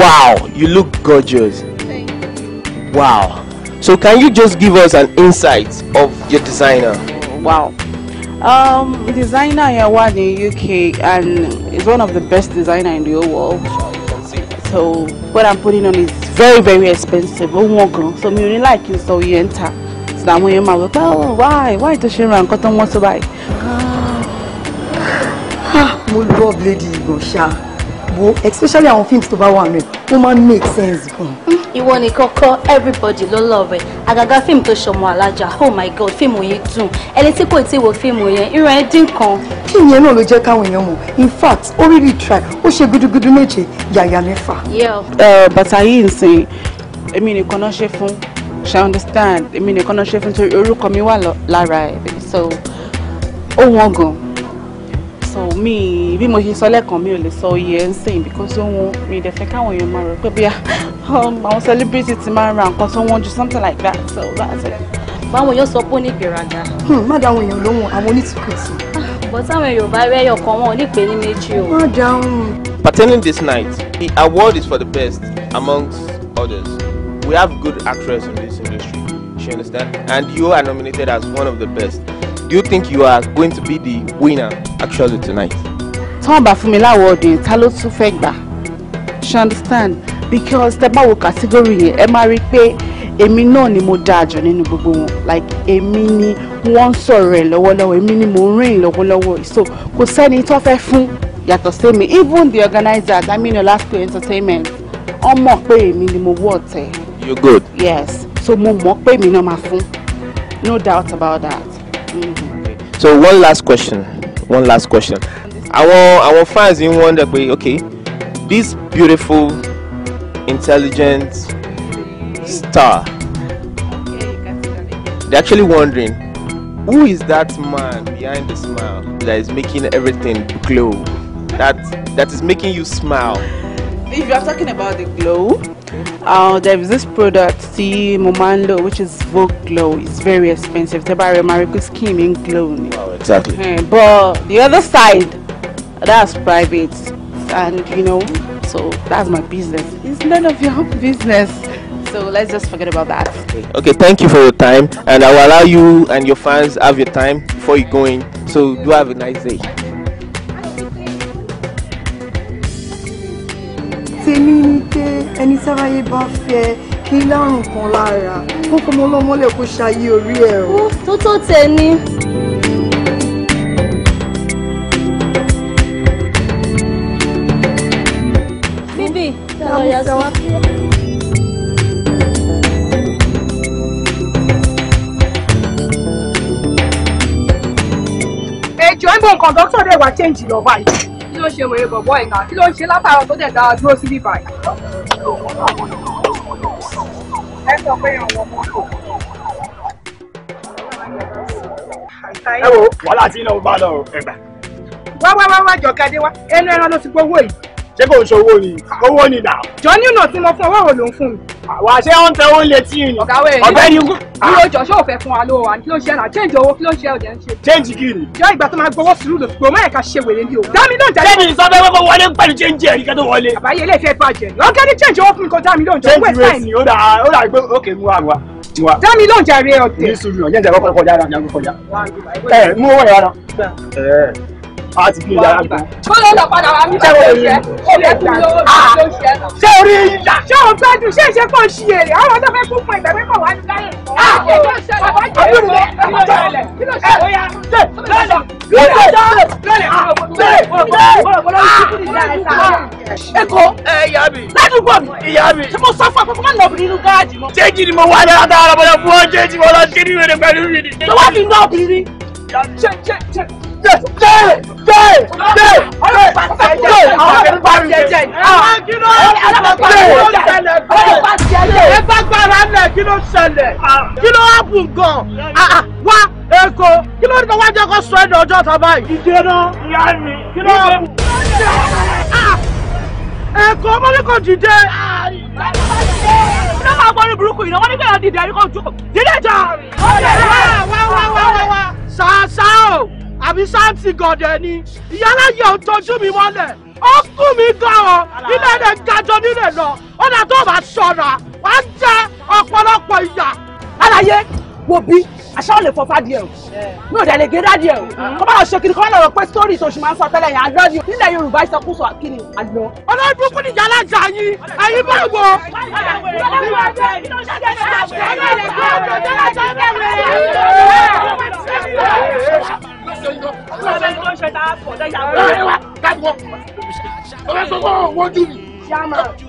Wow, you look gorgeous. Thank you. Wow. So can you just give us an insight of your designer? Wow. Um, designer I was in UK and is one of the best designer in the whole world. So what I'm putting on is very very expensive. Oh my god. So me really like you so you enter. So that when you my like, oh why why does she run? Cotton wants to buy. Ah, mo love lady Igbo ṣá. especially on films to buy one. nù ó máa ń make sense gan. ìwọ nìkan kọ́ everybody ló lọ rẹ̀ àgàgà fíìmù tó ṣọmọ alájà oh my god fíìmù yìí dùn ẹni tí kò tí ì wo fíìmù yẹn ìran ẹ dín kan. kí ìyẹn náà ló jẹ́ káwọn èèyàn mọ̀ in fact ó rí rí try ó ṣe gudugudu méje yàyà mẹ́fà. bàtà yìí ń sìn èmi nìkan náà ṣe fún ṣe understand èmi nìkan náà ṣe fún torí orúkọ mi wà lára ẹ̀ so ó wọ́n gan mi bí mo ṣe sọ lẹ́ẹ̀kan mi ò lè sọ iye ẹ̀ ń sìn because ó wọn mi ì dẹ̀fẹ́ káwọn èèyàn máa rò pé bí um, àwọn celebrity ti máa ń ra nǹkan tó wọ́n ju something like that so that's it. báwọn yóò sọ pé ó ní ìgbéraga. Hmm, má dá àwọn èèyàn lóhùn àwọn onítìkọ̀sí. Ah, but táwọn Yorùbá rẹ́yọ̀ kan wọn ò ní pè ní méjì o. má dáhùn. pertaining this night the award is for the best amongst others we have good actress in this industry She understand and you are nominated as one of the best do you think you are going to be the winner actually tonight. tán bá fún mi láwọ̀ọ́dẹ ta ló tún fẹ́ gbà She understand because tẹ bá wo category yẹn ẹ máa rí i pé èmi náà ni mo dáa jù nínú gbogbo wọn like èmi ni wọ́n ń sọ̀rọ̀ ẹ̀ lọ́wọ́lọ́wọ́ èmi ni mo rìn lọ́wọ́lọ́wọ́ so kò sẹ́ni tó fẹ́ fún yàtọ̀ sẹ́mi even the organizer damino lasco entertainment wọ́n mọ̀ pé èmi ni mo wọ́ ọ̀tẹ̀. you good. yes so mo mọ̀ pé èmi náà máa fún no doubt about that. Mm -hmm. so one last question one last question àwọn àwọn fans yìí wonder pé okay this beautiful intelligent star they actually wondering who is that man behind the smile that is making everything glow that that is making you smile. if you are talking about the glow uh, there is this product the mo which is Vogue Glow it's very expensive tẹ́ bá rẹ̀ máa rí pé glow Oh, exactly. Uh, but the other side that's private and you know so that's my business it's none of your business. So let's just forget about that. Okay. okay, thank you for your time, and I will allow you and your fans have your time before you going. So do have a nice day. ẹni sáráyé bá fẹ́ kí lárùn kan lára kókó mọ́ lọ́mọ́ lè kó ṣayé orí ẹ̀ o. tó tó tẹ ni. bíbí ọ̀rọ̀ yà sọ. ń bọ̀ nǹkan dókítà rẹ̀ wá chẹ́ǹjì lọ báyìí ló ṣe wèrè bọ̀bọ̀ ìnà kí ló ń ṣe látàrọ tó dẹ̀ dá dúró sí bíbá yìí. ẹ sọ pé ọmọ mọ́tò. ẹ wo wàhálà tí iná bá lọ ẹgbà. wá wá wá wá jọ̀kadé wá ẹnu ẹran ló ti gbowó yìí. ṣé kò ń ṣe owó ni owó ni nà. jọ ní ọ̀nà tí mo fún ọwọ́ wo ló ń fún mi wà á ṣe ń tẹ owó létí yìí. ọ̀gá wẹ̀ ọ̀gbẹ́ni kí ló ah. jọ ṣé òfẹ́ fún wa lówó wa kí ló ṣe náà change owó kí ló ṣe ọ̀dẹ̀ ń ṣe. change kí ni. jọ ìgbà tó máa gbowó sùúrù lò gbòmọ ẹ̀ka ṣe wèrè ní o. dámi ló ń jà. jẹ́ni sọ fẹ́ wọ́n wọlé pẹ̀lú change ẹ̀rí kẹ́tọ́ wọlé. àbáyé ilé ìfẹ́ bàjẹ́ ọ̀gá ní change owó fún mi kó dámi ló ń jọ wẹ̀ sáìnì. ó dà gbé òkè mú àrùn wa tiwa. dámi ló ń a ti kí yàrá gbà. bọ́lá lọ padà wá níta ló ṣe ọ̀rẹ́ tó ló ló ṣe ẹ̀ ṣé orí ìyá. ṣé òun gbádùn ṣé ìṣe kò ṣí èrè àwọn tó fẹ́ kún fún ìgbà pípọ̀ wá ní láyé. Eko ìyá mi. Ládùúgbò mi. Ìyá mi. Ṣé mo sọ fún àpapọ̀ máa ń lọ obìnrin inú gáàjì mọ́? Ṣé kí ni mo wá dáadáa ọmọdé fún ọ? Ṣé kí ni mo lọ sí ní ìrẹ̀lẹ̀ pẹ̀lú mi ni? Ṣé wàá fi ń lọ obìnrin? Ṣé ṣé ṣé kí ló ṣẹlẹ̀ kí ló hápùn gan wá èkó kí ló dé wájú ọkọ sọ ẹni ọjọ́ ta báyìí. ìdè náà ìyá mi kí ló hápùn. èkó mọ́lẹ́kọ̀ dìde. ní máa gbọ́ ní burúkú yìí náà wọ́n ní kẹ́hìn dìde àríkọ̀ jókòó dídé jà. wá wá wá wá wá. sàṣà o àbí sáǹtì gọ̀dẹ̀ ni ìyálà yẹ ò mi mọ́lẹ̀ ó kú mi gan ọ ilé ẹ̀dẹ̀ gajọ nílẹ̀ lọ ó dà tó bá ṣọ̀ra wàá jẹ́ ọ̀pọ̀lọpọ̀ ìyà. àlàyé wo bí aṣá ò lè fọ fàdí ẹ o mi ò dẹ̀ lè gé dádì ẹ o kọ́ bá lọ ṣe kiri kọ́ bá lọ rọ pé sítórì tó ṣì máa ń sọ tẹ́lẹ̀ yẹn àgbọ̀dì nílẹ̀ Yorùbá ìsọkúsọ àkínní àgbọn. ọlọ́dún kún níjà alájà yín ẹ̀yin bá wọ. ọlọ́dún kún níjà alájà yín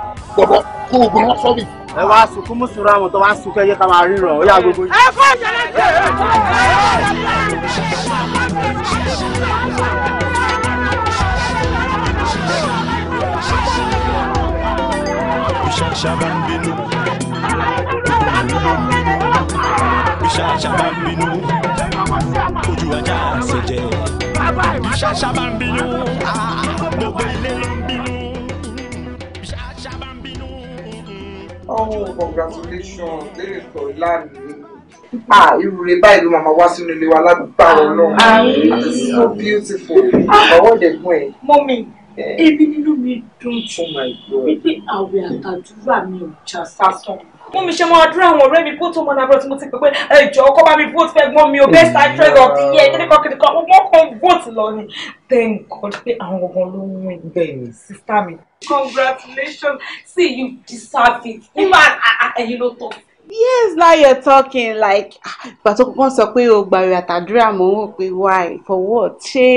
bọ̀bọ̀ kó o gbọ́n sọ́ọ̀bì. ẹ wá sunkún mùsùlùmí àwọn tó wá sunkún ẹyẹ ká ríran ó yà gbogbo yìí. ẹ kọ́ ìjọba ìjọba ìjọba Shabambinu Shabambinu Ojú ajá ṣe jẹ Shabambinu Gbogbo ilé ló ń bínú. Oh, congratulations. Lẹ́yìn tó lánìí. Ah, ìrùrè báyìí ló máa ma wá sínú ilé wa lágbára Ọlọ́run. Àmín. So beautiful. Ọwọ́ dẹ̀gbọ́n ẹ̀. Mọ́mí, eh. ebi nínú mi dùn jù. Oh my God. Wípé àwẹ̀ àtàdúrà mi ò já sásán mú mi ṣe mọ àdúrà àwọn ọ̀rẹ́ mi bóòtù ọmọ nàbọ̀ tí mo ti pè pé ẹjọ́ ọkọ bá mi bóòtù fẹ́ gbọ́n mi o best actress of the year kíni kan kíni kan wọ́n kàn bóòtù lọ ni thank God pé àwọn ọmọ ló ń win bẹ́ẹ̀ni sísá mi congratulations see you deserve it nínú ah, ah, ah, ẹ̀yin ló tọ́. yes now you're talking like ìgbà tó kọ́kọ́ sọ pé o gbàrú àtàdúrà mọ́ wò pé why for what ṣé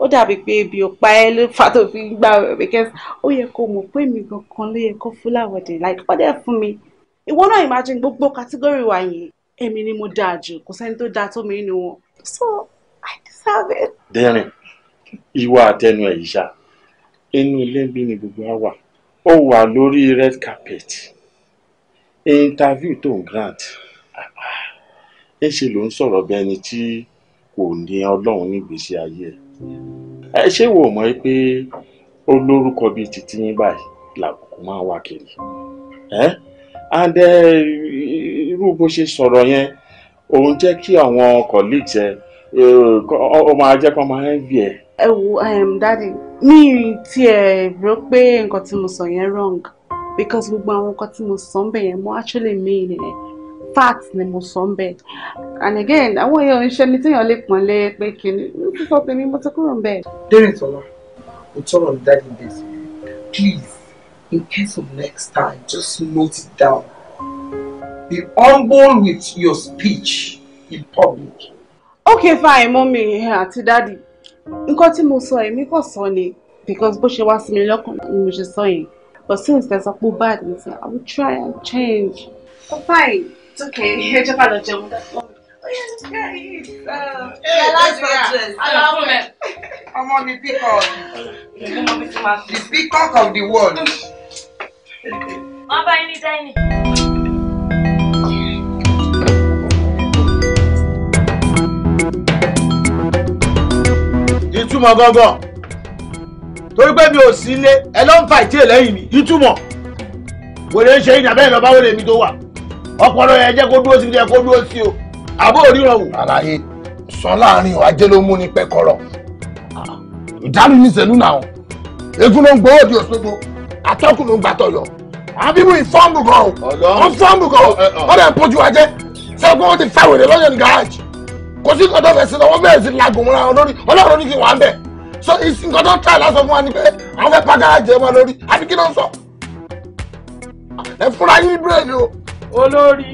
ó dàbí pé ebi ò pa ẹ́ ló fà tó fi ń gbàrú because ó yẹ kó mọ̀ pé mi gan-an ló yẹ kó fúláwọ̀dì like ó dẹ̀ fún mi ìwọ náà imagine gbogbo category wa yẹn èmi ni mo dáa jù kò sẹ́ni tó dáa tó mi nínú wọn so I deserve it. dẹ́rìn ìwà àtẹnu ẹ̀ ṣá inú ilé ń bí ni gbogbo á wà ó wà lórí red carpet interview tó ń grant ẹ ṣe ló ń sọ̀rọ̀ bí ẹni tí kò ní ọlọ́run nígbésí ayé ẹ ẹ ṣé wò mọ́ pé ó bíi titi yín báyìí làbùkù máa wà kiri Eh? and eh, irú bó ṣe sọ̀rọ̀ yẹn òun jẹ́ kí àwọn colleagues ẹ ọ eh, máa jẹ́ kó máa envy ẹ. ẹ wo um, dadi mi ti ẹ rò pé nǹkan tí mo sọ yẹn wrong because gbogbo àwọn nǹkan tí mo sọ ń bẹ yẹn mo actually mean it? fat ni mo sọ ń bẹ and again àwọn èèyàn iṣẹ́ mi téèyàn lè pọ́n lé pé kíni mo ti sọ pé mi mo ti kúrò ń bẹ. dérètọ́lá o tọrọ dadi bẹ́ẹ̀ please In case of next time, just note it down. Be humble with your speech in public. Okay, fine, mommy àti daddy. Nǹkan tí mo sọ èmi kò sọ ni because bó ṣe wá sí mi lọ́kàn ni mo ṣe sọ yẹn. But since there's a poor bad, I will try and change. Oh, fine. It's okay. Ẹ jẹ́ ká lọ jẹun. Ọmọ mi píkọ̀. The peacock of the world. Má bá yín ní dáínì. ìtumọ̀ gangan torí pé mi ò sí ilé ẹ ló ń fa ìtí ẹlẹ́yìn mi ìtumọ̀ wòlé ń ṣe ìyìn abẹ́rẹ́ lọ́ba wòlé mi tó wà ọpọlọ yẹn jẹ́ kó dúró sí jẹ́ kó dúró sí o àbó òríran wò. àlàyé sọ láàrin ajé ló mú ní pẹkọrọ ah. ìdánù ní sẹlú náà egun ló ń gbowó di òṣogbo atẹ́kùn ló ń gbàtọ̀ lọ àwọn bíbú ìfọ́ǹbù gan wọn fọ́ǹbù gan wọn dẹ̀ ń pojú wa jẹ́ sọ pé wọ́n ti fẹ́ wèrè lọ́yẹ̀ ní gáràjì kò sí nǹkan tó fẹ́ sí lọ wọ́n bẹ̀rẹ̀ sí lagun wọn lórí ọlọ́run ní kí wọ́n á bẹ̀ so nǹkan tó tà lásán fún wa ni pé àwọn fẹ́ pa gáràjì wọn lórí àbí kí ló ń sọ ẹ fúnra yín bírèdì o. olórí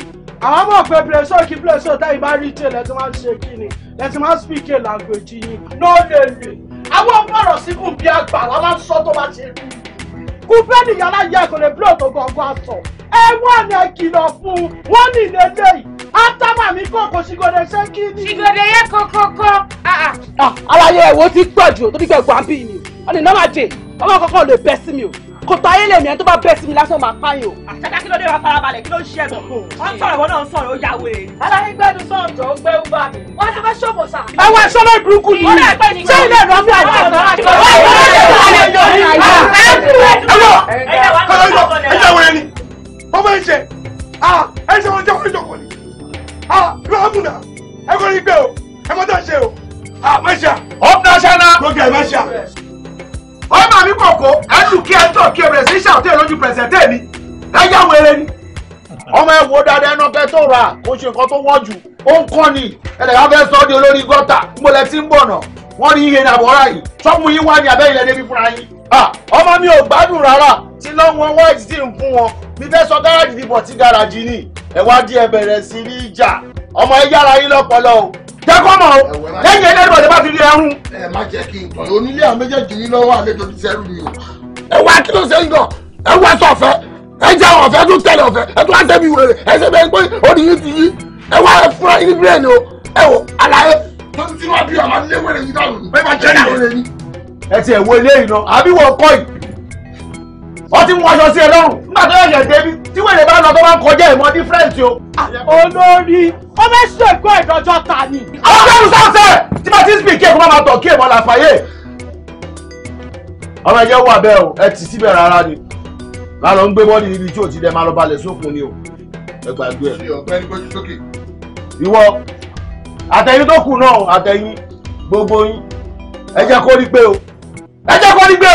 àwọn ọmọ ọ̀fẹ́ pẹ̀lẹ́sọ̀ kí pẹ̀lẹ́sọ̀ táyì bá rí tẹ̀ lẹ́tí máa ń ṣe kí ni lẹ́tí máa ń speak a language yìí no lè lè àwọn ọmọ ọ̀rọ̀ síkùn bíi àgbà làwọn sọ tó bá ṣe rí i ikú bẹ́ẹ̀ni yàrá yẹ kò lè bí òtògùn ọgbọ́n aṣọ ẹ wọ́n ni ẹ fún un wọ́n ní ilé léyìí átámà mi kò kò ṣìgòdè ṣé kí ni. ṣìgòdè yẹ kọkọkọ. Ah, ah. ah, aláyẹ ẹ̀wọ̀ ti pọ̀ jù tó dìgbà gbọ́ àbí mi ọ̀nì náà má jẹ ọmọ kọ̀ọ̀kan lè bẹ́ sí mi o kòtò ayé lèmi ẹni tó bá bẹ́ẹ̀ sí mi lásán máa pààyàn o. àṣàkà kí ló dé wa farabalẹ̀ kí ló ń ṣe ẹ̀gbọ́n. wọ́n ń sọ̀rọ̀ ìwọ náà ń sọ̀rọ̀ ó ya wèrè. aláyé gbẹ́dùn sọ̀tọ̀ ó gbẹ́ ugbà mi. wọ́n ti fẹ́ ṣòfò sà. àwọn ẹ̀ṣọ́ lórí burúkú yìí ṣé ilé ẹ̀rọ fún àjọ ẹ kò ní gbé o ẹ mọ tó ṣe o. ah masha. up national. lókè masha ó máa mi kọ̀kọ́ ẹnu kí ẹ tó kí ẹ bẹ̀rẹ̀ sí ṣàtẹ̀ lójú pẹ̀sẹ̀tẹ̀ mi ẹ yá wẹrẹ ni. ọmọ ẹ wo dáadáa ẹnu ọkẹ tó ra kó ṣe nǹkan tó wọ́n jù ó ń kọ́ ni ẹlẹ́yà fẹ́ sọ ọ́ di olórí gọ́tà mo lẹ ti ń bọ̀ náà wọ́n rí ihe nàbọ̀rà yìí sọ́mu yín wá ní abẹ́ ilẹ̀ débi fúnra yín. ọmọ mi ò gbádùn rárá tí lọ́wọ́ wọ́ọ̀dì sì ń fún wọn mi fẹ́ sọ gáràjì dìbò tí gáràjì ni ẹ wá di ẹ bẹ̀rẹ̀ sí rí ìjà ọmọ ẹ yára yín lọ́pọlọ jẹ́kọ́ mọ̀ o lẹ́yìn ẹlẹ́rìí ọ̀dẹ́ bá ti rí ẹrú. ẹ má jẹ́ kí n tọ́ onílé àwọn méjèèjì yín lọ́wọ́ àlejò ti sẹ́rù mi o. ẹ wá kí ló ṣe ń dàn ẹ wá sọ ọ̀fẹ́ ẹ jẹ́ ọ̀fẹ́ tó tẹ̀lé ọ̀fẹ́ ẹ tó wá tẹ̀bi wèrè ẹ ṣe bẹ́ẹ̀ pé ó nìyí ti yí ẹ wá ẹ fúnra yín bírèèni o ẹ wò àlàyé. tó ti sinú àbí ọmọ léwèrè yìí dànù. ẹ ti ẹ̀ wo eléyìí náà àbí wọ́n kọ́ yìí ó ti ń wọṣọ sí ẹ lọ́rùn nígbà tó yẹ̀yẹ̀ débi tí wèrè bá lọ tó bá ń kọjá ìmọ̀ dífẹ́ǹsì o. Ah, olórí ó fẹ́ ṣèkó ìdọ́jọ́ ta ni. àwọn ọmọ ìrùsọ ọ̀sẹ̀ tí bá ti ń bìkì èkó máa tọ̀ kí èmọ̀ làfàyè. ọmọ ẹ̀jẹ̀ wà bẹ́ẹ̀ o ẹ ti síbẹ̀ rárá ni lálọ́ ń gbé bọ́ọ̀lì níbi tí ò ti dẹ́ máa lọ balẹ̀ sókun ni o ẹ gbàgbé ẹ. ìwọ àtẹ̀yìn tó kù náà àtẹ̀yìn gbogbo yín ẹ jẹ́ kó rí gbé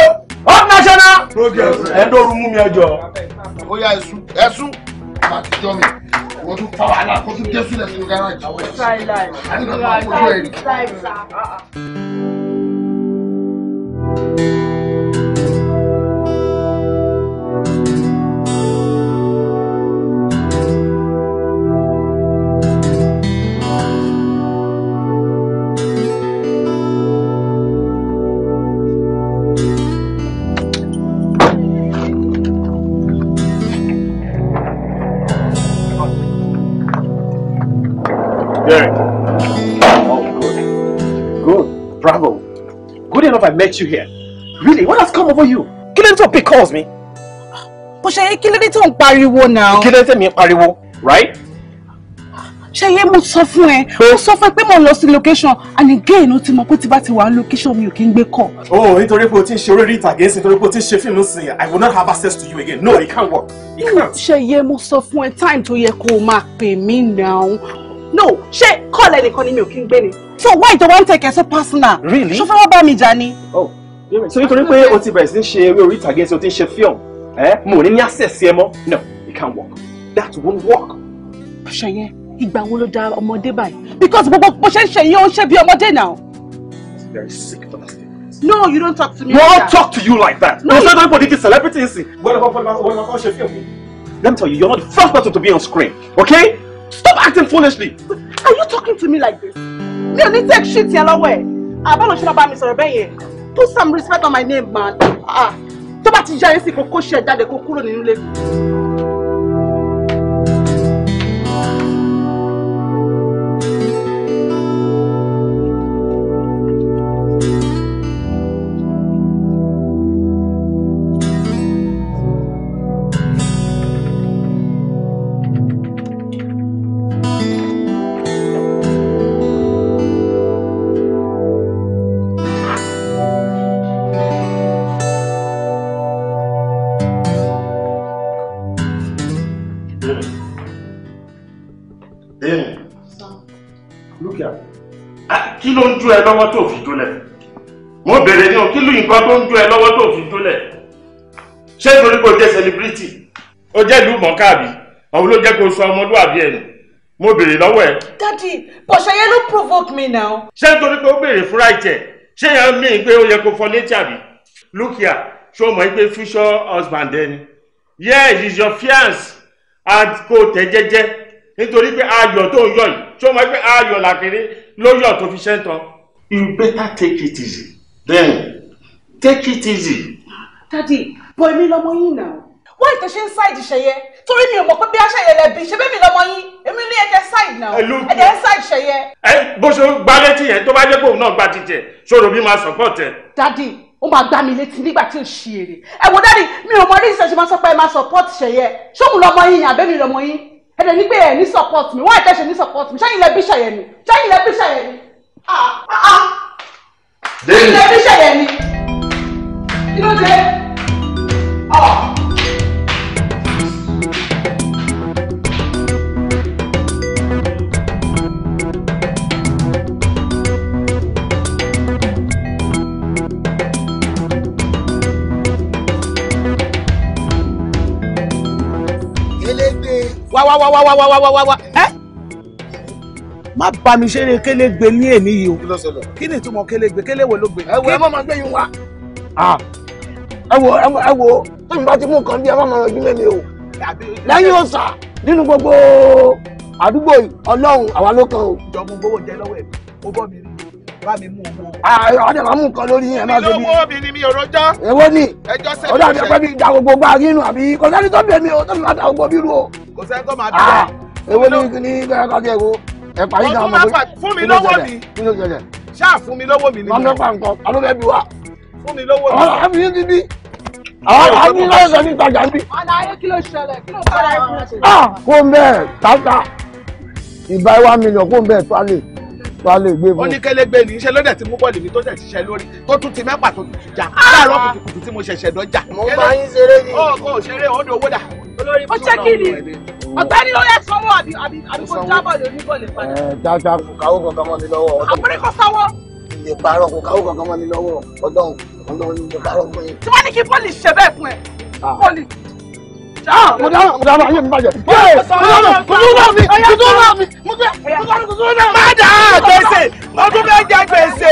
national. progress ẹ dọ́rù mú mi ẹjọ́. ó yá ẹ̀sùn ẹ̀sùn láti jọ mi wọ́n tún fa wàhálà kó tún dé sílẹ̀ sínú gáràjì. ṣáìláì ṣáìláì ṣáìláì ṣáìláì. sent you here? Really, what has come over you? Kí ló pick calls me, but ṣe kí ló dé tó pariwo now. Kí me dé mi pariwo, right? Ṣèyí mo sọ fún ẹ, mo sọ fún ẹ pé mo lọ sí location and again o ti mọ̀ pé tí bá ti wà location mi ò kí ń gbé Oh, nítorí pé o ti ń ṣe orí ìtàgé sí nítorí pé o ti ń ṣe fíìmù I will not have access to you again. No, it can't work. It can't. Ṣèyí mo sọ fún time to yẹ kó o máa pè now no she call ẹnìkan ni mi ò kí ń so why do you wan take it so personal. really ṣó fẹ́ about me, Johnny. oh so you pé o ti bẹ̀rẹ̀ sí we ṣe against your thing, sí o Eh? Money, ṣe fíọ̀mù mo access ẹ no it can't work that won't work. ṣẹyẹ ìgbà wo ló da ọmọdé báyìí because gbogbo bó ṣe ń ṣe yín ó ń ṣe bí very sick for that statement. no you don't talk to me no, like that. no I talk to you like that. no you don't body the celebrity What about what about ṣe fíọ̀mù. let me tell you you're not the first person to be on screen okay Stop acting foolishly. Are you talking to me like this? You need to take shit yẹn lọ́wọ́ ẹ̀. Àbálò ṣe bàbá mi sọ̀rọ̀ bẹ́ẹ̀ Put some respect on my name, man. Ah, tó bá ti jáde sí kò kó ṣe jáde kó kúrò nínú ilé. lọ́wọ́ tó fi dólẹ̀ mo bèrè ní o nǹkan tó ń jó ẹ lọ́wọ́ tó fi dólẹ̀ ṣé torí kò jẹ́ sẹlẹbírítì ó jẹ́ ìlú mọ̀ọ́ká àwọn ló jẹ́ kó sọ ọmọlúwàbí ẹ̀ nù mo bèrè lọ́wọ́ ẹ. dadi bọ̀ṣẹ̀ ló provoke me now. ṣé nítorí pé ó béèrè fúnra ìtẹ̀ ṣé yẹn mí pé ó yẹ kó fọ létí àbí look here ṣé o mọ̀ pé future husband ẹ ni yes he is your fiance and kò tẹ̀ jẹ́jẹ́ nítorí pé ayọ̀ tó ń yọ̀ yìí ṣé o mọ̀ pé ayọ̀ làkèrè ló yọ̀ tó fi ṣẹ́ tán you better take it easy then take it easy. dadi bọ èmi lọmọ yín náà. wọ́n ìtẹ̀ ṣe ń ṣáìdì ṣẹyẹ torí mi ò mọ̀ pé bí aṣẹ́yẹ lẹ́bi ṣe bẹ́ẹ̀ mi lọmọ yín èmi ní ẹ̀jẹ̀ ṣáìdì náà ẹ̀jẹ̀ ń ṣáìdì ṣẹyẹ. ẹ bó ṣe gba létí yẹn tó bá jẹ́ pé òun náà gba jíjẹ ṣòro mi máa support ẹ. dadi ó máa gbá mi létí nígbà tí ò ṣí èrè ẹ wò dadi mi ò mọ ríṣẹ́ ṣe máa sọ pé ẹ máa support ṣẹyẹ ṣóun lọmọ yín ni àbẹ́mi lọmọ yín ẹ̀dẹ̀ ní pé ẹ̀ ní support mi wọ́n àìtẹ́ṣe ní support mi ṣẹ́yìn lẹ́bí ṣẹyẹ ni ṣẹ́yìn lẹ́bí ṣẹyẹ ni lẹ́yìn ilé fi ṣẹlẹ̀ ni kí ló dé. wá wá wá má bá mi ṣeré kélégbé ní èmi yìí o kí ni ìtumọ̀ kélégbé kéléwò ló gbé. ẹ wo ẹ má máa gbé yín wá. ẹ wo ẹ wo tó ń bá ti mú nǹkan bí ẹ má máa yọjú mẹ́mi o lẹ́yìn ọ̀sà nínú gbogbo àdúgbò ọlọ́run àwa ló kàn o. ìjọba gbowó jẹ lọ́wọ́ ẹ̀ ó bọ́ mi rí bá mú owó. lórí yẹn máa débi. mi mi ni mi èwo ni ọ̀dọ̀ àti ọ̀pẹ́ mi da gbogbo gba rínú àbí kò sẹ́ni tó bẹ̀ mí o tó fi máa da gbogbo bírú o. kò sẹ́ni tó máa bẹ̀rẹ̀. èwo ni kí ni kí ẹ ẹ parí dáhùn mọ́ pé fún mi lọ́wọ́ mi ṣáà fún mi lọ́wọ́ mi nínú. wọn fẹ́ nǹkan àló fẹ́ bí wa. fún mi lọ́wọ́ mi. àwọn àbí ní bí àwọn àbí náà sọ ní ìtajà ń bí. Ah, kó ń bẹ́ẹ̀ tàǹtà ìbá ẹ̀ mílíọ̀n kó ń bẹ́ẹ̀ tó a lè tó a gbé ni iṣẹ́ lóde tí mú bọ́ọ̀lù mi tó dẹ̀ ṣiṣẹ́ lórí tó tún ti mẹ́pà tó ti jà ah! láàárọ̀ kùtùkùtù tí mo ṣẹ̀ṣẹ̀ dọ́jà o ṣé kí ni ọ̀gbẹ́ni ló yẹ sanwó àbí àbí àbí kò jábọ̀ lórí bọ̀lẹ̀ padà. ẹ dáadáa kò káwó kankan mọ́ mi lọ́wọ́. àpẹẹrẹ kò sanwó. lè parọ́ kò káwó kankan mọ́ mi lọ́wọ́ ọdún ọdún lè parọ́ fún yín. tí wọ́n ní kí bọ́ọ̀lì ṣe bẹ́ẹ̀ fún ẹ bọ́ọ̀lì. mo dáná mo dáná ayé mi bàjẹ́. mo dáná mo dáná mi mo dáná mi mo dáná mi. má dà á gbèsè mo tún fẹ́ jẹ gbèsè.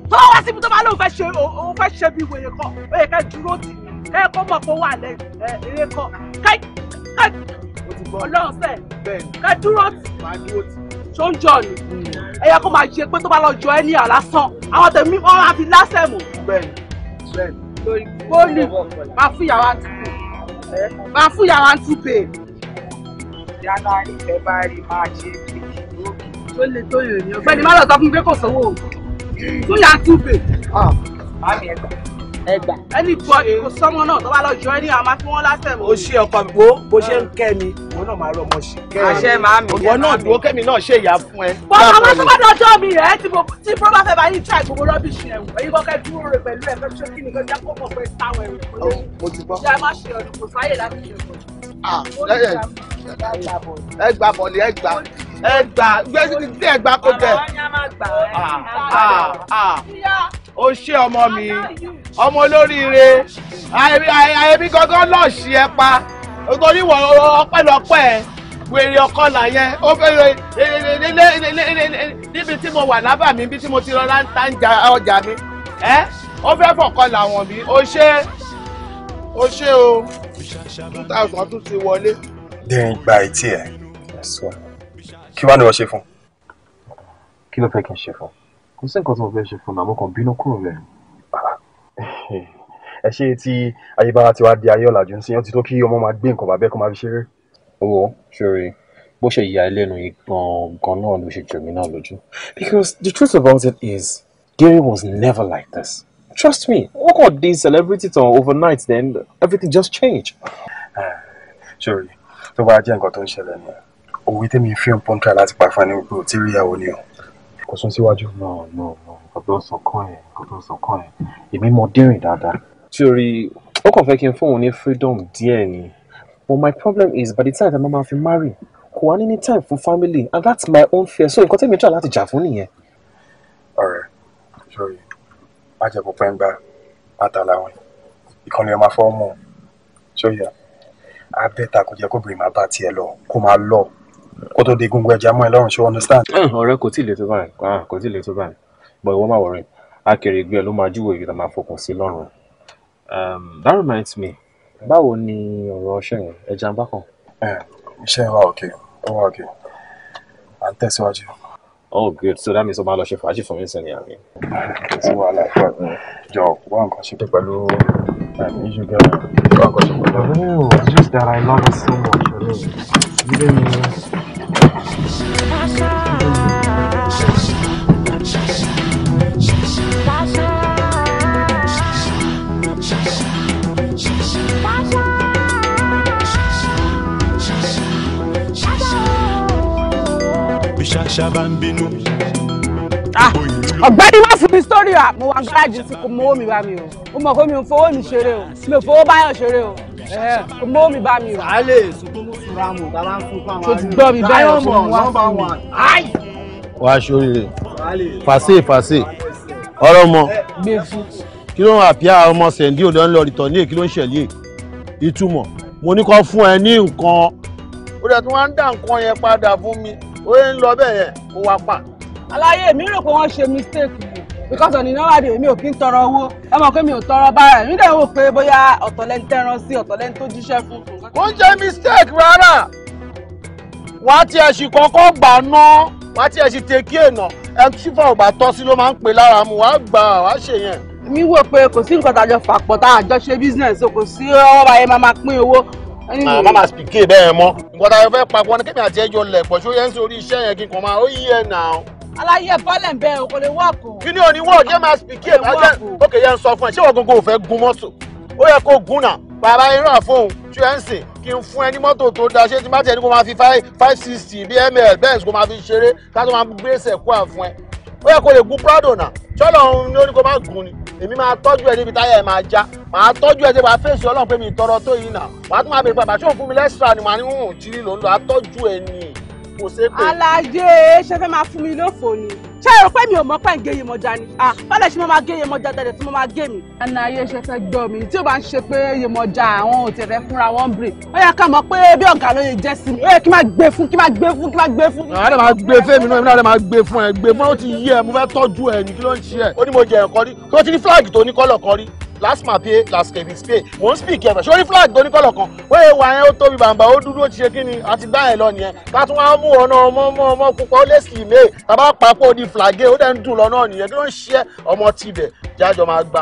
tó wá síbi tó bá lóun fẹ́ ṣe òun fẹ́ ṣe bí wèrè kan ó yẹ dúró tì kẹ́ kó mọ̀ pé wà lẹ́ eré kan ká ká ọlọ́run fẹ́ ká dúró tì tó ń jọ ni ẹ yẹ kó máa ṣe pé tó bá lọ jọ ẹ ní àlásán àwọn tèmi wọn á fi lásẹ̀ mọ́. bẹ́ẹ̀ni máa fún yàrá àtúntò máa fún yàrá àtúntò. yàrá ìfẹ́ bá rí máa ṣe é tó lè tó yòó ni ọ̀gbẹ́ni má lọ sọ fún mi pé kò sówó tún yà á tún bè. màmí ẹgbà ẹgbà. ẹnì kan kò sọmọ náà tó bá lọ jọ ẹ ní àmà tí wọn lásẹ mọ. o ṣe ọkọ mi wo bó ṣe ń kẹ mi wọn náà máa rọ ọmọ ṣe kẹ mi. àṣẹ màá mi. ìwọ náà dúró kẹmi náà ṣe ìyá fún ẹ. bọ àwọn tó bá dọjọ mi rẹ tí mo tí mo bá fẹ́ bá yín tra ìgbogbo rọbìṣì ẹ wò èyí kọkẹ dúró rẹ pẹ̀lú ẹ fẹẹ ṣókí nìkan jẹ kó mọ pé táwọn ẹrù kò lè. mo ti gbọ́. ṣé a má ṣe ọdún kò sáyè láti ṣe ẹgbà bọ̀ọ̀lì ẹgbà ẹ ah, gbà gbé ẹ gbà kó tẹ. o ṣé ọmọ mi ọmọ olóríire àyẹ̀mí gangan náà ṣì ẹ pa nítorí wọ ọpẹ́lọpẹ́ wèrè ọkọ là yẹn ó fẹ́ níbi tí mo wà lábà mi níbi tí mo ti rọra ń ta ọjà mi ẹ ó fẹ́ fọ̀kọ làwọn mi ó ṣe ó ṣe o two thousand tún ti wọlé. dẹ́yìn gba etí ẹ̀ ẹ̀ sọ kí wàá ní wọ́n ṣe fún. kí ló fẹ́ kí n ṣe fún kò sí nǹkan tí mo fẹ́ ṣe fún àmọ́ kàn bínú kúrò rẹ̀. ẹ ṣe tí ayébára ti wá di ayé ọ̀làjú ń sìn ó ti tó kí ọmọ máa gbé nǹkan bàbẹ́ kó máa fi ṣeré. owó ṣòro bó ṣe yà ẹ́ lẹ́nu yìí gan-an náà ló because the truth about it is Gary was never like this. Trust me, what got these celebrity to overnight then everything just changed. Sorry, tó bá jẹ́ nǹkan tó ń òwe tẹ́mi fi hàn pọ́ńtà láti pa fani gbogbo tí rí ìyàwó ni o. kò sún síwájú. no no no kò tó sọ kàn yẹn kò tó sọ kàn yẹn èmi mọ dẹ́rìn dáadáa. sori ó kàn fẹ́ kí n fóun ní freedom díẹ̀ ni but my problem is by the time that mama fi marry kò wá ní ní time fún family and that's my own fear so nǹkan tẹ́mi try láti jà fún nìyẹn. ọ̀rẹ́ sori májèkú pẹ́ńgbà látàláwìn ìkànnì ọmọ afọ́ mọ́ ṣọ́yà abẹ́ta kò jẹ́ kóbìnrin máa bá tiẹ̀ lọ kó máa lọ kó tó di egungun ẹja mọ́ ẹ lọ́rùn ṣe understand. ọ̀rẹ́ kò tí ì lè tó báyìí ah, kò tí ì lè tó báyìí but ìwọ máa wọrin akèrègbè ló máa júwèé ibi tá a máa fọkàn sí lọ́rùn. Um, that reminds me báwo ni ọ̀rọ̀ ọṣẹ yẹn ẹja ń bá kàn. iṣẹ́ wa òkè ó wà òkè à ń tẹ̀síwájú. oh good so that means o máa lọ ṣe fàájì fún mi sẹ́ni àmì. kò sí wàhálà ìfọ̀ jọ wá nǹkan ṣe pẹ̀lú um, issue girl wá nǹkan ṣe pẹ̀lú. oh it's just that I love her so much. Really. Bishasha Bambinu Ah, ọ̀gbẹ́ni wá fún mi sórí à mo wà gáràjì sí kò mọ́wọ́ mi bá mi o ó mọ̀ pé mi ò fowó mi ṣeré o mi ò fowó báyọ̀ ṣeré o kò mọ́wọ́ mi bá mi o. sàálè sùkúrú sùrà mọ̀ bàbá ń fún fáwọn àlè. tó ti gbọ́ mi báyọ̀ ṣe wọ́n wá fún mi. wàá ṣoríire fàṣẹ fàṣẹ ọ̀rọ̀ mọ kí ló ń àpíà ọmọ sẹ̀ndí òdò ńlọ ìtọ̀ ní èkí ló ń ṣẹ̀lẹ̀ ìtumọ̀ mo ní kó fún ẹ ní nǹkan ó dẹ̀ tún wá ń dá nǹkan yẹn padà fún mi ó yẹ ń lọ bẹ́ẹ̀ yẹn ó wá pa aláyé mi rò pé wọ́n ṣe mistake mi because ọ̀nì náírà dè mí ò kí ń tọrọ owó ẹ mọ̀ pé mi ò tọrọ bára mi dẹ̀ wò pé bóyá ọ̀tọ̀ lẹ́ni tẹ́ran sí ọ̀tọ̀ lẹ́ni tó jíṣẹ́ fún fún. kò ń jẹ́ mistake rárá wà á tiẹ̀ sì kọ́kọ́ gbà ná wà á tiẹ̀ sì tekí èèna ẹ sífà ò bá tọ́ sí ló máa ń pè lára mu wà á gbà wà á ṣe yẹn. mi wò pé kò sí nǹkan tàjọ fàpọ̀ tá àjọ ṣe business o kò sí ọwọ́ báyẹn máa máa pín owó àwọn máa aláyẹ bọ́lẹ̀ ń bẹ o kò lè wọ́ọ̀kù. kí ni ò ní wọ́ọ̀kù yẹn máa speak yẹn ajá òkè yẹn ń sọ fún ẹ ṣé wọ́n gbogbo ò gun mọ́tò ó yẹ kó gun náà bàbá irú àfọ̀hún tí ẹ ń sìn kí n fún ẹ ní mọ́tò tó da ṣé tí má tiẹ̀ ní kó máa fi five sixty bml bẹ́ẹ̀ kó máa fi ṣeré ká tó máa gbé sẹ̀kú àfún ẹ ó yẹ kó lè gun prado náà ṣọ́lọ̀ òun ni ó ní kó má gun ni èmi máa tọ́jú ẹ níbi táyà ẹ máa já máa tọ́jú ẹ tí wàá fèsì ọlọ́run pé mi tọrọ tó yìí náà wàá tún máa bèrè pàpà ṣé òun fún mi lẹ́sìtà ni màá ní hùn tí ló ń lọ ẹ nìyí kò ṣe pé. alájẹ ṣe fẹ́ máa fún mi lófo ni ṣé ẹ rò pé mi ò mọ̀ pé ń gé Yemọja ni bálẹ̀ ṣe mo máa gé Yemọja tẹ̀lé tí mo máa gé mi. aláyé ṣe fẹ́ gbọ́ mi tí ó bá ń ṣe pé Yemọja àwọn òtẹ̀ fẹ́ fúnra wọn bèrè ó yẹ ká mọ̀ pé bí ọ̀gá ló yẹ jẹ́ sí mi ó yẹ kí máa gbé fún kí máa gbé fún kí máa gbé fún. àádọ́ máa gbé fẹ́mi náà èmi máa gbé fún ẹ gbé fún ẹ ti yí ẹ mo fẹ́ tọ́jú ẹ ní kí ló ń ṣe ẹ ó ní mo jẹ ẹ̀kọ́ rí tó ti ní flag tó ní kọ́lọ̀ kan rí last ma pay last kevin spay mò ń speak ẹ̀fẹ̀ sórí flag tó ní kọ́lọ̀ kan wéè wà yẹn ó tóbi bàǹbà ó dúdú ó ti ṣe kí ni àti gbá yẹn lọ nìyẹn ká tún wá mú ọ̀nà ọmọ ọmọ ọmọ pupa ó lè sì mé tàbá papò di flagé ó dẹ̀ ń dùn lọ́nà nìyẹn kí ló ń ṣe ọmọ tibẹ̀ jájọ máa gbà.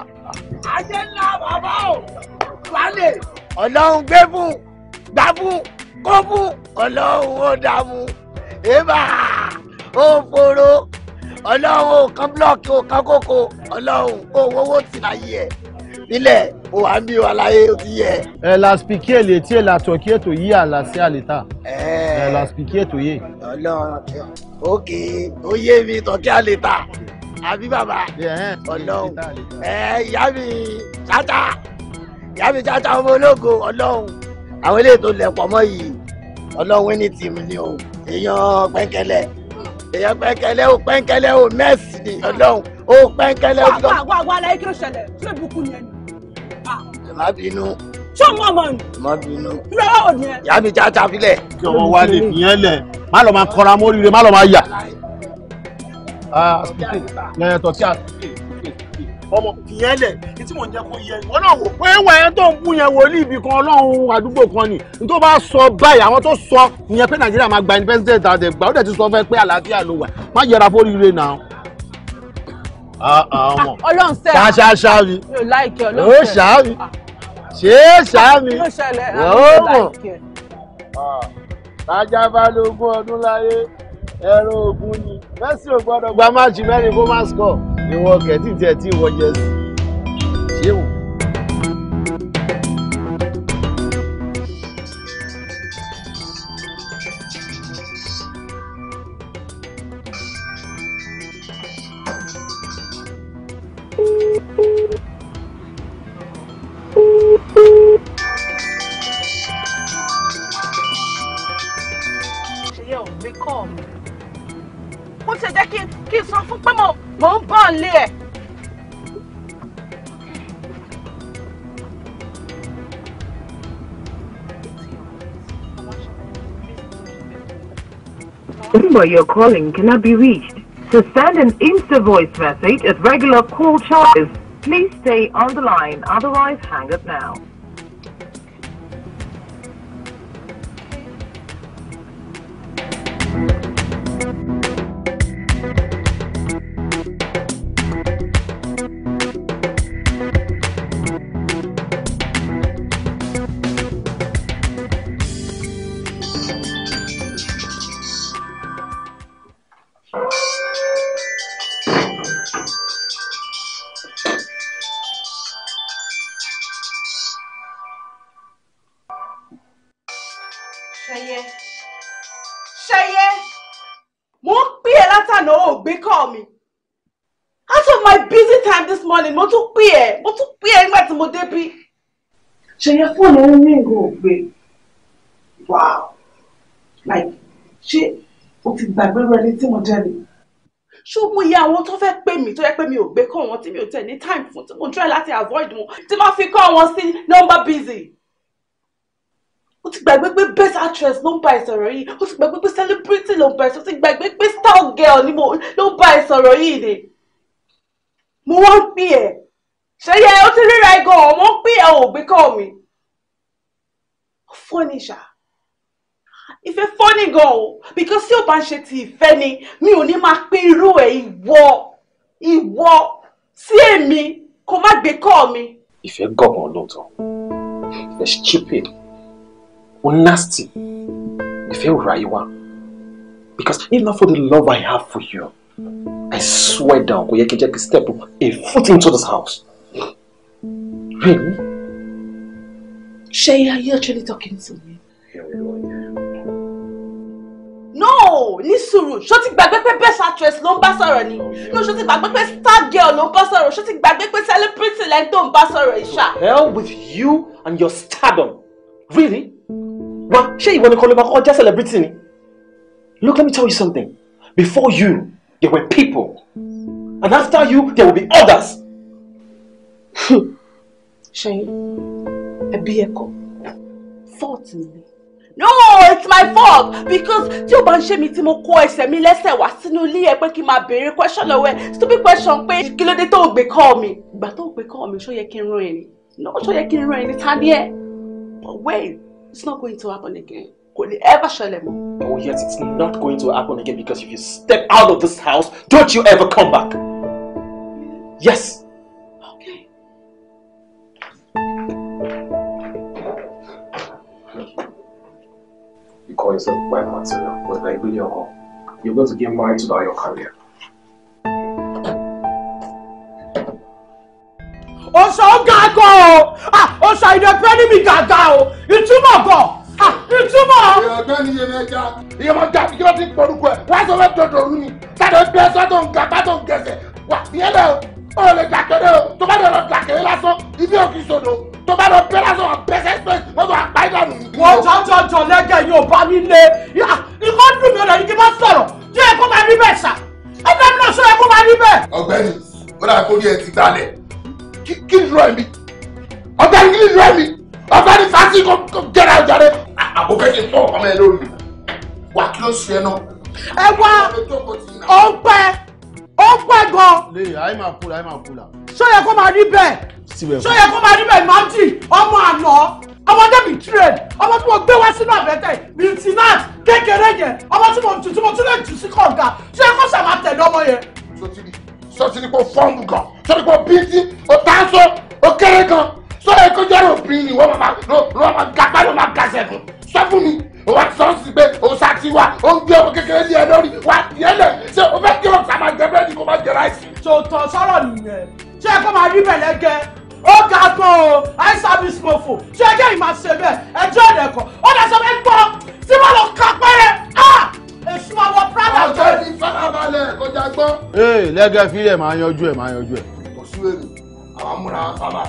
àṣẹ ńlá bàbá ò wálé ọlọ́run gbé fún gbá fún kó fún ọlọ́run ó dá fún èèbà ó fòrò ọlọ́run ò kan blọ́ọ̀kì ò kan kókó ọlọ́run ò wọ́wọ́ tìláyé ẹ̀ nílẹ̀ o wà ń bí wa láyé ó ti yẹ. ẹ la spiki èlé tí ẹ la tọkí ètò yìí àlà sí àlètà ẹ la spiki ètò yìí. ọlọ òkè ó yé mi tọkí àlètà àbí bàbá ọlọ́run ẹ ìyá mi ṣáta ìyá mi ṣáta ọmọ ológo ọlọ́run àwọn eléyìí tó lẹ̀ pọ̀ mọ́ yìí ọlọ́run ní tìmù ni o èèyàn pẹ́ńkẹ́lẹ́ èèyàn pẹ́ńkẹ́lẹ́ o pẹ́ńkẹ́lẹ́ o mẹ́sì ni ọlọ́run o pẹ́ńkẹ́lẹ́ o. wà wà wà láyé kí ló ṣẹlẹ̀ kí ló bukú yẹn ni má bínú. ṣé ọmọ ọmọ ni. má bínú. ìlú ọwọ́ òdì yẹn. ìyá mi játa filẹ̀. kí ọmọ wa lè fìyẹn lẹ̀ má lọ máa kọra móríire má lọ máa yà. Ah, lẹ́yìntọ́ tí a ọmọ fìyẹn lẹ̀ kí tí mò ń jẹ́ kó yẹ ìwọ náà wò. pé wà ẹ́ tó ń bú yẹn wòlíì ibì kan ọlọ́run àdúgbò kan ni n tó bá sọ báyìí àwọn tó sọ ìyẹn pé nàìjíríà máa gba independent àdẹ̀gbà ó dẹ̀ ti sọ fẹ́ pé àlàáfíà ló wà má yẹra fóríire náà ah, ah, ọlọ́run sẹ́ẹ̀ ṣáṣáṣá mi. mi ò láìkẹ́ ọlọ́run sẹ́ẹ̀ ó ṣáá mi ṣé sàmì yóò mọ̀ tájà bá lógún ọdún láyé ẹran ogun ni mẹ́sì ò gbọ́dọ̀ gba máàjì mẹ́rin kó má score ìwọ kẹ̀tì tiẹ̀ tí ìwọ jẹ sí ṣé wò. number you're calling cannot be reached. To send an instant voice message at regular call charges, please stay on the line, otherwise hang up now. mo tún pè ẹ́ mo tún pè ẹ́ nígbà tí mo débí ṣèyẹ fóònù ń ní nǹkan ògbé wow like ṣé o ti gbàgbé rẹ ní tí mo jẹ ni. ṣó mo yẹ àwọn tó fẹ́ pè mí tó yẹ pé mi ò gbé kọ́ wọn tí mi ò tẹ̀ ní time fún tí mo try láti avoid wọn tí máa fi kọ́ wọn sí number busy ó ti gbàgbé pé best actress ló ń bá ẹ sọ̀rọ̀ yìí ó ti gbàgbé pé celebrity ló ń bá ẹ sọ̀rọ̀ ó ti gbàgbé pé star girl ló ń bá ẹ sọ̀rọ̀ yìí ni mo wá ń pè ẹ́ ṣé yẹ ó ti ríra ẹ gan-an mo ń pè ẹ́ ò gbé kọ́ mi. fọ́nì ṣá ìfẹ́ fọ́nì gan-an o because tí ò bá ń ṣe ti ìfẹ́ ni mi ò ní máa pín irú ẹ̀ ìwọ ìwọ sí èmi kó má gbé kọ́ mi. ìfẹ́ gọ̀gàn lóòótọ́ ìfẹ́ stupid ó nasty ìfẹ́ ò ráyé wá because if not for the love I have for you. I swear down kò yẹ kí n jẹ́ step a foot into this house. Really? Shay, are you actually talking to me? No, ní sùúrù, ṣó ti gbàgbé best actress no ń bá sọ̀rọ̀ No, ṣó ti gbàgbé pé star girl no ń bá sọ̀rọ̀? back ti gbàgbé pé celebrity lẹ́ni no ń bá sọ̀rọ̀ Hell with you and your stardom. Really? Wá, Shay, you wanna call ló máa kọ́kọ́ just celebrity Look, let me tell you something. Before you There were people. And after you, there will be others. Ṣẹ́yìn, ẹbí ẹ̀kọ́, fault ni. No, it's my fault because you o bá ń ṣe mi tí mo kó ẹsẹ̀ mi lẹ́sẹ̀ wá sínú ilé ẹ pé kí n máa question lọ́wọ́ ẹ stupid question pé kilo ló dé tó call me. Ìgbà tó o call me. So yẹ kí n rán No, so yẹ kí n rán ẹni ta ni But wait, it's not going to happen again. kò lè ever oh yes it's not going to happen again because if you step out of this house don't you ever come back. yes. okay. you call yourself wife material but I really your home you're going to get married without your career. Oh, sọ going to gan Ah, oh, ìtumọ̀ gan. ìtumọ̀. ọ̀gbẹ́ni Yemọja. Yemọja kí wọ́n ti pọ̀lùkọ ẹ̀ wá sọ fẹ́ dòdò rú ni sádò bẹ́ẹ̀ sádò nǹkan bátò gẹ̀ẹ́sẹ̀ wà fìyẹ́ lẹ̀ o ò lè gbà kéré o tó bá lọ lọ gbà kéré lásán ibi òkè sòdò tó bá lọ bẹ́ẹ̀ lásán bẹ́sẹ̀ space mọ́tò àgbà ìdánù. wọ́n jọjọ jọ lẹ́gẹ̀ yóò bá mi lé ikọ́ dùn mí ọ̀nà yìí kí n bá sọ̀rọ̀ jẹ́ ẹ̀kọ́ máa rí bẹ́ẹ̀ sà ẹ̀dá mi náà sọ ẹ̀kọ́ máa rí bẹ́ẹ̀. ọ̀gbẹ́ni ó dà kó rí ẹ ti dalẹ̀ kí ni rọ ẹ̀mí ọ̀gbẹ́ni kí ni rọ ẹ̀mí ọ̀gbẹ́ni fásitì kò gẹ̀rẹ́ ọ̀jọ̀ rẹ̀ àbúkẹ́ ti fọ́ ọmọ ẹ lónìí wà kí ló ṣe náà. ẹ wá ó ń pẹ́ ó ń pẹ́ gan. lè àyè máa kú la àyè máa kú la. ṣó yẹ kó máa rí bẹ́ẹ̀ ṣó yẹ kó máa rí bẹ́ẹ̀ mọ́tì ọmọ àná ọmọ débi trade ọmọ tí mo gbé wá sínú àbẹ́tẹ̀ miltinat kékeré yẹn ọmọ tí mo tù tí mo tún lè tù sí kọ̀ǹga ṣé ẹ kọ́ sàmà tẹ̀lé ọmọ yẹn. sotiri sotiri kò fọ́ọ̀mù gan sotiri kò bíntì o tánṣó o kéré gan sọ èkó jọrọ òbí ni wọ́n máa gàgbá ló máa gàṣẹ́ fún sọ fún mi o wa sọ sí pé o sá ti wá o ń gbé ọmọ kékeré ní ẹ lórí wa tiẹ̀ lẹ̀ ṣé o fẹ́ kí o sá máa jẹ bẹ́ẹ̀ ni kò máa jẹ ráìsì. tòótọ́ sọ̀rọ̀ nìyẹn ṣé ẹ kó máa rí bẹ̀lẹ̀ gẹ ó ga gan o eye service mofo ṣé ẹ jẹ́ ìmọ̀ ṣe bẹ́ẹ̀ ẹjọ́ ẹ̀dẹ̀kọ̀ ó dẹ̀ sọ pé gbọ́ tí wọ́n lọ kà pẹ́rẹ́ á èṣù àwọ̀ prada. ọjọ́ ní farabalẹ̀ kọjá gbọ́. ee lẹ́gẹ̀ẹ́ fílẹ̀ máa yanjú ẹ̀ máa yanjú ẹ̀. kò sí èrè àwọn amúra sábà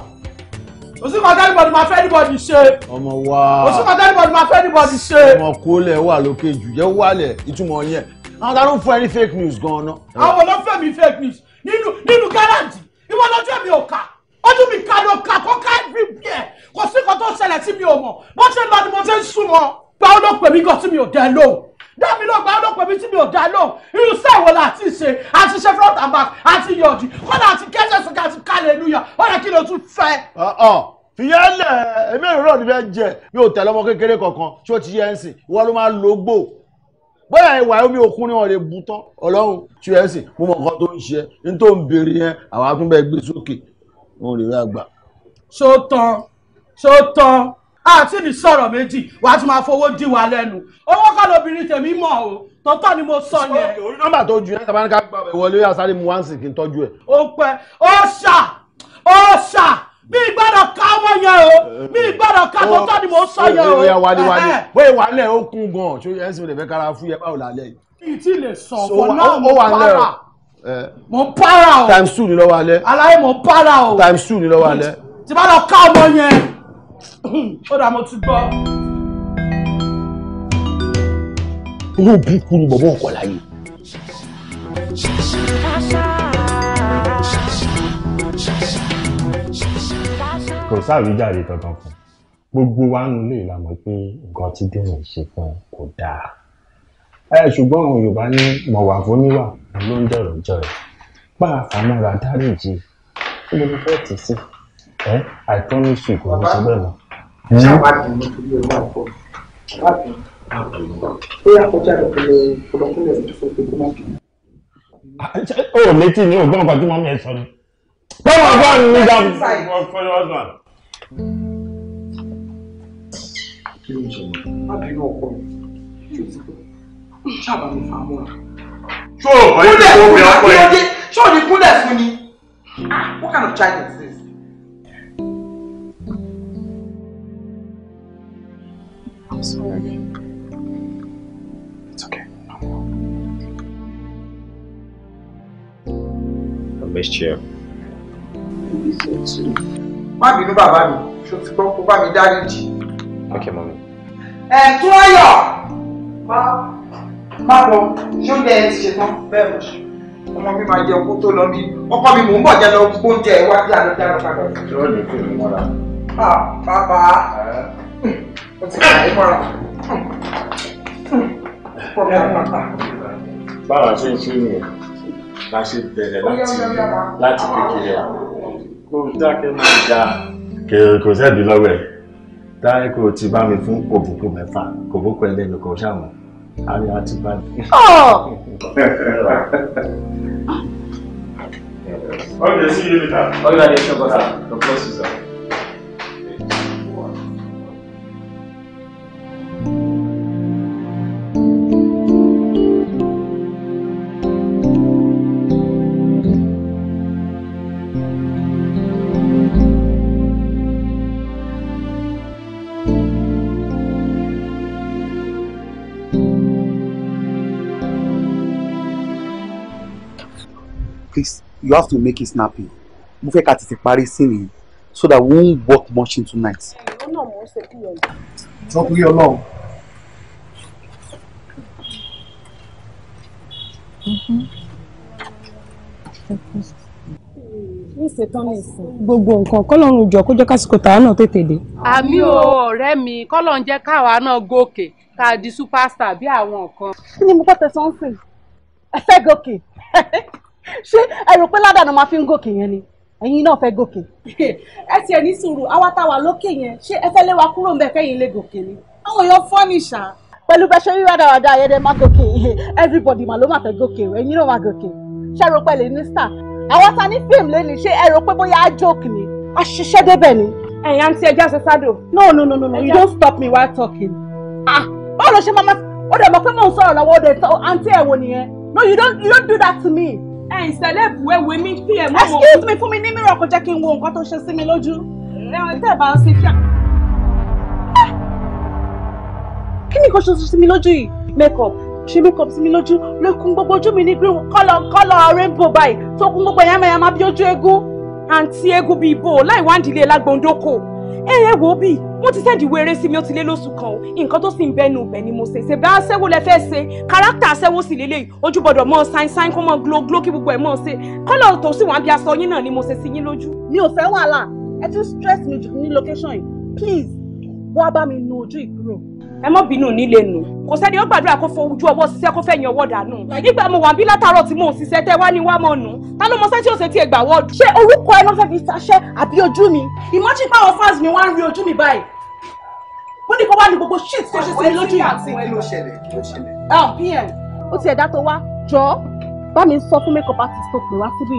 o sì kọ́ tẹ́lifọ̀dù máa fẹ́ anybody ṣe. ọmọ wa o sì kọ́ tẹ́lifọ̀dù máa fẹ́ anybody ṣe. ọmọ kólẹ̀ wà lókè jù jẹ́ wálẹ̀ ìtumọ̀ yẹn àwọn ta ló ń fún ẹ ní fake news gan-an. àwọn ló fẹ́ mi fake news nínú nínú gáràjì ìwọ lọ́jọ́ mi ò kà ojú mi kà ló kà kó ká bí bíẹ̀ kò sí kan tó ṣẹlẹ̀ sí mi ò mọ̀ bó ṣe lọ ni mo ṣe ń sún mọ́ gbà ó ló pè mí gan tí mi ò dẹ́ lóhùn dámi ló gba ọlọ́pàá mi tí mi ò dá lọ irú sẹ́wọ̀n la ti ṣe àti ṣe front and back àti yọ̀dì kọ́nà àti kẹ́sẹ̀ sókè àti hallelujah ọ̀rẹ́ kí ló tún fẹ́. fìyẹ́lẹ̀ èmi ìrọ̀rọ̀ ni bẹ́ẹ̀ jẹ mi ò tẹ̀lé ọmọ kékeré kankan tí ó ti yẹ ń sìn wọ́n ló máa ń lo gbò bóyá ìwà omi òkun ni wọn lè bu tán ọlọ́run tí ó yẹ sìn mo mọ nǹkan tó ń ṣe ní tó ń béèrè yẹn àwọn atúnbẹ̀ gbé sókè wọn ò lè rí àgbà. sótán sótán àti ní sọ̀rọ̀ méjì wàá tún máa fowó dí wa lẹ́nu owó kọ́ lóbìnrin tèmi mọ̀ o tọ́tọ́ ni mo sọ yẹn. orí nọ́mbà tó ju ẹ̀ sábà ní ká gbà wọlé àsáré mu wáǹsì kí n tọ́jú ẹ̀. ó pẹ́ ó ṣà ó ṣà mi gbọ́dọ̀ ká ọmọ yẹn o mi gbọ́dọ̀ ká tọ́tọ́ ni mo sọ yẹn o. bóyá wálé wálé bóyá wálé ó kún gan-an ṣé ẹ̀sìn rẹ̀ fẹ́ kára fún yẹ báwo lálẹ́ yìí. kì í tí ì lè sọ ọ̀pọ̀ náà mo para mo para o. times two ni lọ́wọ́ mo para o. times two ni lọ́wọ́ alẹ́. tí bá ó dà mo ti gbọ́. olóògùn kú ni bọ̀bọ̀ ọkọ̀ láyé. kò sáàríjáde kankan fún gbogbo wa nù lè la mọ̀ pé nǹkan tí dènà ṣe fún kò dáa ẹ ṣùgbọ́n àwọn Yorùbá ní mọ̀wà fúnníwà ló ń dẹ̀rọ̀ jọ ẹ̀ pàápàá mọ́ra dáríjì kí ló fẹ́ tì sí ẹ I promise you kò ní sí bẹ́ẹ̀ mọ́. ṣáwádìí ní ilé ìwà ọkọ wádìí ó yà kọjá rẹ pẹ̀lú ọlọpẹlẹ rẹ tó fẹ́ pé kó má bínú. ó létí ní ògbọ́n ọ̀gá tí mọ́mí ẹ sọ ni. báwo bá ń ní dá ọkọlẹ ọgbà. má bínú ọkọ mi ṣáàbà mi fà á mọ́ra. ṣó o kọ́ ẹ́ kó o bẹ ọkọ yẹn. ṣó o ní kúnlẹ̀ fún ni ah, what kind of child is this. I'm sorry. It's okay. I missed you. Má no bàbá Should we kó to mi dáríjì. Okay, mommy. Ẹ̀ tún ọyọ̀! Má má bọ̀, ṣé oúnjẹ ẹ ti ṣetán? Bẹ́ẹ̀ mo ṣe. Ọmọ mi máa jẹun kó tó lọ bí. Don't care. mò ń bọ̀ jẹ lọ gbóúnjẹ ìwádìí àlọ́ dáná padà. Ìrọ̀lẹ́ kò ní mọ́ra. Ah, bàbá. Eh? ó ti kà é mọ́ra. báwa ṣe ń ṣe nìyẹn la ṣe bẹ̀rẹ̀ láti láti kékeré wa kó dákẹ́ máa dáa. kò sẹ́ẹ̀dì lọ́wọ́ ẹ̀ dáhẹ́ kó o ti bá mi fún kòbókò mẹ́fà kòbókò ẹlẹ́nu kan ṣáà àmì àti báyìí. ọ̀ọ́. Okay, see you later. All right, Dr. Bosa. God bless you, sir. you have to make it snappy mo fẹ́ ká tètè parí sí ni so that we won't work much in tonight. Talk to your mom. ṣe kí ọ̀dà. jọ́ kúrí ọlọ́run. ní ìṣètàn ní ìsìn. gbogbo nǹkan kọ́lọ́run jọ kó jẹ́ kásìkò tàwa náà tètè dé. àmì o ọ̀rẹ́ mi kọ́lọ́run jẹ́ káwa náà gòkè ká di superstar bí àwọn kan. kí ni mo kọ́ tẹ̀sán sìn ẹ fẹ́ gòkè ṣé ẹrù pé ládàánú máa fi ń gòkè yẹn ni ẹ̀yin náà fẹ́ gòkè. ẹ tiẹ̀ ní sùúrù àwa a wà lókè yẹn ṣé ẹ fẹ́ lé wa kúrò ńbẹ̀ kẹ́yìn lè gòkè ni àwọn èèyàn fọ́ nìṣà. pẹ̀lú bẹ́ẹ̀ ṣe rírà dáadáa ayẹyẹ máa gòkè everybody mà ló máa fẹ́ gòkè ẹ̀yin náà máa gòkè ṣé ẹrù pẹ̀lú ní star àwọn ta ní fíìm lẹ́nu ṣé ẹrù pé bóyá á jókè ni á ṣiṣẹ́ débẹ̀ ni. ẹ̀yin àǹtí ẹja ṣe sádò. no no no no you don't stop me while talking. ah báwo ló ṣe máa ó dẹ̀ mọ̀ pé mò ń sọ̀rọ̀ lọ́wọ́ ó dẹ̀ àǹtí ẹ̀ wò nìyẹn no you don't you don't do that to me ẹ ń sẹlẹ̀bù ẹ wé mi kí ẹ mọ̀ mọ̀. excuse me fún mi ní mìíràn kò jẹ́ kí n wo nǹkan tó ṣe sí mi lójú. ẹ̀wọ̀n tẹ̀ bá ń ṣe fíà. kí ni nǹkan ṣe sí mi lójú yìí make up ṣe make up sí mi lójú ló kún gbogbo ojú mi ní green kọ́lọ̀ kọ́lọ̀ rainbow báyìí tó kún gbogbo yamayama bí ojú eégún àǹtí eégún bíi bò láì wá ń dilé lágbóńdókò. ẹ ẹ wo bíi wọ́n ti sẹ́ẹ̀dì wéré sí mi ó ti lé lóṣù kan o nǹkan tó sì ń bẹ́nu ibẹ̀ ni mo ṣe ṣe bá aṣẹ́wó lẹ fẹ́ ṣe kárátà aṣẹ́wó sì lélẹ̀ ojú gbọ́dọ̀ mọ́ sáín sáín kó mọ́ glógló kí gbogbo ẹ̀ mọ́ ṣe kọ́lọ̀ tó sì wọ́n bí aṣọ yín náà ni mo ṣe sí yín lójú. mi ò fẹ́ wàhálà ẹ tún stress mi jù ní location yìí please wá bá mi nu ojú ìkúrò ẹ má bínú nílé nù kò sẹ́ni ó gbàdúrà kó fojú ọwọ́ ṣiṣẹ́ kó fẹ́ yan ọwọ́ dànù nígbà mo wà bí látàárọ̀ tí mò ń ṣiṣẹ́ tẹ́ wá ní wá mọ̀ nù ta ló mọ sẹ́ tí ò ṣe tiẹ̀ gbà wọ́ọ̀dù. ṣé orúkọ ẹ ló fẹ́ fi ṣaṣẹ́ àbí ojú mi ìmọ̀tí pàwọ̀ fans mi wá ń rí ojú mi báyìí wọ́n ní kó wá ní gbogbo shit tó ṣe sí mi lójú yìí. Ah, ó ti ẹ̀dá tó wá jọ bá mi sọ fún makeup artist tó pè wá síbí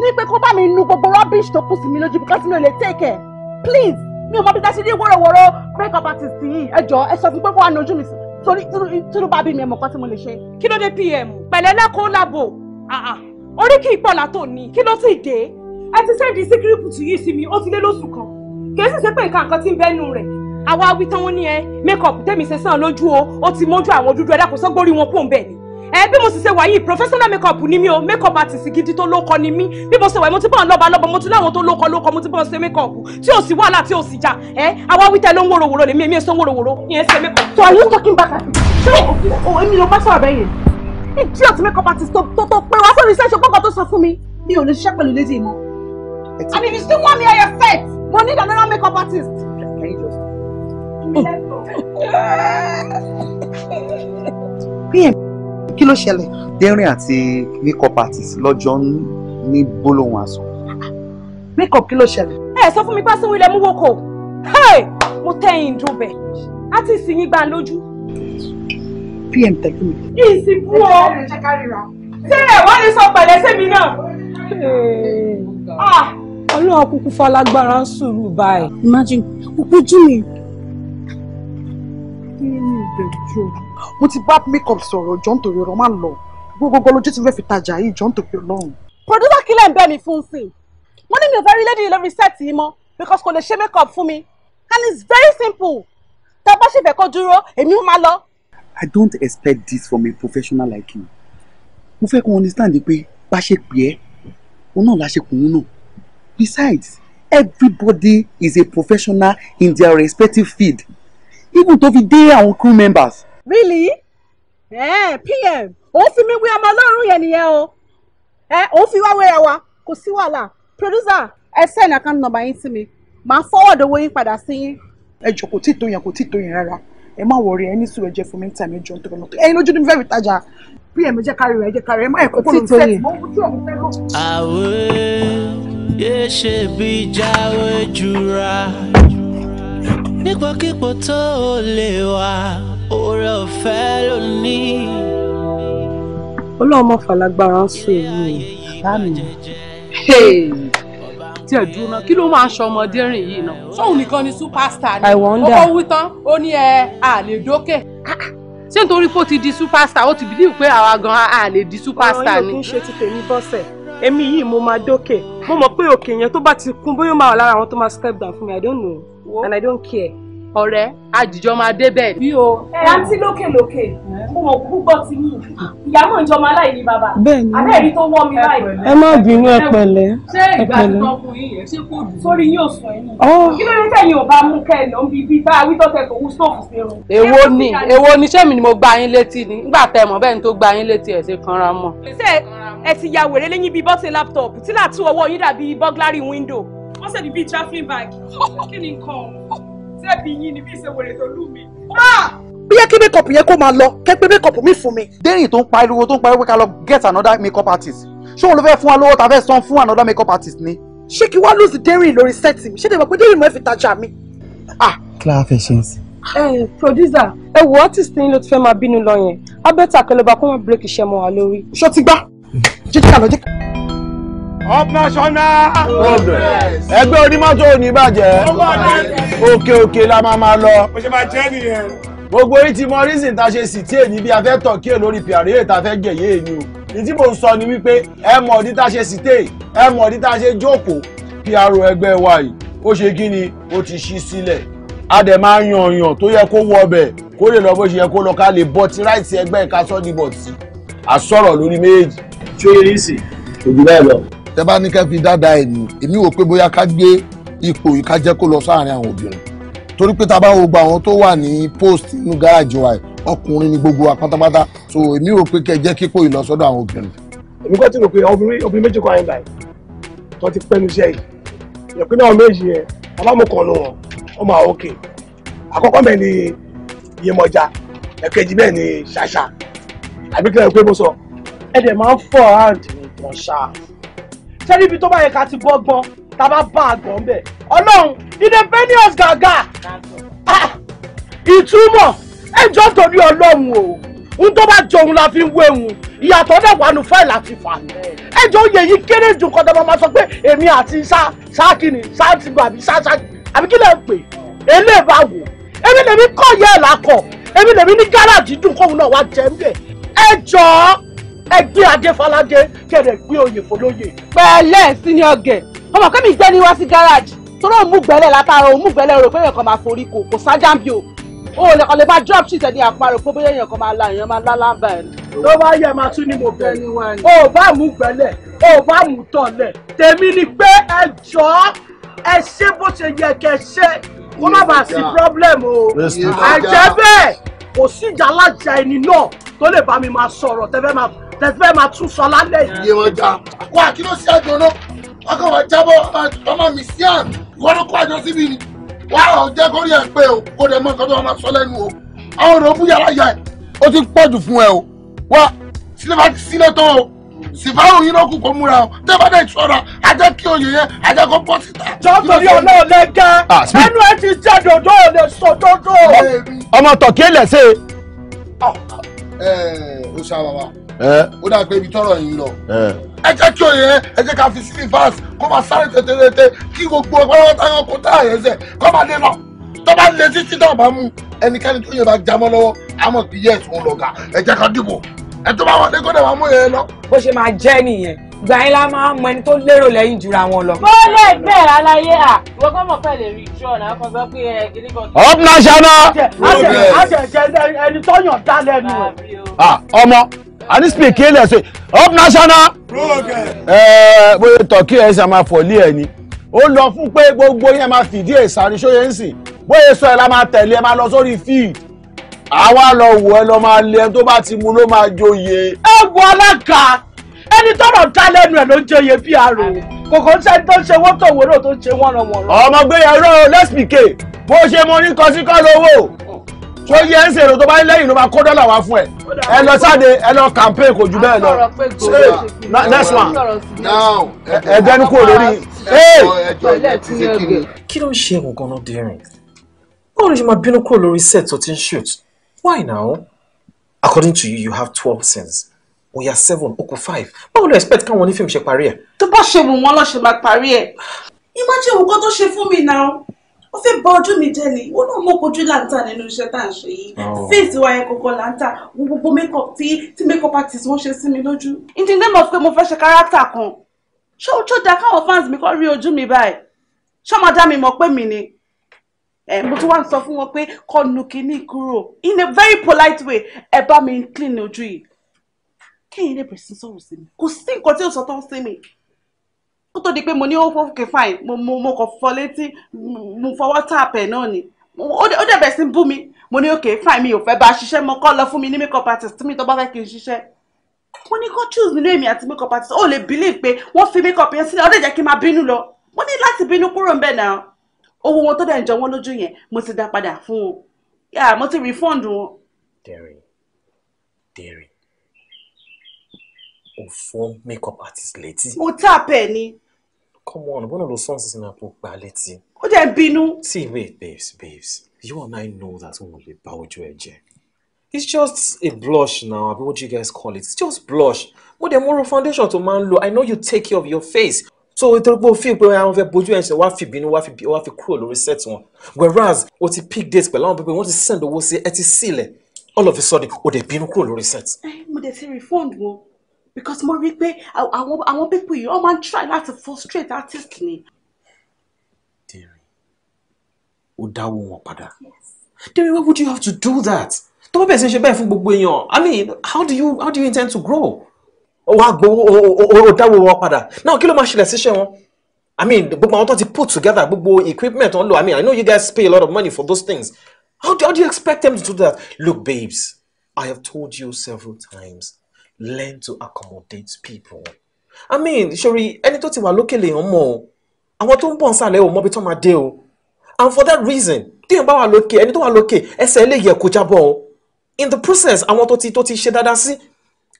ní pé kó bá mi nu gbogbo rubbish tó kù sí mi lójú because mi ò lè take it please mi ò mọ bí dá sí ní wọ́rọ̀wọ́rọ̀ break up artist yìí ẹ jọ ẹ sọ fún pé kó wà ní ojú mi sí torí tínú bá bí mi ẹ mọ̀ kan tí mo lè ṣe. kí ló dé pm pẹ̀lẹ́lẹ́ kó lábò ah, ah. orí kì í pọ̀ látò ní kí ló sì dé ẹ ti sẹ́ẹ̀dì síkírìpùtù yìí sí mi ó ti lé lóṣù kan kì í sì ṣe pé nǹkan kan ti ń bẹ́nu rẹ̀ àwa wí tán wọn ní ẹ make up tẹ́mi sẹ́sàn lójú o ó ti mójú àwọn dúdú ẹ dákun sọ́gbórí wọn kò ń bẹ̀ ni ẹ bí mo sì ṣe wà yìí professional makeup ni mí o makeup artist gidi tó lóko ni mí bí mo ṣe wà yìí mo ti bọ̀ ń lọ́ba lọ́ba mo ti láwọn tó lóko lóko mo ti bọ̀ ń ṣe makeup tí ò sí wàhálà tí ò sí jà ẹ àwa wíta ló ń wòròwòrò lèmi èmi èso ń wòròwòrò ìyẹn ṣe makeup. so are you talking back at me. ṣé o èmi ló bá sọ̀rọ̀ bẹ́ẹ̀ yẹn. idiot makeup artist tó tó pé wá sórí iṣẹ́ ìṣòkòkò tó sọ fún mi mi ò lè ṣiṣẹ́ pẹ̀lú lady mọ́. and if you still want me at your set mo need another makeup artist. can you just. PM kí ló ṣẹlẹ̀. dẹ́rìn àti makeup artist lọ́jọ́ ní gbólóhùn àṣọ. makeup kí ló ṣẹlẹ̀. ẹ sọ fún mi pásítọ̀ wílẹ̀ mú wọ́kọ̀ mo tẹ́yìn dùbẹ̀ á ti sì yín gbà lójú. pm tẹ̀lé mi. ìsìnkú o ṣé ẹ wọ́n lè sọ pẹ̀lẹ́ sẹ́mi náà. Ah! ọlọ́run kúkú falágbára ń sùúrù báyìí. imagine òpójú mi. kí ni ìbẹ̀jú o mo ti bá makeup sọ̀rọ̀ jọ́ nítorí ọ̀rọ̀ máa lọ gbogbo lójú ti fẹ́ fi tajà yìí jọ́ nítorí ọlọ́run. producer kílẹ̀ ń bẹ̀ mí fún sí i mo ní mi ò fẹ́ rí lady lórí set yìí mọ́ because kò lè ṣe makeup fún mi and it's very simple tá a bá ṣe fẹ́ kó dúró èmi ó máa lọ. I don't expect this from a professional like you mo fẹ́ kó understand pé bá ṣe pè ẹ́ òun náà la ṣe kùn ún náà besides everybody is a professional in their respective field even tó fi dé àwọn crew members really eh, pm òun fi mí wí ọmọ ọlọ́run yẹn nìyẹn o òun fi wá wéra wa kò sí wàhálà producer ẹ send account number yín sí mi màá forward owó yín padà sí yín. ẹ jọ kò tí ì tó yẹn kò tí ì tó yẹn rárá ẹ má wọrí ẹ ní sùúrù fún mi ní tàmí ìjọ nítorí ọmọ ẹyin lójú ní fẹẹ rí tajà pm ẹ kárí rẹ ẹ jẹ kárí ẹ má ẹ kókó lóun fẹẹ mọ ojú ọmọ fẹẹ lọ. àwẹ̀ yéé ṣe bí jáwé jura oore ọ̀fẹ́ lónìí. ọlọ́run bá mi. tí ẹ dúró náà kí ló máa ń ṣọmọdé yìí náà sóun nìkan ni superstar ni ó wí tán ó ní ẹ àlè dókè ṣé nítorí pé ó ti di superstar ó ti bìlíì pé àwa gan a lè di superstar ni. ọ̀rọ̀ yóò kí n ṣe ti tèmi bọ́sẹ̀ èmi yìí mo máa dókè mo mọ̀ pé òkè yẹn tó bá ti kún bóyá ó máa wà lára àwọn tó máa step down fún mi i don't know and i don't care ọ̀rẹ́ àjìjọ máa débẹ̀ bí o. ẹ àǹtí lókèlókè mo mọ̀ púpọ̀ tí yìí ìyá mọ̀ ìjọba aláìní bàbá abẹ́ẹ̀rí tó wọ́ mi báyìí. ẹ má bínú ẹ pẹ̀lẹ́ ṣé ìgbà tí wọ́n fún yín yẹn ṣé kò dùn. sórí yóò sọ ẹni kí ló dé tẹ̀yìn ò bá mú kẹ́lẹ̀ ń bí bí bá wítọ́tẹ̀ tó wú stóòfù sí irun. èwo ni èwo ni ṣé mi ni mo gba yín létí ni nígbà tẹ mọ bẹ́ẹ̀ ni tó gba yín létí ẹ̀ ṣe kanra mọ́. ṣé ẹ ti ya wèrè lẹ́yìn bíi bọ́tì sẹ́ẹ̀bì yín ni bí ìṣèwèrè tó lù mí. bí yẹ kí makeup yẹn kó máa lọ kẹ́pẹ́ makeup mi fún mi. dẹ́rìn tó ń pariwo tó ń pariwo pé ká lọ get another makeup artist ṣé òun ló fẹ́ fún wa lówó ta fẹ́ san fún another makeup artist ni. ṣé kí wá lose dẹ́rìn lórí sẹ́ẹ̀tì mi ṣé dẹ̀ mọ̀ pé dẹ́rìn mọ̀ ẹ́ fi tajà mi. ah clara fẹ́ ṣe é sí producer ẹ wo artist ní ló ti fẹ́ máa bínú lọ yẹn abẹ́ta kẹlẹ́bà kó má break iṣẹ́ mọ́ wa lórí. ṣó ti gbá jíjí kà lọ up national progress ẹgbẹ́ onímọ́tò ò ní bàjẹ́ òkè òkè la máa máa lọ. mo ṣe máa jẹ́ nìyẹn. gbogbo yìí ti mọ reason ta ṣe sì tí èyí bí a fẹ́ tọ̀ kí èlórí pìàrẹ́yè ta fẹ́ gẹ̀yẹ́ èyí o ìdí mò ń sọ ni wípé ẹ mọ̀ ọdí tá a ṣe sì tè ẹ mọ̀ ọdí tá a ṣe jókòó kí aro ẹgbẹ́ wa yìí ó ṣe kí ni ó ti ṣí sílẹ̀ a dẹ̀ máa yan ọ̀yàn tó yẹ kó wọ ọbẹ̀ kó lè lọ bó ṣe yẹ kó lọ ká lè bọ́tí ráìtì ẹgbẹ́ ìka sọ́ọ́dì tẹ bá ní kẹ́ fi dáadáa ẹ̀ nù èmi wò pé bóyá ká gbé ipò yìí ká jẹ́ kó lọ sáàárín àwọn obìnrin torí pé tá wo gba àwọn tó wà ní post nínú gáàjì wa ọkùnrin ni gbogbo wa pátápátá so èmi rò pé kẹ́ jẹ́ kíkó ìlọsọ́dọ̀ àwọn obìnrin. èmi kọ́ ti rò pé obìnrin obìnrin méjì kan ayé báyìí tó ti pẹ́ nu iṣẹ́ yìí ìyẹ̀pẹ́ náà méjì yẹn alámùkànnù wọn ọmọ àwọn òkè àkọ́kọ́ bẹ́ẹ̀ ni Yemọja ẹ̀kejì bẹ́ẹ̀ ni Ṣàṣà àbíkẹ́ ẹ̀ pé mo sọ ẹ̀ dẹ̀ máa ń fọ́ àǹtí nìkan ṣáà ṣé níbi tó bá yẹ ká ti bọ́gbọ́n tá a bá bá àgbọ̀n bẹ̀ ọlọ́run independence gàgà ah, ìtumọ̀ ẹjọ́ torí ọlọ́run o ń tó bá jọun la fi ń wé òun ìyàtọ̀ dẹ̀ wà nù fáìlì àti fà ẹjọ́ oyè yìí kéré jù kọ́ dẹ́gbọ́n máa sọ pé èmi àti sá sákìnì sátìgbò àbí sásákì àbí kí lè pè é bá wò èmi lèmi kọ́ yẹ́ ẹ̀ lákọ̀ èmi lèmi ní gáràjì dùn kóun náà wá jẹ́ ń bẹ̀ ẹjọ́ ẹ gbé adéfọládé kẹrẹ gbé oyè fọlóyè. pẹ̀lẹ́ sí ni ọgẹ ọmọ kẹmi gbẹ ni wá sí gáràjì tọrọ òun múgbẹlẹ látara òun múgbẹlẹ rò pé èèyàn kan máa forí kò kò sájà bí o o lè kàn lè bá drop sheet ẹni àparò pé bóyá èèyàn kan máa la èèyàn máa lá lábà ẹ. ló bá yẹ máa tún ní mo bẹ ni wá ni. o bá mú gbẹlẹ o bá mú tọlẹ tèmi ni pé ẹ jọ ẹ ṣe bó ṣe yẹ kẹ ṣe kó má bàa sí problem o àìjẹ́ bẹ́ẹ̀ kò sí ìjà alájà ẹni náà tó lè bá mi máa sọ̀rọ̀ tẹ́fẹ́ máa tẹ́fẹ́ máa tún sọ lálẹ́ yìí. iye wọn ja wà kí ló ṣe àjọ náà jábọ̀ ọmọ mi sí àná ìwọ kó àjọ síbi ni wà á jẹ́ kórìí ẹ̀ pé o kó dẹ̀ mọ́ nǹkan tó wọn máa sọ lẹ́nu o àwọn ọ̀rọ̀ òbú yàrá yà ẹ̀ ó ti pọ̀ jù fún ẹ o wá sílẹ̀ ti sílẹ̀ tó o sìfáwò yín lọ́kùn kó múra o tẹ́ bá dẹ̀ ṣọ́ra ajẹ́ kí oyè yẹn ajẹ́ kó bọ́ síta. jọ́sọ̀rí ọ̀nà ọ̀lẹ́ gẹ́ ẹnu ẹ ti jẹ́ dòdò ò lè sọ dòdò. ọmọ tọ̀kí ẹ̀ lẹ́sẹ̀ ó ṣàwà wa ó dà pé ibi tọrọ yìí lọ ẹ jẹ́ kí òye yẹn ẹ jẹ́ ká fi sílẹ̀ fast kó máa sáré tètè kí gbogbo ọpọlọ táwọn kò tá àyẹ̀ sẹ̀ kó máa lè lọ tó bá lè títí náà bá mú ẹnikẹ́ni tó yẹ bá jámọ́ lọ́wọ́ á mọ̀ pé yẹ́ẹ̀sì òun lọ́gà ẹ jẹ́ ká dìbò ẹ tó bá wọlé kó dẹ̀ wá mú yẹn lọ. bó ṣe máa jẹ́ nìyẹn gbàyìn la máa mọ ẹni tó lérò lẹ́yìn jura wọn lọ. bó lè bẹ́ẹ̀ aláyé à wọ́n kọ́ mọ̀ pẹ̀lẹ́ rí jọ náà kọ́ sọ pé ẹ gidi kan. up national. àṣẹjẹ ẹni tọ́yàn dá lẹ́nu ẹ̀. ọmọ àní speak kí lè ṣe up national. Eh, ẹ bóyá tọ́kí ẹ̀ ṣe máa fọ̀lé ẹ̀ ni ó lọ fún pé gbogbo yẹn máa fìdí ẹ̀ sáré ṣóyè ń sìn bóyá sọ ẹ̀ la máa tẹ̀lé ẹ̀ máa lọ sórí field àwa lọ wò ẹ lọ máa lé ẹ tó bá ti mu ló máa joyè. ẹ wo alága ẹni tọrọ dá lẹ́nu ẹ ló ń jẹ bíi àrò kòkó ń sẹni tó ń ṣe wọ́tò wòrò tó ń ṣe wọ́n ràn ọmọ gbéyàwó lẹ́sìkè bó ṣe mo ní kọsíkọ́ lówó tó yẹ ń ṣèrò tó bá ń lẹ́yìn ló máa kó dọ́là wá fún ẹ ẹ lọ sáde ẹ lọ campaign kò jù bẹ́ẹ̀ lọ next one ẹ dẹnu kúrò lórí. kí ló ń ṣe ẹ̀wọ̀n gan báwo ló ṣe máa bínú kúrò lórí set tó shoot why now according to you you have twelve cents oya seven oko five báwo lo expect káwọn onífíìmù ṣe parí ẹ̀. tó bá ṣe wù wọ́n lọ ṣe máa parí ẹ̀ imájẹ́ òun kan tó ṣe fún mi náà ó fẹ́ bá ojú mi jẹ́ ni ó náà mọ̀ kojú láǹtà nínú iṣẹ́ tá à ń ṣe yìí oh. fèsì wa yẹn kọ̀ọ̀kan láǹtà gbogbo makeup tí tí makeup artist wọ́n ṣe sí mi lójú. ìdí náà mọ̀ pé mo fẹ́ ṣe kárátà kan ṣó tó dáa káwọn fans mi kọ́ rí ojú mi báyìí ṣó máa dá mi mọ̀ pé mi ni ẹ mo tún wá ń sọ fún wọn pé kọ́ nu kínní kúrò in a very polite way ẹ bá mi clean ojú yìí kẹ́yìn lè bẹ̀rẹ̀ sí sọ̀rọ̀ sí mi kò sí nǹkan tí ò sọ tán sí mi kó tó di pé mo ní ó fòkè fáìn mo mo mo kàn fọ létí mo fọwọ́ tààpẹ̀ náà ni ó dẹ̀ bẹ̀rẹ̀ sí bú mi mo ní òkè fáìn mi ò fẹ́ bá a ṣiṣẹ́ mo kọ́ lọ fún mi ní makeup artist tí mi tó bá fẹ́ kí n ṣiṣẹ́ mo ní kó choose nínú èmi àti makeup artist ó lè believe pé wọ́n fi makeup yẹn sílẹ̀ ó dẹ̀ jẹ́ kí n máa bínú lọ mo ní láti bínú kúrò ń bẹ̀ náà owó wọn tó dẹ̀ ń jọ wọ́n lójú yẹn mo ti dá padà fún wọn mo ti refund wọn. dairy dẹ̀rìn o fọ́ makeup artist létí. mo tap ẹ ni. come on one of those songs is in apo gba létí. ó jẹ́ bínú. see wait babes babes you and I know that n ò lè bà ojú ẹ jẹ́. it's just a blush now abi what do you guys call it it's just blush mo dey moro foundation to man. ń I know you take care of your face so nítorí pé o fi pé àwọn fẹ́ bójú ẹ̀sìn wá fi bínú wá fi wá fi kúrò lórí set wọn whereas o ti pick date pẹ̀lú àwọn pípé wọ́n ti send owó sí ẹ ti sílẹ̀ all of a sudden o dey bínú kúrò lórí set. ẹ mo dẹ̀ ti refund wọn because mo rí pé àwọn àwọn people yìí wọ́n máa ń try láti frustrate artist ni. Dèrè ó dáwọ́ wọn padà. Dèrè why would you have to do that? tó bá bẹ̀rẹ̀ sí ṣe bẹ́ẹ̀ fún gbogbo èèyàn I mean how do you how do you intend to grow? ó wá gbowó ó dáwọ́ wọn padà náà kí ló máa ṣẹlẹ̀ síṣẹ́ wọn? I mean gbogbo àwọn tó ti put together gbogbo equipment wọn lò I mean I know you guys pay a lot of money for those things how do, how do you expect them to do that? Look babes I have told you several times learn to accommodate people. I mean sori ẹni tó ti wà lókè lèèyàn mọ̀ o àwọn tó ń bọ̀ nsàlẹ̀ o mọbi tó máa dé o and for that reason téèyàn bá wà lókè ẹni tó wà lókè ẹsẹ̀ eléyìí ẹ̀ kó jábọ̀ o in the process àwọn tó ti tó ti ṣe dáadáa sí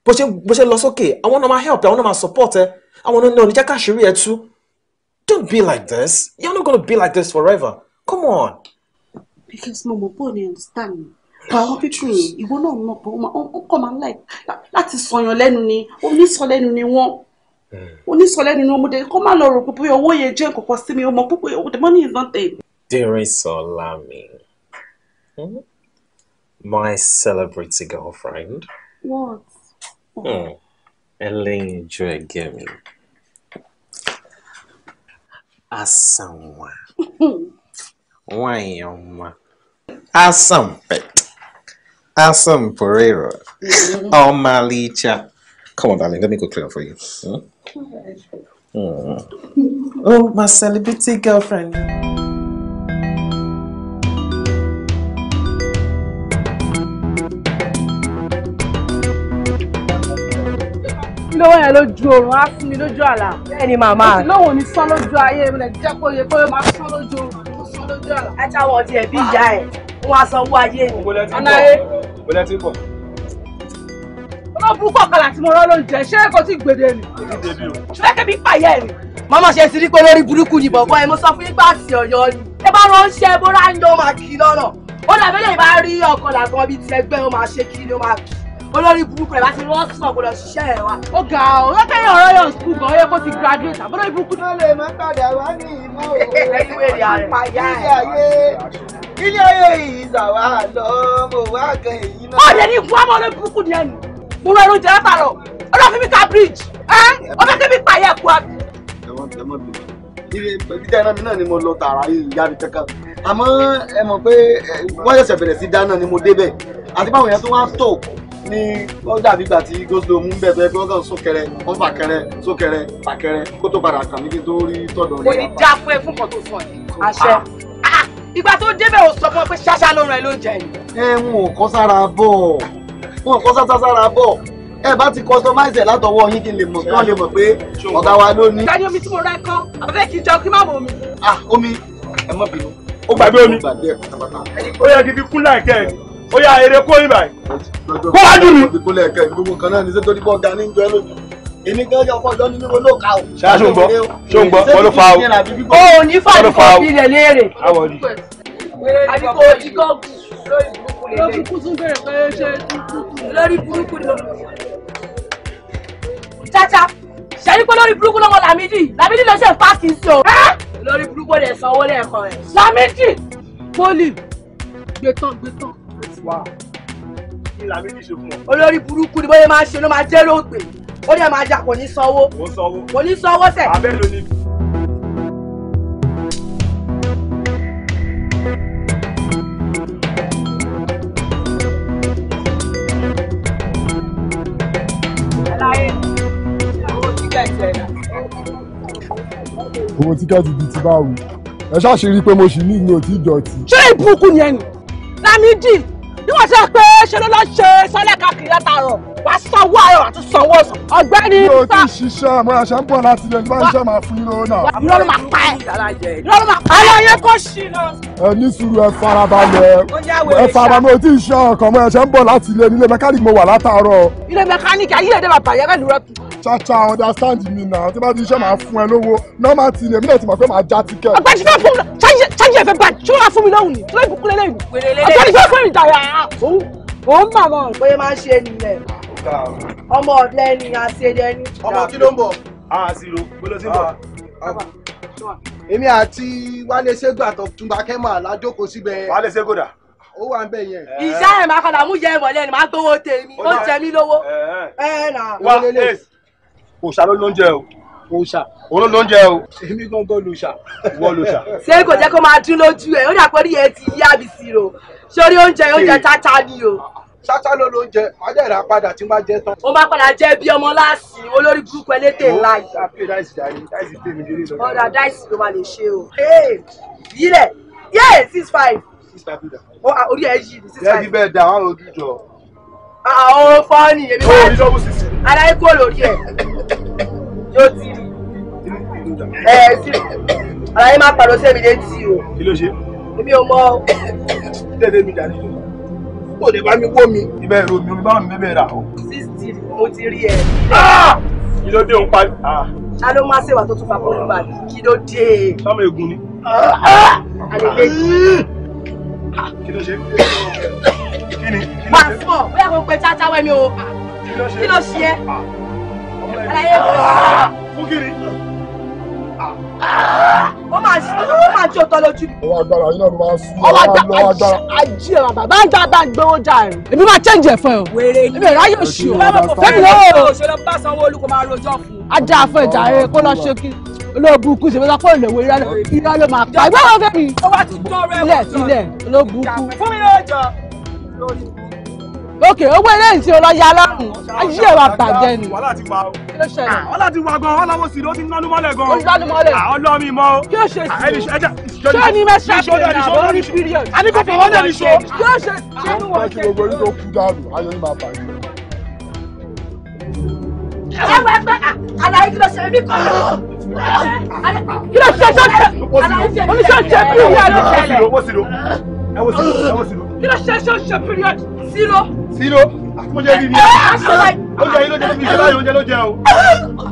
bó ṣe bó ṣe lọ sókè àwọn náà máa help ẹ àwọn náà máa support ẹ àwọn náà oníjà káṣírí ẹ tú don't be like this you're not gonna be like this forever come on. because mo mọ̀ bọ́ọ̀ ni understand me àwọn píktù yìí ìwọ náà mọ̀ pé ọkọ máa ń láì láti sọyàn lẹ́nu ni onísọ lẹ́nu ni wọ́n hmm. onísọ lẹ́nu ni wọ́n mo dé kó má lọ rò pé owó yẹn jẹ́ nǹkan kan sí mi ó mọ púpọ̀ the money is not there. Dérìsọ́lá mi hmm? my celebrity girlfriend. what. Hmm. ẹlẹ́yinjú ẹ̀gẹ́ mi. Asanwa. Wọ́n àyàn ọmọ. Asanpẹ̀tẹ̀. Awesome Pereira. Omalicha. Oh, Come on, darling, let me go clear for you. Huh? Hmm? Hmm. Oh, my celebrity girlfriend. No ló wáyà lójú oorun á fún mi lójú àlá. No one is ní sán lójú ayé mi lè jẹ kó yẹ kó yẹ máa sán lójú oorun sán lójú àlá. ẹ táwọn ọtí ẹ bí ìyá ẹ wọn á sanwó bọ́lá ti ń bọ̀. ọmọ burúkú ọ̀kadà mo rán ló ṣé kò tí gbèdé ni. ṣé kébí pààyà ni. màmá ṣe ti rí pé lórí burúkú ni bọ̀bọ̀ ẹ mo sọ fún yín àti ọ̀yọ́ ni. ẹ bá ránṣẹ́ bó ráńjọ́ máa kí lọ́nà ó dàbí lè bá rí ọkọ̀ làgbọ́n bíi ti ẹgbẹ́ ó máa ṣe kí ni ó máa kí olórí burúkú rẹ̀ bá ti wọ́n sàn gbọ́dọ̀ ṣiṣẹ́ ẹ̀ wa. ó ga ọ ó kẹ́yìn ọ̀rọ̀ yóò skul gan ọyẹ kó ti graduate àbúrò ìbúkú. ó lè má padà wá ní ìmọ̀ òwò ilé ayé yìí ṣàwà lọ mo wá gan èyí náà. ọ̀rẹ́ ní fún ọmọ àmọ́ ẹ mọ̀ pé wọ́n ṣẹ̀ṣẹ̀ bẹ̀rẹ̀ sí dáná ni mo débẹ̀ àti báwọn yẹn tó wá tò ní wọ́n dàbí tí goslow mú bẹ́ẹ̀ bẹ́ẹ̀ gbọ́ngàn sókẹrẹ wọ́n fà kẹrẹ sókẹrẹ fà kẹrẹ kó tó padà kàn kí tó rí tọ̀dọ̀ rẹ̀. kò ní já fún fún kan tó sọ ẹ àṣẹ ah. Ah ìgbà tó débẹ̀ ò sọ fún ọ pé ṣáṣá ló ràn ẹ́ lóúnjẹ yìí. ẹ wọn ò kọ́ sára bọ̀ wọn ò kọ́ sáta sára bọ̀ ẹ bá ti customize ẹ̀ látọwọ́ yín kí n lè mọ̀ kí wọ́n lè mọ̀ pé ọ̀gá wa ló ní. ìdájọ́ omi tí mo rẹ́ kán àbẹ́fẹ́ kì í jọ kí má mọ omi. ah omi ẹ mọ̀ bínú. ó gbàgbé omi ó yẹ kí fi kún láìkẹ́ ẹ̀ ó yà èrè kó ibà. kó wá dùn mí èmi gan ọjọ́ ọjọ́ nínú owó ló ka o. ṣáàṣù ń gbọ́ ṣó ń gbọ́ wọ́n ló fa o. o ò ní fàdúkọ̀ bí rẹ̀ léèrè. àdìpọ̀ ìkọ́ lórí burúkú lè lè. lórí burúkú tún bẹ̀rẹ̀ pé ṣe lórí burúkú ni lórí burúkú. chacha ṣẹ́yìn pé lórí burúkú lọ́wọ́ Lámídì Lámídì ló ṣe sí o. lórí burúkú lè sanwó lẹ́ẹ̀kan rẹ̀. Lámídì. poli gbẹtàn gbẹtàn. olórí burúkú ni bóyá máa ṣe ló máa jẹ́ lóògbé ó dẹ̀ máa jà kò ní sanwó kò ní sanwó sẹ̀. abẹ́ ló ní. owó tíkẹ́ẹ̀tì bíi ti báwo ẹ ṣáàṣì rí i pé mo ṣì ní ìlú òtí ìdọ̀tí. ṣé ìbùkún yẹn ni lámìdí níwọ̀n ṣe pé ṣe ló lọ́ọ́ ṣe sọ́lẹ̀ káàkiri látàárọ̀ wàá sanwó àárọ̀ àti sanwó ọ̀sán. ọ̀gbẹ́ni sá. mi ò ṣiṣẹ́ àmọ́ àṣà ń bọ̀ láti ilẹ̀ nígbà iṣẹ́ máa fún yín lówó náà. máa pa ẹ́ irọ́ máa chacha understand mi na tí bá ti iṣẹ́ máa fún ẹ lówó normal ti ilé mi náà ti mọ̀ máa já tíkẹ́. ọgbẹ́ ṣe fẹ́ fún mi ṣáàjì ẹ̀fẹ̀ bá ṣé wàá fún mi lóhùn ni tí wọ́n ìbùkún lélẹ́yìn. ọgbẹ́ ṣe fẹ́ fún ìdáyà òun màmá. bóyá máa ń ṣe nìyẹn ọmọ ọ̀lẹ́ ni àṣeyẹ ni. ọmọ kí ló ń bọ̀. àṣìrò gbọ́dọ̀ sí bọ̀. Ah, ah. èmi àti wálé ṣégbà tó túnba kẹ́mà lájókòó síbẹ̀. wálé ṣégbò dà. ó wà ń bẹ̀ yẹn. Eh. ìṣá ẹ̀ máa padà mú yẹ ìmọ̀lẹ́ ni máa gbowó tèmi ó jẹ mí lówó. Eh, eh. wá òòṣà ló ló ń jẹ o òòṣà òun ló ń jẹ o. èmi gangan lòṣà. wọ́n lòṣà. ṣé kò jẹ́ kó máa dún lójú ẹ̀ ó dà pé orí yẹn ti yá àbísí ro sórí oúnjẹ oúnjẹ tata ni o ṣáṣá ló ló ń jẹ àjẹrà padà tí máa jẹ tán. mo máa padà jẹ bí ọmọ láàsì olórí burúkú ẹlẹ́tẹ̀ ńlá yìí. a dáìsì dáìsì dáìsì pé mi lè ọ̀dà dáìsì ló máa lè ṣe o. yílẹ̀ yé six five. six five dà. orí ẹ yí ni six five. jẹ́bi bẹ́ẹ̀ dà wọ́n lójú jọ. àwọn fọ́ọ̀nì èmi wá sí aláìkó lórí ẹ̀ yóò ti rí ẹ̀ sí aláyé má pàdé sí létí o. kí ló ṣe. èmi ò mọ kò lè bá mi wó mi. ibẹ̀ èrò mi omi báwọn mi bẹ́ẹ̀ rà o. sixty mo ti rí ẹ. Ah! kí ló dé òun parí. Ah! ta ló máa ṣèwà tó tún fa bọ́ọ̀lù bàbí kí ló dé. sọmọ egun ni. àlejò. Ah! kí ló ṣe. kí ni. pàṣọ bóyá kò pe chacha wẹ́mi o kí ló ṣe é. àlàyé kò. fún kiri ó máa ó máa jẹ́ ọ̀tọ̀ lójú. ọwọ́ agbára yín náà ló máa ń sún ọwọ́ agbára. ajé ọ̀rọ̀ bàbá ń dáadáa ń èmi máa change ẹ̀ fún ẹ o. wèrè yìí èmi ráyè òṣì o. fẹ́mi ló wò ó. òṣèlú bá sanwó olùkọ́ máa rojọ́ fún. ajá afọ ìjà rẹ kó lọ ṣe kí olóòbùkún ṣe fẹ́ẹ́ fọ́ọ̀lù ìwé irá ló máa pa. ìgbà wọn fẹ́ mi. ó wá ti tọrọ ilẹ̀ ilẹ̀ olóòbùkún. fún mi lóòjọ́ òkè owó eléyìí tí o lọ ya lọ́rùn ayé wa bàjẹ́ ni. wàhálà ti wà o. kí ló ṣẹlẹ̀. Ah, wàhálà ti wà gan-an wàhálà mo sì ló ti nánú mọ́lẹ̀ gan-an. o ti nánú mọ́lẹ̀. àwọn ah, lọ́ mi mọ́ o. kí ló ṣe sí. ṣé ni mẹ́ ṣàfihàn àwọn orí period. a ní kò fọwọ́ náà ní ṣo. kí ló ṣe sí. ṣé ni wọ́n ṣe. gbogbo orí tó kú dànù ayọ̀ ní máa bàjẹ́. ẹ wọ ẹgbẹ́ ah, àlàyé kí ló ṣe mí kọ́ kí ló ṣe ṣe ṣe ṣe period. ẹ wọ sí ló ẹ wọ sí ló. kí ló ṣe ṣe ṣe period. Síló. Síló. Àtúnjẹ rí ni. Oúnjẹ yìí ló jẹ níbi ìṣẹ́lá yìí oúnjẹ ló jẹ o.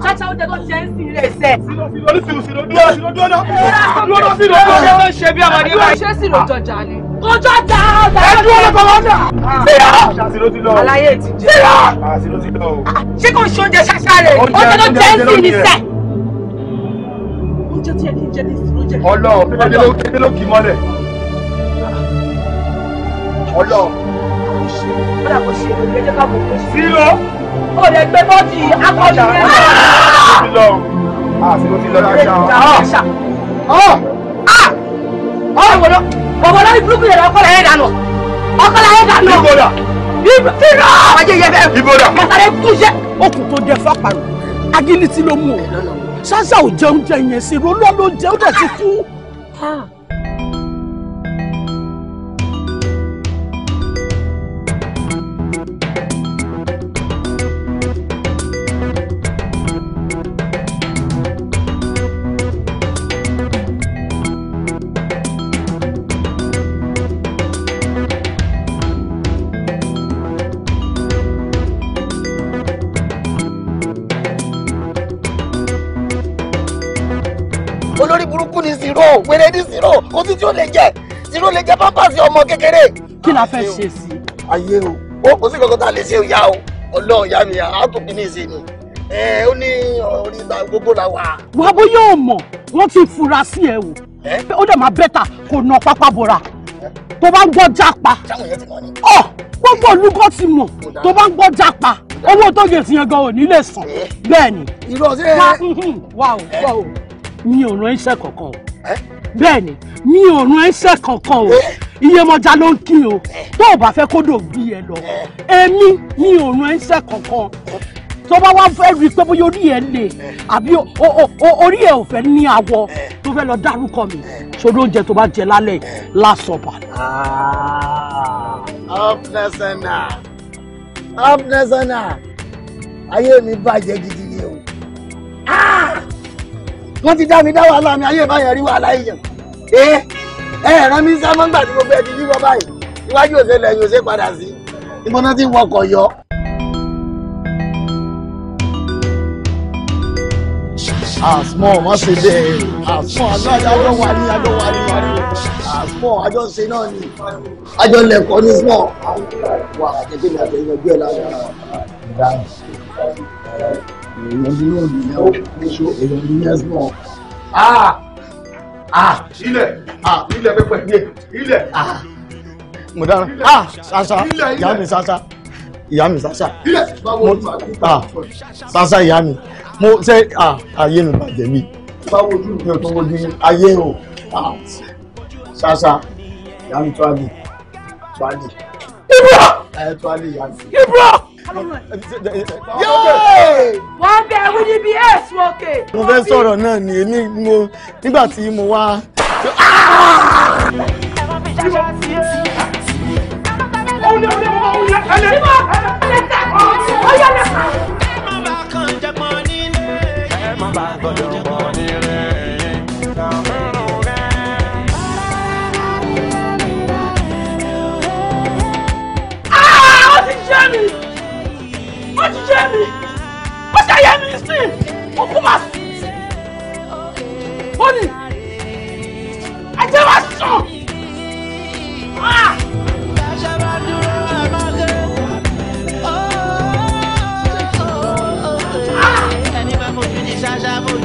Chacha oúnjẹ ló jẹ ń sin rẹ̀ sẹ̀. Síló síló ní síló síló dúró síló dúró náà. Dúró náà síló dúró. Ṣé ló ń ṣe bí ọmọdé báyìí? Ṣé síló jọjà ni? Kọjá da ọjà. Ẹ dúró lọ́kọ̀ lọ́jà. Síló. Síló ti lọ. Aláyé ti jẹ. Síló. Síló ti lọ o. Ṣé kò ṣe oúnjẹ ṣáṣá rẹ̀? Oúnjẹ ló jẹ ń sin ní sẹ̀. Oúnjẹ tí ẹ kí ń jẹ ní síló jẹ. Ọlọ́run, kékeré ló kì í mọ́lẹ̀. Ọlọ́run ṣe kódà kò ṣe lórí ẹjọ́ ká gbogbo ṣe. sí lọ. o lè gbé bọ́ọ̀dì akọni ah, ah, ah! yẹn. sí lọ o àti ló ti lọ láṣà o. ọ̀wọ̀ lọ ọ̀wọ̀ lọ ibùdókòwò yẹn ọkọ̀ láyé dànù ọkọ̀ láyé dànù. ibodà. ibodà. àjẹ yẹn bẹ́ẹ̀. ibodà. kàtàlẹ́ kúṣẹ́. okùn tó dẹ fapàrọ agilisi ló mú o ṣáṣá ò jẹun jẹ yẹn sí ro lọ́ọ́ ló jẹun dẹ̀ ti kú. tí ó lè jẹ tí ó lè jẹ pampers ọmọ kékeré. kí la ah, fẹ́ ṣe sí. ayé o ó kò sí kankan tá a lè ṣe ìyá o ọlọ́run ìyá mi àá tó kí ní ìsìn ni ẹ ó ní orí gbogbo la wà. wà bó yóò mọ̀ wọ́n ti fura sí ẹ wò ó dẹ̀ máa bẹ́tà kò nà pápá bora tó bá ń gbọ́ jápa ọ gbogbo olúkọ ti mọ̀ tó bá ń gbọ́ jápa owó tó yẹ sí yẹn gan ò ní lè sàn bẹ́ẹ̀ ni wà ó wà ó mi ò rán iṣẹ́ kankan o bẹ́ẹ̀ni mi ò rún ẹsẹ̀ kankan o iyemọja ló ń kí o tó o bá fẹ́ kó dò bí ẹ lọ èmi mi ò rún ẹsẹ̀ kankan tó bá wá fẹ́ rí i pé bóyá orí ẹ lè àbí orí ẹ ò fẹ́ ní àwọ̀ tó fẹ́ lọ dárúkọ mi sórí oúnjẹ tó bá jẹ lálẹ́ lásọ̀bà. ọ̀pẹ̀sẹ̀nà ah, ọ̀pẹ̀sẹ̀nà ayé mi bàjẹ́ gidi ni o. Ah! wọ́n ti dá mi dá wàhálà mi ayé báyẹn rí wàhálà èèyàn ee ẹ ẹ̀ràn mi sá mọ́ngbà tí mo fẹ́ di yíwọ́ báyìí iwájú òsè lẹ́yìn òsè padà sí ìbọn náà ti wọkọ̀ yọ. àsmọ wọn ṣe bẹ́ẹ̀ àsmọ alájọ wà ní àjọ wà ní àsmọ àjọ ṣe náà ni àjọ lẹkọọ ní smọ wà àjẹgbẹmí àjẹgbẹmí ọjọ ẹ lára èèyàn bí náà nìyẹn ó ṣó èèyàn bí yẹn náà. ah ah ilẹ̀ ah ilẹ̀ pẹpẹ ilẹ̀ ah mo dára ah ṣaṣa ìyá mi ṣaṣa ìyá mi ṣaṣa mo ah ṣaṣa ìyá mi mo ṣe ah ayé mi bàjẹ́ mi báwo ojú mi ò tó wojú ayé o ah ṣaṣa ìyá mi tó àlè tó àlè ibra ẹ tó àlè ìyá mi. ibra wọ́n bẹ ewu níbi èsù òkè. mo fẹ́ sọ̀rọ̀ náà ni èmi mo nígbà tí mo wá. Oh, no, no, no, no, no, no, no, no, no, no, no, no, no, Yẹmí ó ṣe Yẹmí sí ó kú máa sùn ó ní ajé Ah! Ah! Ṣáṣá fojú ní ṣáṣá fojú.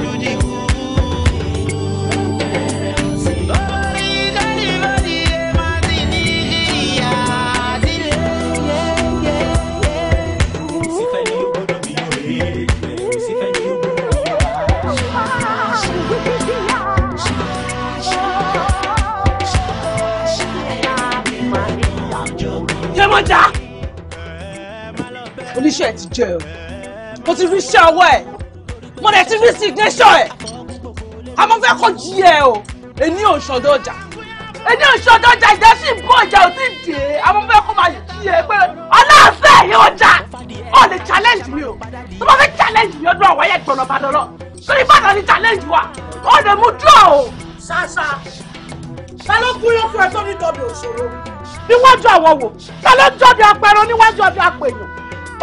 wọn dá oníṣẹ́ ẹ̀ ti jẹ o mo ti rí iṣẹ́ ọwọ́ ẹ̀ mo dẹ̀ ti rí signature ẹ̀ a máa fẹ́ kó jí ẹ o èmi ò ṣọdọ̀ ọjà èmi ò ṣọdọ̀ ọjà ìjà sì ń bọ̀ ọjà ò tí ì dé a fẹ́ kó máa jí ẹ pé ọlọ́ọ̀fẹ́ ẹ̀yẹ ọjà ọ̀ lè challenge mi o tó bá fẹ́ challenge mi ọdún àwọn ẹ̀yẹ gbọ̀nà bàdàn lọ sórí bàdàn ni challenge wa ọ̀ lè mú dúró o. ṣáṣá ta ló kú yóò fún ẹ tó ní dọ́bì òṣòro níwájú àwọn wò ta ló jọ́bi apẹ̀rọ níwájú ọdún apèèyàn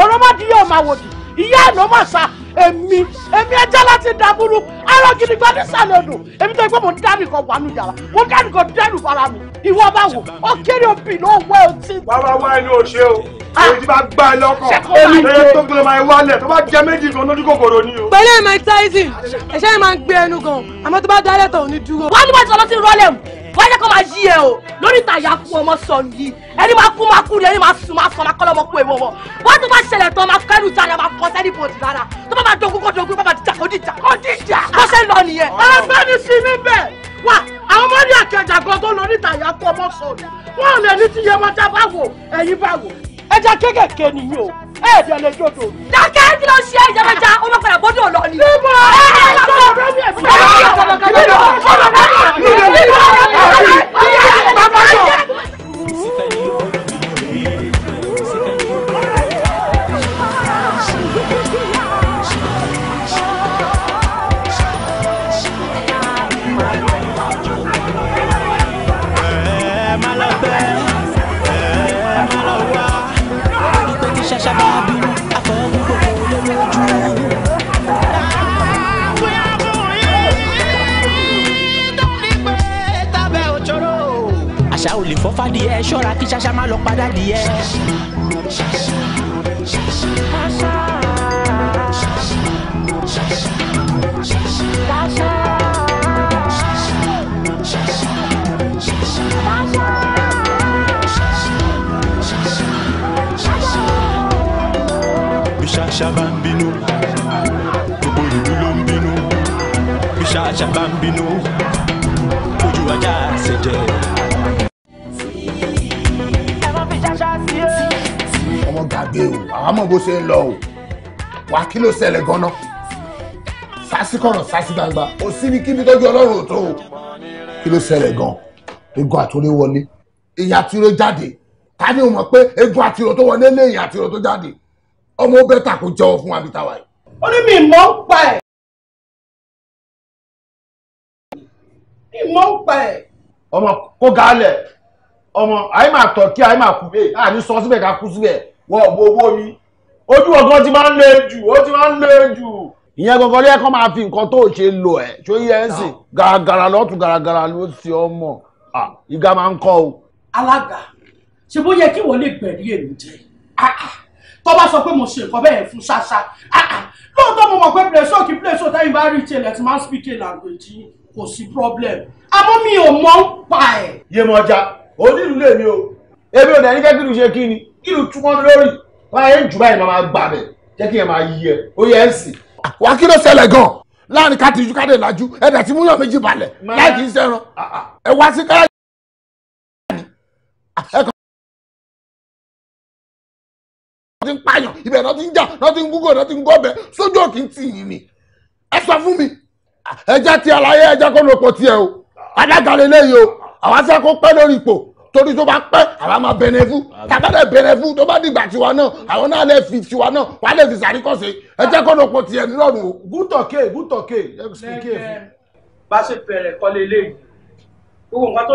òròmọdì yóò máa wòdì ìyá àná mà sá èmi èmi ẹjẹ́ láti dàbúrú arọ gidigba nísàlẹ̀ odò èmi tó gbé mò ń dárì kan wà nùjàrà mò ń dárì kan dẹ́rù bara mi ìwọ bá wò ó kéré òbí ló wẹ ọtí. wá wá wá ẹni òṣè o ah! èyí ti bá gbá ẹ lọ́kàn èmi tó tó gbọ́dọ̀ máa wálẹ̀ tó bá jẹ méjì kan lójú kòkòrò ni o. pẹ̀lú Mike Tyson ẹ̀ṣẹ́ yẹn máa ń gbé ẹnu gan àmọ́ tó bá dálẹ̀ tán ò ní dúró. wọ́n ní wọ́n ti sọ lọ́sìn rọ́lẹ̀ mu wọ́n jẹ́ kó máa yí ẹ o lórí ìtàyà kú ọmọ sọnù yìí ẹni máa kú máa kú ni ẹni máa sùn máa sọ máa kọ́ lọ́mọ kú èèwọ̀ wọ̀ wọ́n tó bá ṣẹlẹ̀ tán máa kẹ́rù jáde máa kọ́ sẹ́ni bòdì rárá tó bá máa dogun kó dogun bá máa dìjà kó dìjà kó dìjà kó ṣe lọ nìyẹn. ọ̀fẹ́ ni sí níbẹ̀ wà àwọn ọmọ ní àkẹjà gan tó lórí ìtàyà kú ọmọ sọnù wọn ò lè ní ti yẹ wọn já báwo ẹ̀yin báwo ẹja kéékèèké nìyí o ẹ̀ẹ́dẹ̀ lè jòdò. dákẹ́ kí ló ṣe é jẹmẹja ó máa padà bọ́dọ̀ lọ ni. níbo ẹ fọ́fádìẹ ṣọ́ra kí ṣáṣá má lọ padà díẹ̀. bí ṣáṣá bá ń bínú gbogbo ìlú ló ń bínú bí ṣáṣá bá ń bínú ojú ajá ṣẹjẹ. gbé o àwa mọ̀ bó ṣe ń lọ o wà kí ló ṣẹlẹ̀ gan-an sásìkọ̀rọ̀ sásìgbàgbà ò síbi kíbi tọ́jú ọlọ́run ò tó o kí ló ṣẹlẹ̀ gan-an egun àtúrò wọlé ìyá àtúrò jáde ká ní o mọ̀ pé egun àtúrò tó wọlé lé ìyá àtúrò tó jáde ọmọ ó bẹ́tà kó jẹ́wọ́ fún wa bí táwa yìí. ó ní mi mọ̀ ń pa ẹ̀. mi mọ̀ ń pa ẹ̀. ọmọ kó gaalẹ̀ ọmọ àyè máa tọ̀ kí àyè máa kú bẹ́ẹ̀ àní sọ síbẹ̀ ká kú síbẹ̀ wọ́n bo owó mi ojú ọ̀gán ti máa ń le jù ó ti máa ń le jù. ìyẹn gangan ló yẹ kó máa fi nǹkan tó ṣe lò ẹ tó yẹ ẹ sìn gàràgàrà lọ́tún gàràgàrà ló ṣe ọmọ ìgá máa ń kọ́ o. alága ṣe bó yẹ kí wọ́n lè gbẹ̀rí èmi jẹ tó bá sọ pé mo ṣe nǹkan bẹ́ẹ̀ fún ṣáṣá lóòótọ́ mo mọ̀ pé pílẹ̀ṣọ́ kí pílẹ̀ṣọ́ táyì bá rí tiẹ̀ tí máa ń speak a language yìí kò sí problem àmọ́ mi ò mọ̀ ń pa ẹ̀. yé mọ̀já onílù lèmi o èmi ò dẹ̀ ní kẹ́kìrì ṣe kí ni kí ló tún wọn lórí báyẹn ń jù báyìí máa gbà bẹ jẹ́ kí yẹn máa yí ẹ ó yẹ ẹ sì. wà á kí ló ṣẹlẹ̀ gan láàrin ká tìjú ká dé lajú ẹ̀dà tí múyàn méjì balẹ̀ láì kì í sẹ́ran ah, ah. ẹ wá sí káyà ẹ kàn. ti ń pààyàn ibẹ̀ náà ti ń jà náà ti ń gúgò náà ti ń gọ́bẹ̀ sójú òkè ń tì yín ni ẹ sọ fún mi ẹ jẹ́ ti àlàyé ẹ jẹ́ kó lóko tiẹ̀ o adágalẹ̀ lẹ́yìn o àwa sẹ́ pẹ́ lórí ipò torí tó bá pẹ́ àwa máa bẹ̀rẹ̀ fún tàbá lè bẹ̀rẹ̀ fún tó bá dìgbà tiwa náà àwọn náà lè fi tiwa náà wà á lè fi sàríkọ̀sẹ̀ ẹ jẹ́ kọ́nà pọ̀ tiẹ̀ nílọ́run o. gútọ̀kẹ́ gútọ̀kẹ́ ẹ bá ṣe bẹ̀rẹ̀ kọ́lé eléyìí gbogbo nǹkan tó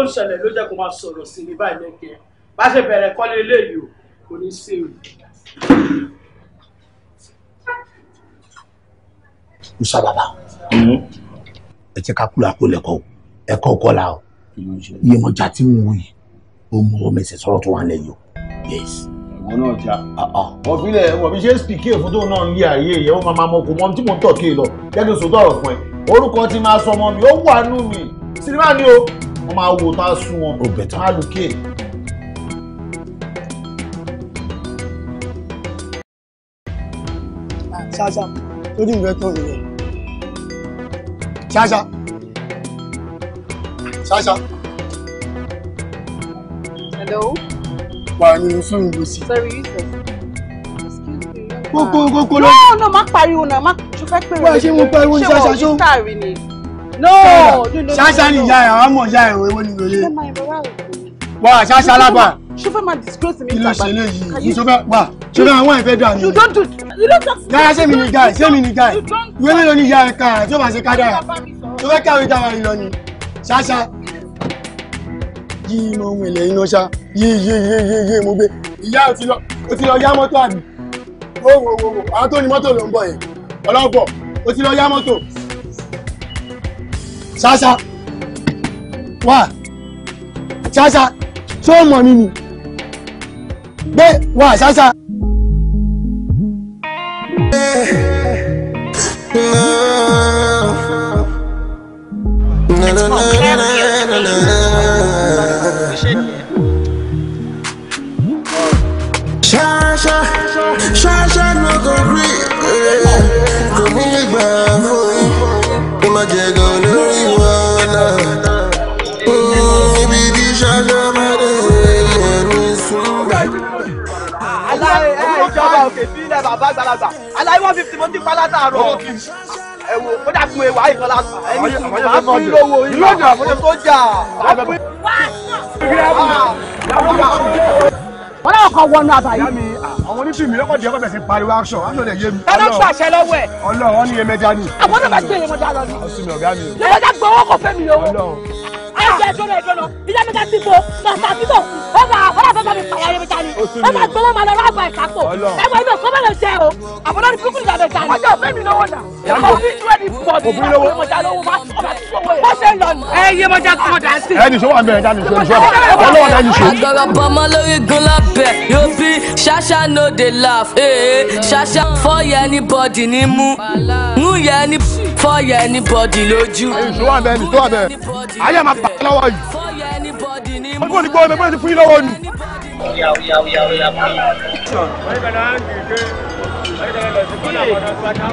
jẹ́ kó máa sọ̀rọ̀ sí ní báyìí lẹ́kẹ́ bá ṣe bẹ̀rẹ̀ kọ́lé eléyìí kò ní sí o. musa ẹ jẹ́ ká kúlà kó lẹ́kọ̀ọ́ ẹ̀kọ́ kọ́la o iye mọ̀jà tí ń wù ó mú ọmọ tó wà lẹ̀ o yes. ìwọ náà ja ọ̀bílẹ̀ wọ̀bí ṣe spikẹ́ fún náà ń lé ààyè ìyẹn ó máa tí mò ń tọ̀ kí n lọ jẹ́kí n sọ fún ẹ orúkọ ti máa sọ ọmọ mi ó wà nù mí sinimá ni o wọ́n máa wo tá a sún wọn máa lù kéè. ṣáṣá lórí ìwé tó rèé ṣáṣá ṣáṣá. Hello? Pariwo sóhun gbèsè. Sorry, Yusuf. Kókó ah. kókó lọ. No, no, má pariwo náà, má ju fẹ́ pèrè. Wọ́n ṣe mo pariwo ní ṣáṣá ṣó. Ṣé wọ́n ìtàrí ni? No, no, no. Ṣáṣá ni ìyá ẹ̀, àwọn ọmọ ìyá ẹ̀ ewé ní ìrọ̀lẹ́. Ṣé máa ìrora rẹ̀? Wà ṣáṣá lábà. Ṣé fẹ́ máa disgrace mi ìgbàgbà? Kí ló ṣe léyìí? Ṣé fẹ́ wà? Ṣé fẹ́ àwọn ìfẹ́ dà mí? You don't do you don't talk to me. Yàrá ṣé mi ni guy, ṣé mi ni guy? Ìwé mélòó ni ìyá ẹ̀ ká? Ṣé o máa ṣe kádà? Ṣé o fẹ́ káwé dáwà ìlọ ni? Ṣáṣá yí iná ohun ilẹ̀ iná ṣá yí yí yí yí yí mo gbé ìyá ò ti lọ ó ti lọ yá mọ́tò àbí ó wò wò wò àwọn tó ní mọ́tò ló ń bọ̀ yẹn ọlọ́gbọ̀ ó ti lọ yá mọ́tò ṣáṣá wà ṣáṣá tí mọ̀ mí ni gbé wà ṣáṣá. rí eh, kò ní lè gbà fún yín kí má jẹ gan lórí wọn náà. Mm, ibi tí ṣáájú bá dé ẹni súnmọ́. aláì ẹ ìjọba òkè sílẹ̀ bàbá àgbàlagbà aláì one fifty mo ti pa látàárọ̀ ẹ wo ó dàgbé wàá ìfọlá ẹni sùn máa fún lówó ìlú ọjà tó jà. wá wá wọ́n náà kọ́ wọnú àbáyé. yá mi àwọn onífìmí lọ́kọ̀ díẹ̀ kọ́ bẹ̀sẹ̀ pariwo action action lè yé mi. tọ́lá ń pàṣẹ lọ́wọ́ ẹ̀. ọlọ́run wọn ní yemẹja ni. àwọn náà bá gbé yemọja lọ ni. ọ̀sùn mi ọ̀gá mi. yemọja gbowó kò fẹ́ mi lówó. ọlọ́run ẹjọ ẹjọ náà ẹjọ náà ìyá gun lábẹ́ yóò fi ṣáṣá no dey laugh eh, eh. ṣáṣá fọ́ yẹ anybody ní mú yẹ ní fọ́ yẹ ní bọ́dì lójú. èso wà bẹ́ẹ̀ ni tó wà bẹ́ẹ̀ ayé máa bàa lọ́wọ́ yìí. ọgbọ́n ní gbọ́dọ̀ mẹ́rin ti fún yín lọ́wọ́ ni.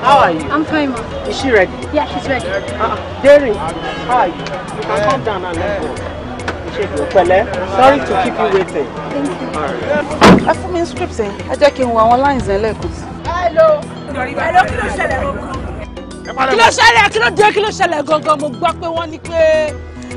How are you? I'm fine, ma. Is she ready? Yeah, she's ready. Uh, ah, ah. Derry, how are you? You can come down and let go. Sorry to keep you waiting. Thank you. Ẹ fún mi script yẹn, ẹ jẹ́ kí n wo àwọn lines yẹn lẹ́ẹ̀kan sí. Hello. Hello, kí ló ṣẹlẹ̀ lóko? kí ló ṣẹlẹ̀ kí ló dé kí ló ṣẹlẹ̀ gangan mo gbọ́ pé wọ́n ní pé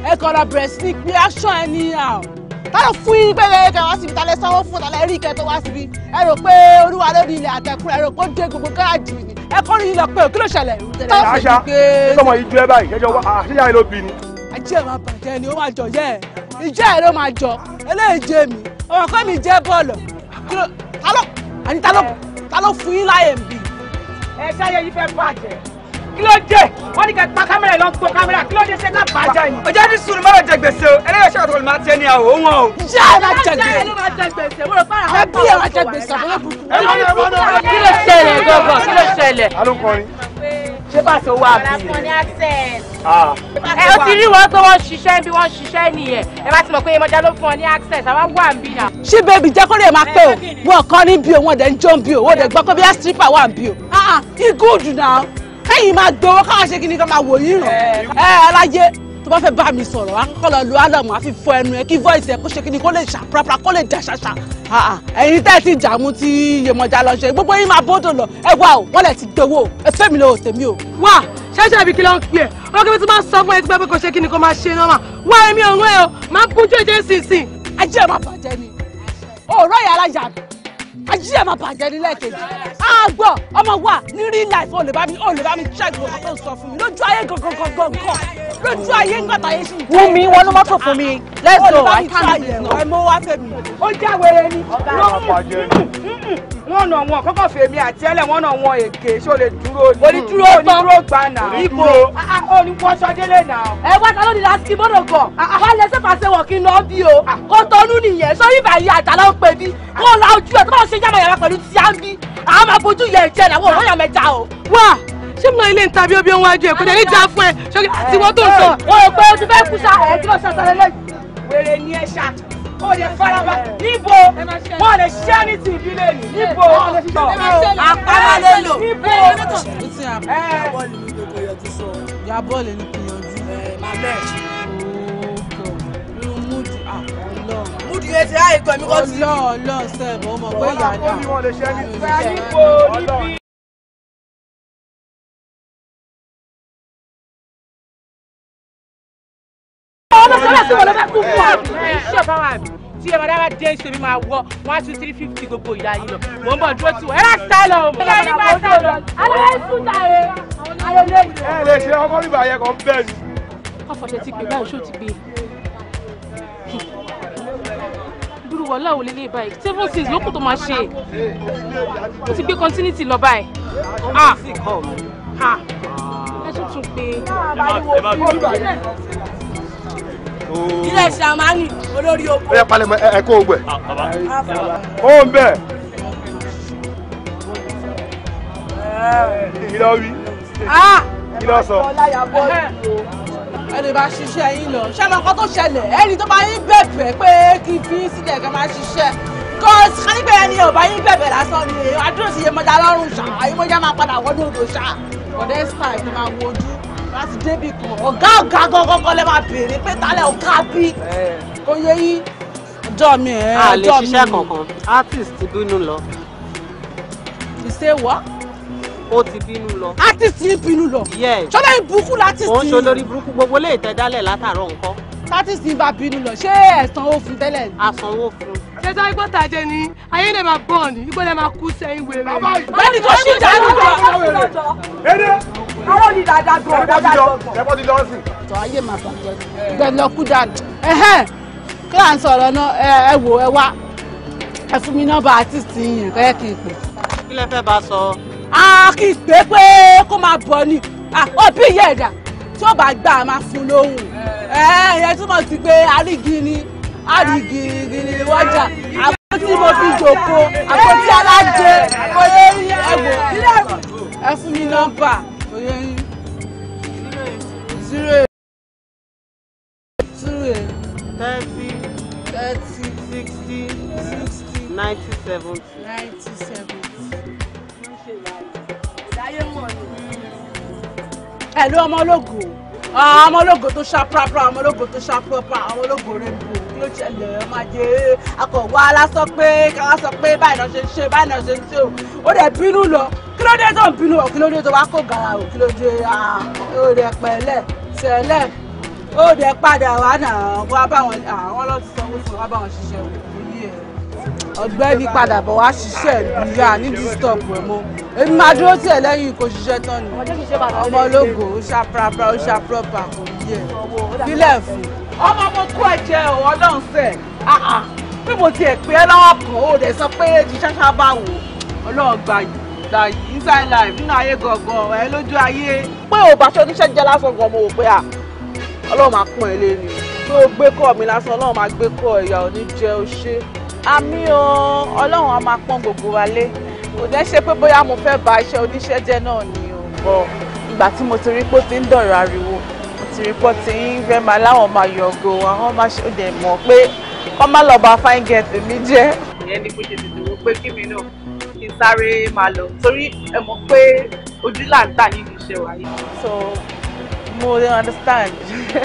ẹ kọ́ra bẹ̀rẹ̀ sí ní pé aṣọ ẹ ní àrùn. táyọ̀ fún yín pé kẹ́ wá síbi tálẹ́ sanwó fún tálẹ́ rí kẹ́ tó wá síbi ẹ rò pé olúwa lórí ilẹ̀ àtẹ̀kùn ẹ rò pé ó dé gbogbo káàdì ni ẹ kọ́ ní ilẹ̀ pé kí ló ṣẹlẹ̀. àṣà sọmọ ìjọ ẹ báyìí ẹjọ wá àṣeyà ah, ẹ ló bí ni. ajé ẹ máa bàjẹ́ ni ó máa jọ yẹ ẹ ìjọ ẹ ló máa jọ eléyìí jẹ mi ọmọ kọ́ mi jẹ́ bọ́ọ̀lù ta ló fún yín láyè mi. ẹ ṣáyẹ yìí fẹ́ bàjẹ́ kí ló ní ká pa kámẹ́rà lọ gbọ́ kámẹ́rà kí ló dé sẹ́ká bàjá yìí. ọjà ní sùúrù má jẹ gbèsè o ẹlẹ́yà ṣe àtọkọ̀lù máa tẹ́ ní àwọ̀ wọn o. ṣé ẹ máa jẹ gbèsè. ẹ máa jẹ gbèsè mo rò fara hàn ẹ máa jẹ gbèsè àbúrò burúkú. kí ló ṣẹlẹ̀ gbọ̀ngàn kí ló ṣé bá a ṣe wá bí ẹ o ti rí wọn tó wọn ṣiṣẹ́ bí wọ́n ṣiṣẹ́ nìyẹn ẹ bá ti mọ̀ pé ìmọ̀já ló fún ọ ní access àwa wà ń bí náà. ṣé bèbí jẹ́ kó máa pé o wọn kàn ní bí o wọn dẹ̀ ń jó bí o wọn dẹ̀ gbọ́ pé bí a stripper wà ń bí o. ah e good now kẹ́yìn máa gbowó káwọn ṣe kíni kan máa wò yín ràn ẹ alájẹ tó bá fẹ́ bá mi sọ̀rọ̀ wá kọ́ lọ lu álọ̀mù àfi fọ ẹnu ẹ kí voice ẹ kó ṣe kíni kó lè ṣà pàápàá kó lè dà ṣàṣà tẹ́ ẹ ti dààmú tí Yemọja lọ ṣe gbogbo yín máa bọ́dọ̀ lọ ẹ wá o wọ́n lẹ̀ ti gbowó ẹ fẹ́ mi lọ tèmi o. wá ṣẹ́ṣẹ́ àbí kí ló ń pè é ọmọ kí mi ti máa sọ fún ẹ pé kò ṣe kíni kó máa ṣe náà wá ẹ̀mí ọ̀run ẹ̀ o máa kún jẹ́jẹ́ sínsìn. ajé ẹ̀ bàjẹ́ ni òòrọ̀ yàrá yàrá ayé ẹ̀ máa bàjẹ́ ní lẹ́ẹ̀kejì àgbọ̀ ọmọ wa ní real life ò lè bá mi ò lè bá mi check gbogbo tó sọ fún mi lójú ayé gangan gangan gan lójú ayé ń gbàtà yé sí. wú mi wọnú mọ́tò fún let's go i can't do this. ọmọ wa fẹ́ mi. ó jáwèrè ni. wọ́n nà wọn kọ́kọ́ fèmí àti wọ́n nà wọn èké ṣó lè dúró ni. òní dúró òní dúró gbà nà. ibo òní ah, ah, wọṣọ délé nà. ẹ wá ta ló ní láti mọ́tò gọ̀ wá lẹ́sẹ̀ fàṣẹ wọ̀ kí n lọ bí o ah. kó tọ́nú nìyẹn sórí ìbàyí àtàlọ́ pè mí kó la ojú ẹ̀ tó bá ṣe jámọ̀ yàrá pẹ̀lú tíyá ń bí àwọn ṣé mo ilé ìta bí ó bí ó ń wájú fún ẹ ṣọkí àti wọn tó ń sọ. wọn ò pé o ti fẹ́ kú sa ẹ̀ tí wọ́n sọ lẹ́yìn. wèrè ni ẹ ṣá o lè faraba níbo wọn lè ṣiṣẹ́ ní ti ìbílẹ̀ ní níbo tọ̀ àpárá lè lò níbo. o ti àbọ̀ lè ní kí yanjú. màmẹ́ irú múdi àkọlọ. múdi yẹn ti ráyè kọ́ mi kọ́ ti. ọlọ́ọ̀lọ́ sẹ́ẹ̀bù ọmọ pé ìyá dà. ọlọ́ọ̀ níbo níbi. kú fún àbí èyí ṣe bá wà mí tí ẹ̀rọ dábàá dé ṣe mi máa wọ one two three fifty gbogbo ìyá yìí lọ mò ń bọ̀ dúró tiwọ̀ ẹ̀rọ sá lọ o. ẹ̀rọ nígbà tó lọ alẹ́ sùn tààrẹ alẹ́ lè jẹ. ẹ lè ṣe ọkọ bíbá yẹ kàn bẹ́ẹ̀ ni. ọfọ̀ṣẹ́ ti gbé báyìí ṣó ti gbé dúró wọ láwo lélẹ̀ báyìí seven six lókùn tó máa ṣe ó ti gbé continuity lọ báyìí. ẹ tún tún pé. ẹ má bí wọ́n bí wọ́n bí wọ́n ilé ṣàmánì olórí oko. ẹ palẹ̀ mọ́ ẹ kó o gbẹ. ó ń bẹ̀. Eh. kí ló wí. Ah! kí ló sọ. ẹni bá ṣiṣẹ́ yín lọ ṣé ọmọ kan tó ṣẹlẹ̀ ẹni tó bá yín bẹ̀bẹ̀ pé kí n fi sílẹ̀ kí n máa ṣiṣẹ́ kọ́ kánípẹ́ ẹni ọ̀bá yín bẹ̀bẹ̀ lásán ni àdúrà sì yẹ mọ́jà lọ́rùn ṣáà ayé mọ́jà máa padà wọ́dún odò ṣáà ọ̀dẹ́sítà ìjọba wojú láti débì kan ọ̀gá ọ̀gá gangan kan lè máa béèrè pé talẹ̀ ọ̀gá bí kò yẹ yí ọjọ́ mi ẹ̀ eh, ọjọ́ mi. a lè ṣiṣẹ́ kankan artist ti bínú lọ. ìṣèwọ́. ó ti bínú lọ. artist ti bínú lọ. yes ṣọlá ìbùkún l'artist. òun ṣe olórí burúkú gbogbo lè tẹ dálẹ̀ látàárọ̀ nǹkan. artist ti bá bínú lọ ṣé ẹ̀sán ó fún tẹ́lẹ̀. asanwó fún un ṣètò ìgbọ́ta jẹ ni ayé lè máa bọ̀ ni ìgbọ́ lè máa kú sẹ́yìn wèrè. bẹ́ẹ̀ni tó ṣì jà lùkọ́. èdè àwọn ni dada gbọ̀ dada gbọ̀. ẹ̀fọ́ ti lọ sí. tọ́ ayé máa fà jọ bẹ́ẹ̀ lọ kú dànù. kí là ń sọ̀rọ̀ náà ẹ wò ẹ wá ẹ fún mi nọ́mbà àtìsí yìí kẹ́ kí n pè. kí lẹ fẹ́ bá sọ. a kì í pé pé kó máa bọ̀ ni òbí yẹ̀dà tí ó bá gbà máa fún lóhùn ẹ̀ẹ́dẹ́gbẹ̀rún túmọ̀ sí pé arígi ni àrí gírígírí wájà àpótí mo fi jòkó àpótí alájẹ mo lè rí ẹgbò ẹ fún mi nọ́mbà mo lè zero eight two eight thirty thirty sixty sixty ninety seventy. ninety seventy. ẹ̀lú ọmọ ológo ah, ọmọ ológo tó ṣá prapra ọmọ ológo tó ṣá proper ọmọ ológo rẹ̀ bù ló ṣẹlẹ̀ ẹ máa jẹ akọ̀wá lásán pé káwá sọ pé báyìí náà ṣe ń ṣe báyìí náà ṣe ń ṣe o ó dẹ̀ bínú lọ kí ló dé tó ń bínú o kí ló dé tó wá kó gàrà o kí ló dé ó dẹ̀ pẹ̀lẹ́ sẹ́lẹ̀ ó dẹ̀ padà wá náà wá báwọn àwọn lọ́ọ́ ti sanwó fún wa báwọn ṣiṣẹ́ o ọ̀gbẹ́ni padà bọ̀ wá ṣiṣẹ́ ìyá ní disturb ẹ mọ èmi máa dúró tiẹ̀ lẹ́yìn kò ṣiṣẹ́ tán ni ọmọ ológo ó ṣá prapra ó ṣá proper kò yí ẹ sílẹ̀ fún. ọmọ mo kú ẹ̀jẹ̀ ọ̀ ọlọ́run sẹ̀ pé ah, ah. mo tiẹ̀ pé ẹ lọ́wọ́ kan ó dẹ̀ sọ pé èjì ṣáṣá bá wò ọlọ́run gbà yìí gbà yìí inside life nínú ayé gangan ẹ lójú ayé. pé ò bá ṣe oníṣẹ́ jẹ́ lásán gan mo wò pé à ah, ọlọ́run máa kún ẹ lé ni pé ó gbé kọ́ mi lásán ọlọ́run máa gbé kọ́ ẹ̀yà òní jẹ́ ó ṣe é àmì o ọlọ́run a máa pọ́n gbogbo wa lé kò dẹ́ ṣe pé bóyá mo fẹ́ ba iṣẹ́ oníṣẹ́ náà ni o bọ̀ ìgbà tí mo ti rí pé ó ti ń dọ̀rọ̀ ariwo mo ti rí pé ó ti ń fẹ́ máa láwọn máa yọ̀gò àwọn máa ṣe òde mọ̀ pé kọ́ má lọ bá fine girl tèmi jẹ́. ìyẹn ni kò ṣe tètè wo pé kí mi náà kí n sáré máa lọ torí ẹ mọ̀ pé ojú ń tà nínú iṣẹ́ wa yìí. so mo dey understand.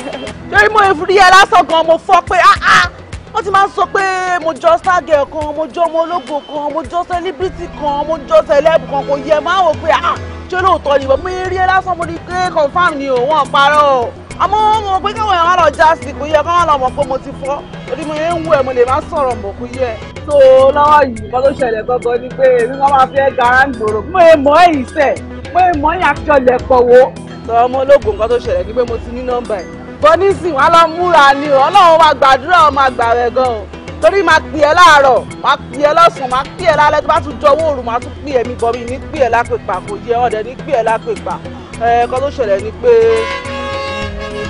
torí mo rí ẹ lásán gan mo fọ́ pé ah ah wọ́n ti máa ń sọ pé mo jọ ságẹ̀ kan mo jọ ọmọ ológo kan mo jọ sẹlíbírìtì kan mo jọ sẹlẹ́bù kan kò yẹ máa wò pé ah ṣé lóòótọ́ ni ìwọ mi rí ẹ lásán mo ní pé confam ni òun ọ̀parọ́ o àmọ́ wọ́n mọ̀ pé káwọn èèyàn lọ já sí kò yẹ káwọn lọ mọ̀ pé mo ti fọ́ torí mo ń wù ẹ́ mo lè má sọ̀rọ̀ mọ̀ kò yẹ. tó o lọ́wọ́ yìí nǹkan tó ṣẹlẹ̀ gangan ni pé èmi kan máa fi ẹ́ gara ń gbòòrò mo è mọ̀ èyí sẹ̀ mo è mọ̀ èyí àkíọ̀lẹ̀ pọ̀ wo. sọ ọmọ ológun nǹkan tó ṣẹlẹ̀ ni pé mo ti ní nọ́mbà yìí bọ́ nísìn wàá lọ múra ni o ọlọ́run máa gbàdúrà ọ máa gbà rẹ̀ gan o torí máa pè é láàárọ̀ máa pè é lọ́sàn-án máa pè é lálẹ́ tó bá tún jọwọ́ òru máa tún pè é mi bọ́ mi ní pè é lápèpà kò jẹ́ ọ̀dẹ̀ ní pè é lápèpà ẹ̀ẹ́kan tó ṣẹlẹ̀ ni pé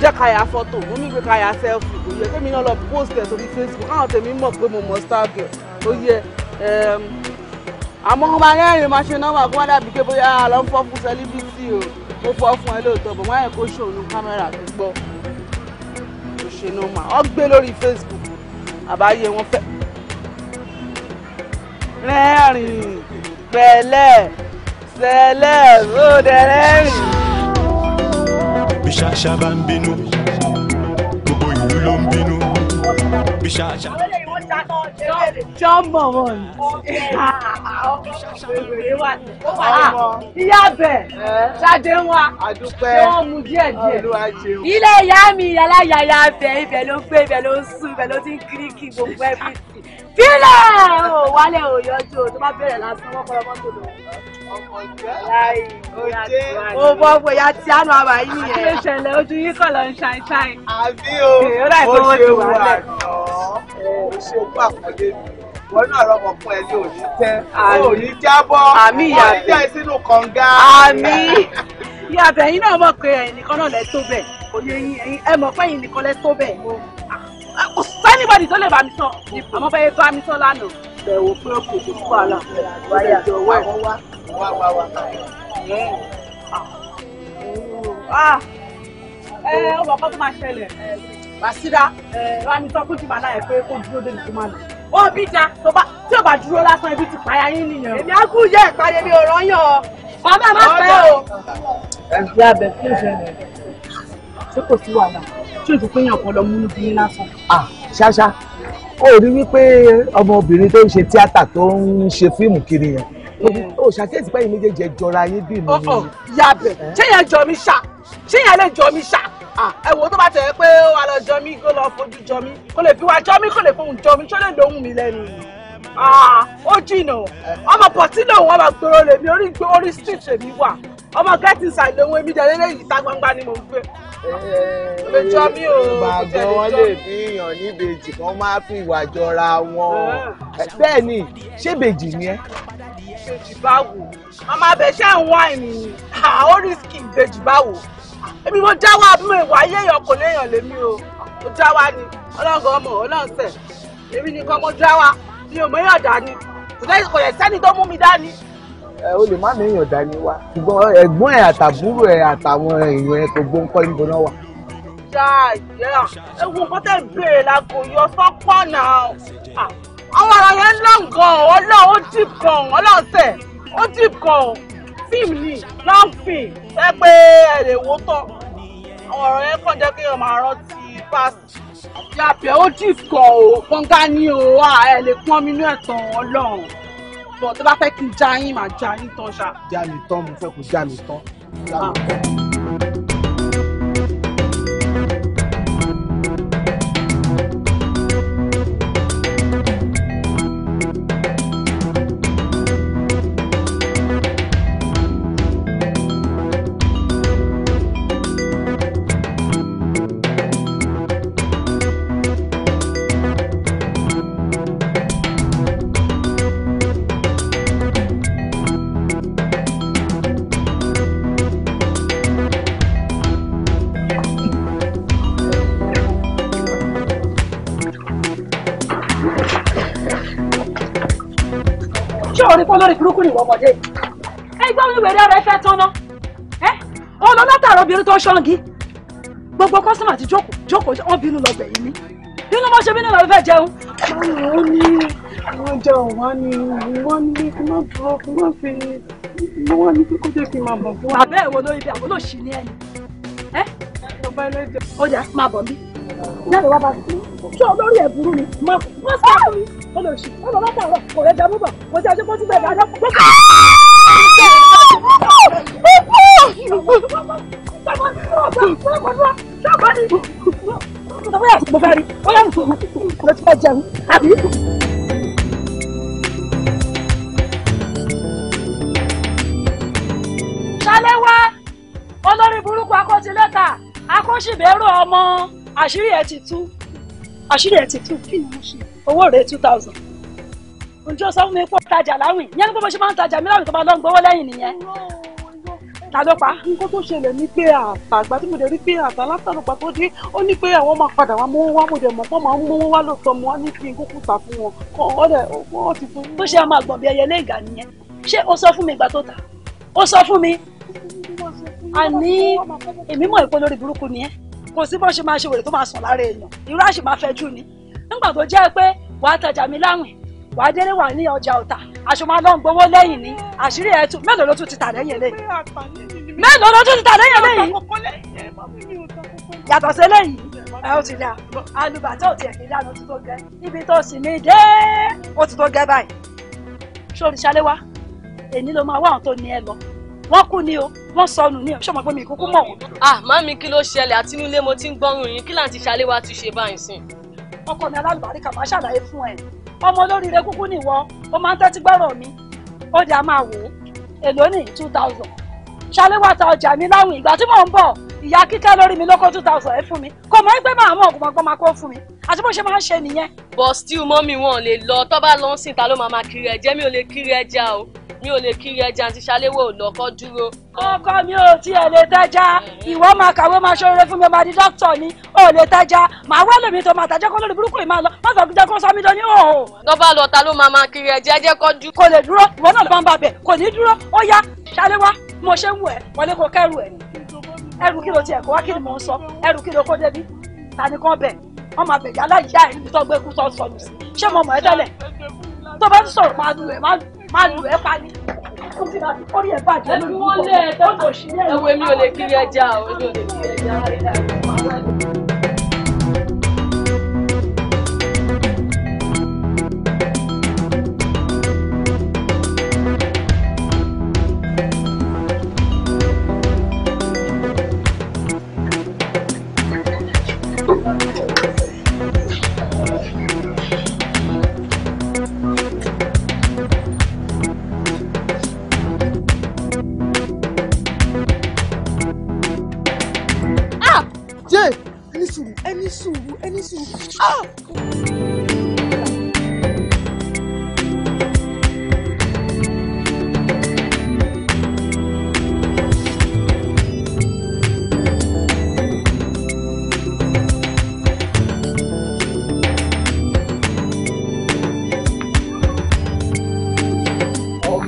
jẹ́ ká ya fọ́tò mo mí pé ká ya sẹ́ẹ̀fì kò yẹ kémi náà lọ post ẹ̀ sórí Facebook káwọn tèmi mọ̀ pé mo mọ̀ star girl ó yẹ àmọ́ ọmọ arẹ́rìn máa ṣe nọ́mbà kó má dàbí pé bóyá lọ́n fọ́ fún sẹ́líbítì o mo fọ́ fún ẹ lóòótọ́ bọ̀ wọ́n yẹ kó ṣòwò ní kámẹ́rà tó gbọ́ ṣe ní ọmọ ọ gbé lórí Facebook àbáyé wọn fẹ́ rẹ́rìn pẹ̀lẹ́ sẹ́lẹ̀ lóde rẹ́rìn. bí ṣáṣá bá ń bínú gbogbo ìlú ló ń bínú bí ṣáṣá jọ́mbọ̀ wọn ni bẹ̀ ṣáde wa wọ́n mú díẹ̀ díẹ̀ ilé ìyá mi aláyàyà bẹ̀ ibẹ̀ ló gbé ibẹ̀ ló sùn ibẹ̀ ló ti ń kíríkì gbogbo ẹbí sílẹ̀ ò wálé ò yọjú o tó bá bẹ̀rẹ̀ lásán wọ́n kọ́ ọmọ tó lò o bọ bóyá tí àánú àbá yìí nìyẹn. àti ìṣẹ̀lẹ̀ ojú yìí kọ̀ lọ ń ṣan ṣan. àbí o ó ṣe wà náà ó ṣe kú àpọ́nlé mi wọn náà rọpò fún ẹ ní òní tẹ òní jábọ́ wọn jẹ sínú kànga. àmín yàtọ̀ ẹ̀yin náà mọ̀ pé ẹ̀yin nìkan náà lẹ tó bẹ̀ kò yẹ ẹ̀yin ẹ mọ̀ pé ẹ̀yin nìkan lẹ tó bẹ̀ kò sẹ́nìbọ̀dì tó lè bá mi sọ àmọ́ bẹ́ẹ̀ bá mi sọ lánàá. bẹ̀wò pé kò tó kó àlà wáyà àwọn wá wá wá wá ẹ ọmọ kan tó máa ṣẹlẹ̀ Basira rami tán kó jùmọ̀ náà ẹ pé kó dúró débi kó máa lọ. ó bí ja tó bá tí ò bá dúró lásán ibi ti payá yín nìyẹn. èmi á kú yẹ ìpàdé mi ò rányàn ọ bàbá má pẹ́ o. ẹ̀sìn abẹ fún ìṣẹ̀lẹ̀ tí kò sí wàhálà tí o ti pín yàn ọpọlọ múnú bí lásán. ṣáṣá ó rí wípé ọmọbìnrin tó ń ṣe tíátà tó ń ṣe fíìmù kiri yẹn o ṣàkíyèsí pé ìméjèèjì ẹ jọra yín bí mi ni. yàbẹ̀ ṣé yẹn jọ mi ṣá ṣé yẹn lè jọ mi ṣá ẹ wo tó bá tẹ̀ pé wà lọ jọ mi kó lọ fojú jọ mi kó lè fi wá jọ mi kó lè fohùn jọ mi ṣó lè lóhùn mi lẹ́nu ó jìnnà ọmọ pọ̀tí lòun ọmọ gbòòrò lèmi orí orí street lèmi wà ọmọ get inside lòun èmi dẹ̀ lélẹ́yìí ìta gbangba ni mò ń gbé lójọ́ mi ò bàgbọ́ wọn lè fi yàn níbejì kan máa fi ìwà jọra wọn bẹ́ẹ̀ ni ṣé bèjì ni ẹ́ ìbejì báwo màmá abẹ ń wá ìnìyàn àwọn rìsíkì ìbejì báwo èmi mo jáwọ́ abúlé ìwà ayé kò léèyàn lèmi o mo jáwá ni ọlọ́gàn ọmọ ọlọ́sẹ̀ èmi nìkan mo jáwá mi ò mẹ́yàn dání kò yẹ sẹ́ni tó mú mi dání. ẹ o lè má mẹ́yàn dání wá ṣùgbọ́n ẹ̀gbọ́n ẹ̀ àtàbúrò ẹ̀ àtàwọn èèyàn ẹ̀ tó gbọ́n níbo náà wà ṣáà yẹ ewu nǹkan tẹ̀ ń béèrè lágbo yọ sọ́pọ̀ náà àwọn ọ̀rọ̀ yẹn ńlá nǹkan ọlọ́ ó jìp kan ọlọ́ọ̀tẹ̀ ó jìp kan fíìmù ni long film pé ẹ wò tán àwọn ọ̀rọ̀ yẹn kàn jẹ́ kí ọmọ àrántí past. yàbẹ̀ ó jìp kan o kọ́ńgá ní o à ẹ lè pọ́n mi ní ẹ̀tàn ọlọ́run bọ̀ tó bá fẹ́ kí n já yín màá já yín tán ṣá. já tán mo fẹ́ kó já mi tán. wúlì ọmọdé yìí. ẹ gbọ́ mi wèrè rẹ fẹ́ tán ná ẹ ọlọ látàrọ obìnrin tó ṣọ́ngi gbogbo kọ́sọ́mà ti jókòó jókòó wọn bínú lọ bẹ̀yìn mi bínú mọ́ ṣe bínú lọ fẹ́ jẹun. báwo ni wọ́n jẹ ọ̀wá ni wọ́n ní kí wọ́n dúró kí wọ́n fi wọ́n ní kí kó jẹ́ kí n máa bọ̀ fún wa. àbẹ́ ìwo lórí ibi àwọn olóòṣì ni ẹ̀yìn ẹ́ ó dà máa bọ̀ mí. yàrá wa bá sọ lórí ẹ̀ burú ni má sọ̀rọ̀ mi ó wá olórí burúkú akọ́sílẹ́ta akọ́ṣìbẹ̀rọ ọmọ àṣírí ẹ̀ ti tú àṣírí ẹ̀ ti tú kí ni mo ṣe owó rẹ̀ two thousand ǹjọ́ sọ fún mi pé tajà láwìn yẹn ló bó ṣe máa ń tajà mí láwìn tó máa lọ ń gbowó lẹ́yìn nìyẹn ta ló pa. nǹkan tó ṣẹlẹ̀ ni pé àtà àgbà tí mo dẹ̀ rí pé àtà látàrí ọgbà tó dé ó ní pé àwọn máa padà wá mówó wá mo dẹ̀ mọ̀ pé máa ń mówó wá lóòótọ́ mo wá ní kí n kúkú tà fún wọn kàn wọ́n dẹ̀ wọ́n ti fún mi. bó ṣe máa gbọ̀n bí ẹyẹ lé ìgà nìyẹn ṣé o sọ fún mi ìgbà tó tà o sọ fún mi àní èmi mọ̀ ìpolórí burúkú nìyẹn kò sí bó ṣe máa ṣe wèrè tó máa sàn lára èèyàn irú àṣì máa fẹ́ jù ni nígbà tó jẹ́ pé wàá tajà mi láwìn wàá délé wà ní ọjà ọ̀tà aṣọ máa ń gbowó lẹ́yìn ní àṣírí ẹ̀ tún mélòó ló tún ti tà lẹ́yìn eléyìí mélòó ló tún ti tà lẹ́yìn eléyìí yàtọ̀ sí eléyìí ẹ ó ti dà alùbàtà òtí ẹ̀kí lánàá ti tó gẹ ibi tó sì ní dé ó ti tó gẹ báyìí sórí ṣáléwá èyí ló máa wá àwọn tó ní ẹ lọ wọ́n kú ni o wọ́n sọnù ni o ṣé pé mi kúkú mọ̀ wọ́n. ah kí ló ṣẹlẹ̀ àtinúlé mo ti ń gbọ́rùn yín kí láǹtí ṣaléwá ti ṣe báyìí sìn ọkọ mi alálùbáríkà máa ṣàlàyé fún ẹ ọmọ olóríire kúkú nìwọ ó máa ń tẹ́tí gbọ́rọ̀ mi ó dẹ̀ a máa wò ó èló ní two thousand ṣaléwà ta ọjà mi láwìn ìgbà tí mò ń bọ̀ ìyá kíkẹ́ lórí mi ló two thousand ẹ fún mi kò mọ̀ ẹgbẹ́ màá mọ̀ ọ̀gùnmọ̀gbọ́n máa kó fún mi àti bó ṣe máa ń ṣe nìyẹn. but still mọ́mí wọn ò lè lọ tó bá lọ ń sìn ló máa máa kiri ẹ̀jẹ̀ mi ò lè kiri ẹja o mi ò lè kiri ẹja àti ṣaléwò ò lọ kọ́ dúró. ọkọ mi ò tiẹ̀ lè tẹ́já ìwọ máa kàwé máa ṣoore fún mi máa di dókítà ni ò lè tẹ́já màá wá lèmi tó máa tàjẹ́ kó lórí burúkú yìí máa lọ má sọ̀rọ̀ jẹ́ kó sọ mí dán tó bá lọ ta ló máa máa kiri ẹ̀jẹ̀ jẹ́ kọ́ dúró. kò lè dúró ìwọ náà ló máa ń babẹ̀ kò ní dúró ó yá ṣaléwá mo ṣe ń wù ẹ wọlé kó kẹrù ẹ ẹrù kí ló tiẹ̀ kó wá kí ni mò ń sọ ẹrù kí ló kó débi ta ni bẹ̀ wọn máa bẹ̀rẹ̀ aláìyá ẹ̀ níbi tó gbé kú tó sọnù sí ṣé mo mọ̀ ẹ́ tẹ́lẹ̀ tó bá ń sọ̀rọ̀ máa lu ẹ̀ máa lu ẹ̀ pani fún ti láti kórè ẹ̀ bàjẹ́ lórí púpọ̀ ó lè tẹ́kọ̀ọ́ sí ẹ̀ ẹ̀wọ̀ mi ò lè kiri ẹja o mi ò lè kiri ẹja.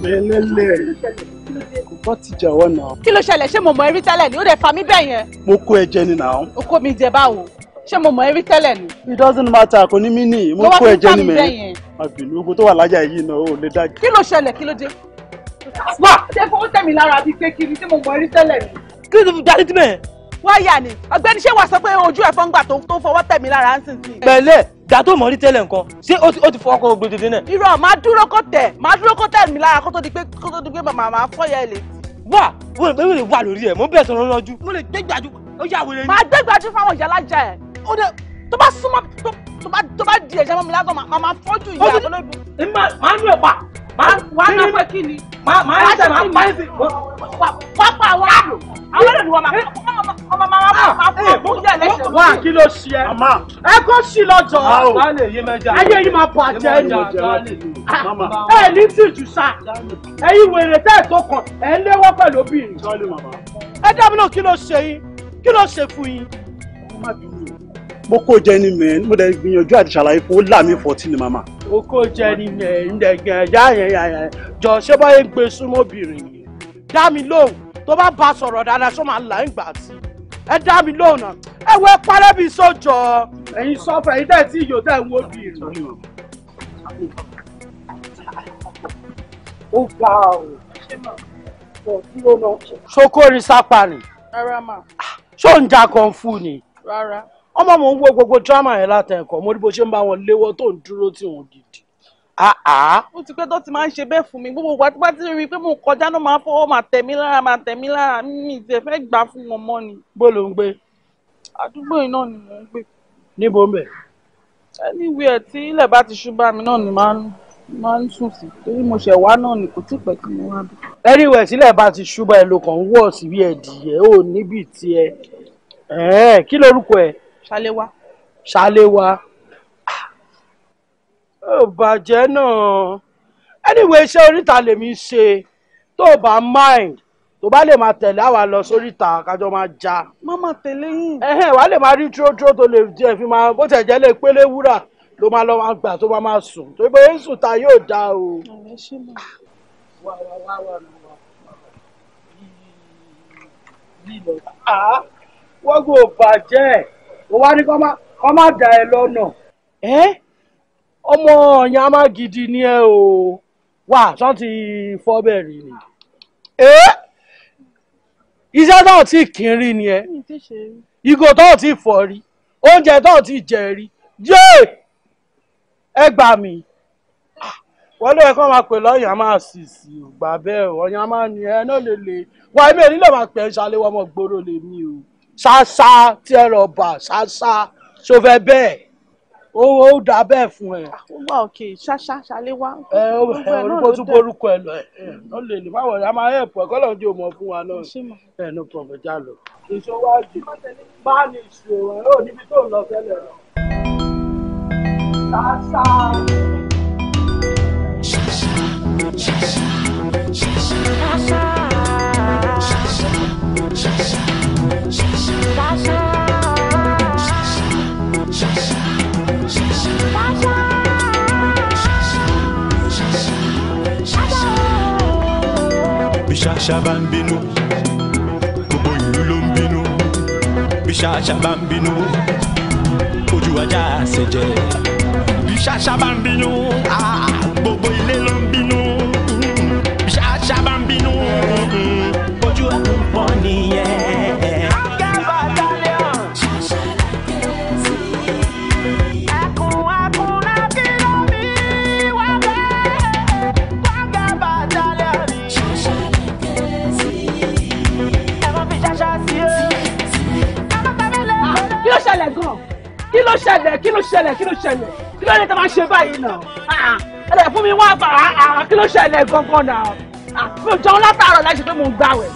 ẹlẹ́lẹ̀ kò bá ti jà wọ́n náà. kí ló ṣẹlẹ̀ ṣé mo mọ̀ ẹ́ rí tẹ́lẹ̀ ni ó dẹ̀ fa mí bẹ́ẹ̀ yẹn. mo kó ẹ jẹ ni náà. o kó mi jẹ báwo ṣé mo mọ̀ ẹ́ tẹ́lẹ̀ ni it doesn't matter kò ní mí nì mo kó ẹ̀jẹ̀ ni mẹ́rin àbínú ogun tó wà lájà yìí náà ò lè dájú. kí ló ṣẹlẹ̀ kí ló dé. wá ṣé fún tẹ̀mí lára bíi pé kiri tí mo mọ eré tẹ́lẹ̀ mi. kí ló darí tí mẹ́. wáyà ni ọ̀gbẹ́ni ṣé wàá sọ pé ojú ẹ̀ fọ́ngbà tó ń fọwọ́ tẹ̀mí lára ń sìn sí. pẹ̀lẹ́ ìjà tó mọ̀ rí tẹ́lẹ̀ nǹkan ṣé ó ti fọwọ́ kọ ògbé dídín náà. irọ́ máa dúró kó tẹ̀ máa dúró kó tẹ̀ mí lára kó tó di pé kó tó di pé màmá fọ́yà ẹ̀ lè. wà wọ́n lè wà lórí ẹ̀ mo bẹ̀ sọ̀rọ̀ lọ́jú mo lè dégbàjú ó yà wèrè ni. máa dégbàjú tó bá súnmọ́ tó bá tó bá di ẹ̀jẹ̀ mọ́ mi lásán máa máa fọ́jú ìyá olóògbé. máa ń lò pa máa wà á náà pé kí ni máa ń tẹ̀ máa ń pa ẹ̀sìn. wá pa àwọn ah! àlò àwọn àlò ni wọ́n máa eh! ọmọ máa máa máa fún ah! eh! ọmọ ìyá ẹlẹ́sẹ̀. wá kí ló ṣe ẹ ẹ kó ṣì lọ́jọ́ ah, ayé yìí máa bàjẹ́ ni ẹ ní tìjú sá ẹ̀yin wèrè tẹ́ ẹ̀ tó kàn ẹ̀ ń léwọ́ pẹ̀lú obìnrin. ẹ dábìlì kí ló ṣe yín kí ló ṣe fún yín mo kó jẹ ni mẹ mo dẹ gbìyànjú àti ṣàlàyé fún ó là mí fourteen ni màmá. mo kó jẹ ni mẹ ǹdẹ̀gẹ̀ ẹ̀yà yẹn yẹn jọ ṣé báyé gbé súnmọ́ obìnrin yìí dá mi lóhùn tó bá bá sọ̀rọ̀ dáadáa ṣó máa là ń gbà sí ẹ dá mi lóhùn náà ẹ wọ parẹ́ bíi sójọ ẹ̀yin sọ́fẹ̀ ẹ̀yin dẹ̀ tí ìyó dẹ̀ ń wo obìnrin. ó ga ọ̀ ṣókó ni sápá ni ṣó ń jà kan fún ni. rárá ọmọ mò ń wo gbogbo drama yẹn látẹ̀kọ̀ mo rí bó ṣe ń bá wọn léwọ́ tó ń dúró tí wọn gidi. Ah, ah. ó ti pẹ́ tó ti máa ń ṣe bẹ́ẹ̀ fún mi gbogbo ìgbà ti rí i pé mo kọjá náà máa fọwọ́ máa tẹ̀ mí lára máa tẹ̀ mí lára mi ti fẹ́ gbà fún wọn mọ́ ni. bó ló ń gbé. àdúgbò yìí náà ni mò ń gbé. níbo ń bẹ̀. anywhere tí ilẹ̀ bá ti ṣú mi náà ni máa ń sùn sí torí mo ṣẹ̀ wá náà ni kò tí ì kí mo wá bí. anyway sílẹ̀ bá ti ṣú bá ẹ lo kàn ń wọ̀ sí bí ṣáléwá. ṣáléwá ò bàjẹ́ náà anyway iṣẹ́ oríta lèmi ṣe tó o bá mind tó bá lè máa tẹ̀lé àwa lọ sóríta kájọ máa já. má máa tẹ̀lé yín. ẹ̀hẹ́n wàá lè máa rí trótró tó lè jẹ́ fi máa bó tẹ̀ jẹ́ lè pélé wúrà ló máa lọ máa gbà tó bá máa sùn tó bá yẹn sùn ta yóò dá o. wà wà wà wà lílọ. wọ́n gbọ́ bàjẹ́ mo wá ní kó má dá ẹ lọ́nà. ẹ ọmọ ọ̀yàn á má gidi ni ẹ o wà sọ́n ti fọ́ bẹ́ẹ̀ rí ni. iṣẹ́ náà ti kiri ni ẹ ìgò tó ti fọ́ rí oúnjẹ tó ti jẹ rí yéè ẹ gbà mí wọ́n ló yẹ kó máa pè lọ́yìn a máa sì sí ìgbà bẹ́ẹ̀ ọ̀yàn a máa ní ẹ náà lè lè wà mí èyí lè máa pè é ṣàlẹ́wọ́ ọmọ gbòòrò lèmi o ṣáṣá tí ẹ rọ̀ bà ṣáṣá ṣó fẹ́ bẹ́ẹ̀ ó ó dà bẹ́ẹ̀ fún ẹ. àkógbà ah, òkè ṣáṣá ṣalé ẹ ó orúkọ tún borúkọ ẹ lọ ẹ ọ lè lè báwọ̀ ya máa help ẹ kọ́lọ̀ ojú òmò fún wa náà ẹ no problem já lọ. ìṣòwájú bá ní ìṣòro ẹ ò níbi tó ń lọ tẹ́lẹ̀ lọ. ṣáṣá. ṣáṣá ṣáṣá ṣáṣá ṣáṣá ṣáṣá Bishasha bambino Gbogbo ìlú Bishasha bambino Ojú ajá àṣejẹ Bishasha bambino Gbogbo ah, ilé ló ń bínú Bishasha bambino Ojú ẹkùn pọ̀ nìyẹn. ló ṣẹlẹ̀ kí ló ṣẹlẹ̀ kí ló ṣẹlẹ̀ kí ló ní ta máa ṣe báyìí náà ah, ah. ẹ lè fún mi wá bá a ah, kí ló ṣẹlẹ̀ gangan náà mi ò jẹun látàárọ̀ láì ṣe pé mo ń gbàwẹ̀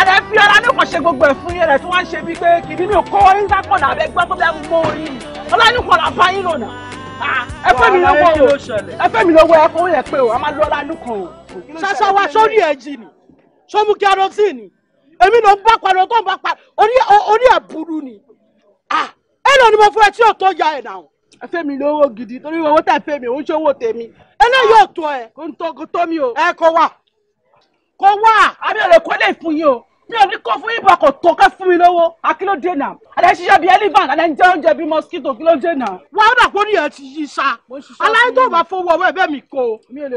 àdẹ fi ọlá ní kàn ṣe gbogbo ẹ̀ fún yẹn rẹ̀ tí wọ́n ń ṣe bíi pé kìdí mi ò kọ́ ẹ̀ ń sápọ̀ náà abẹ́ gbọ́ pé bí a mọ orí ọlá ní kàn lábá yín lò náà ẹ fẹ́ mi lówó o ẹ fẹ́ mi lówó ẹ fún yẹn pé o a máa lọ́ọ́ lánú kan o. sọ́sọ́ wa sórí ẹ̀jì ni sọ́mu kẹrọsì ni èmi ló ń bá pariwo tó ń bá pariwo orí ẹ̀ burú ni mélòó ni mo fún ẹ tí yóò tó ya ẹ̀ náà ẹ fẹ́ mi lówó gidi torí owó tẹ̀ fẹ́ mi ò ń ṣòwò tèmi eléyìí yóò tó ẹ kó tó mi o. ẹ kó wà kó wà àbí ọ̀rẹ́ kó lè fún yín o mi ò ní kó fún ibà kò tó ká fún mi lówó akílódé náà àdá ṣiṣẹ́ bíi elephant àdá ń jẹ oúnjẹ bíi mosquito kílódé náà. wọn ó dàpọ̀ nìyẹn ti yí sa aláyé tó bá fowó ọwọ́ ẹ̀bẹ̀ mi kó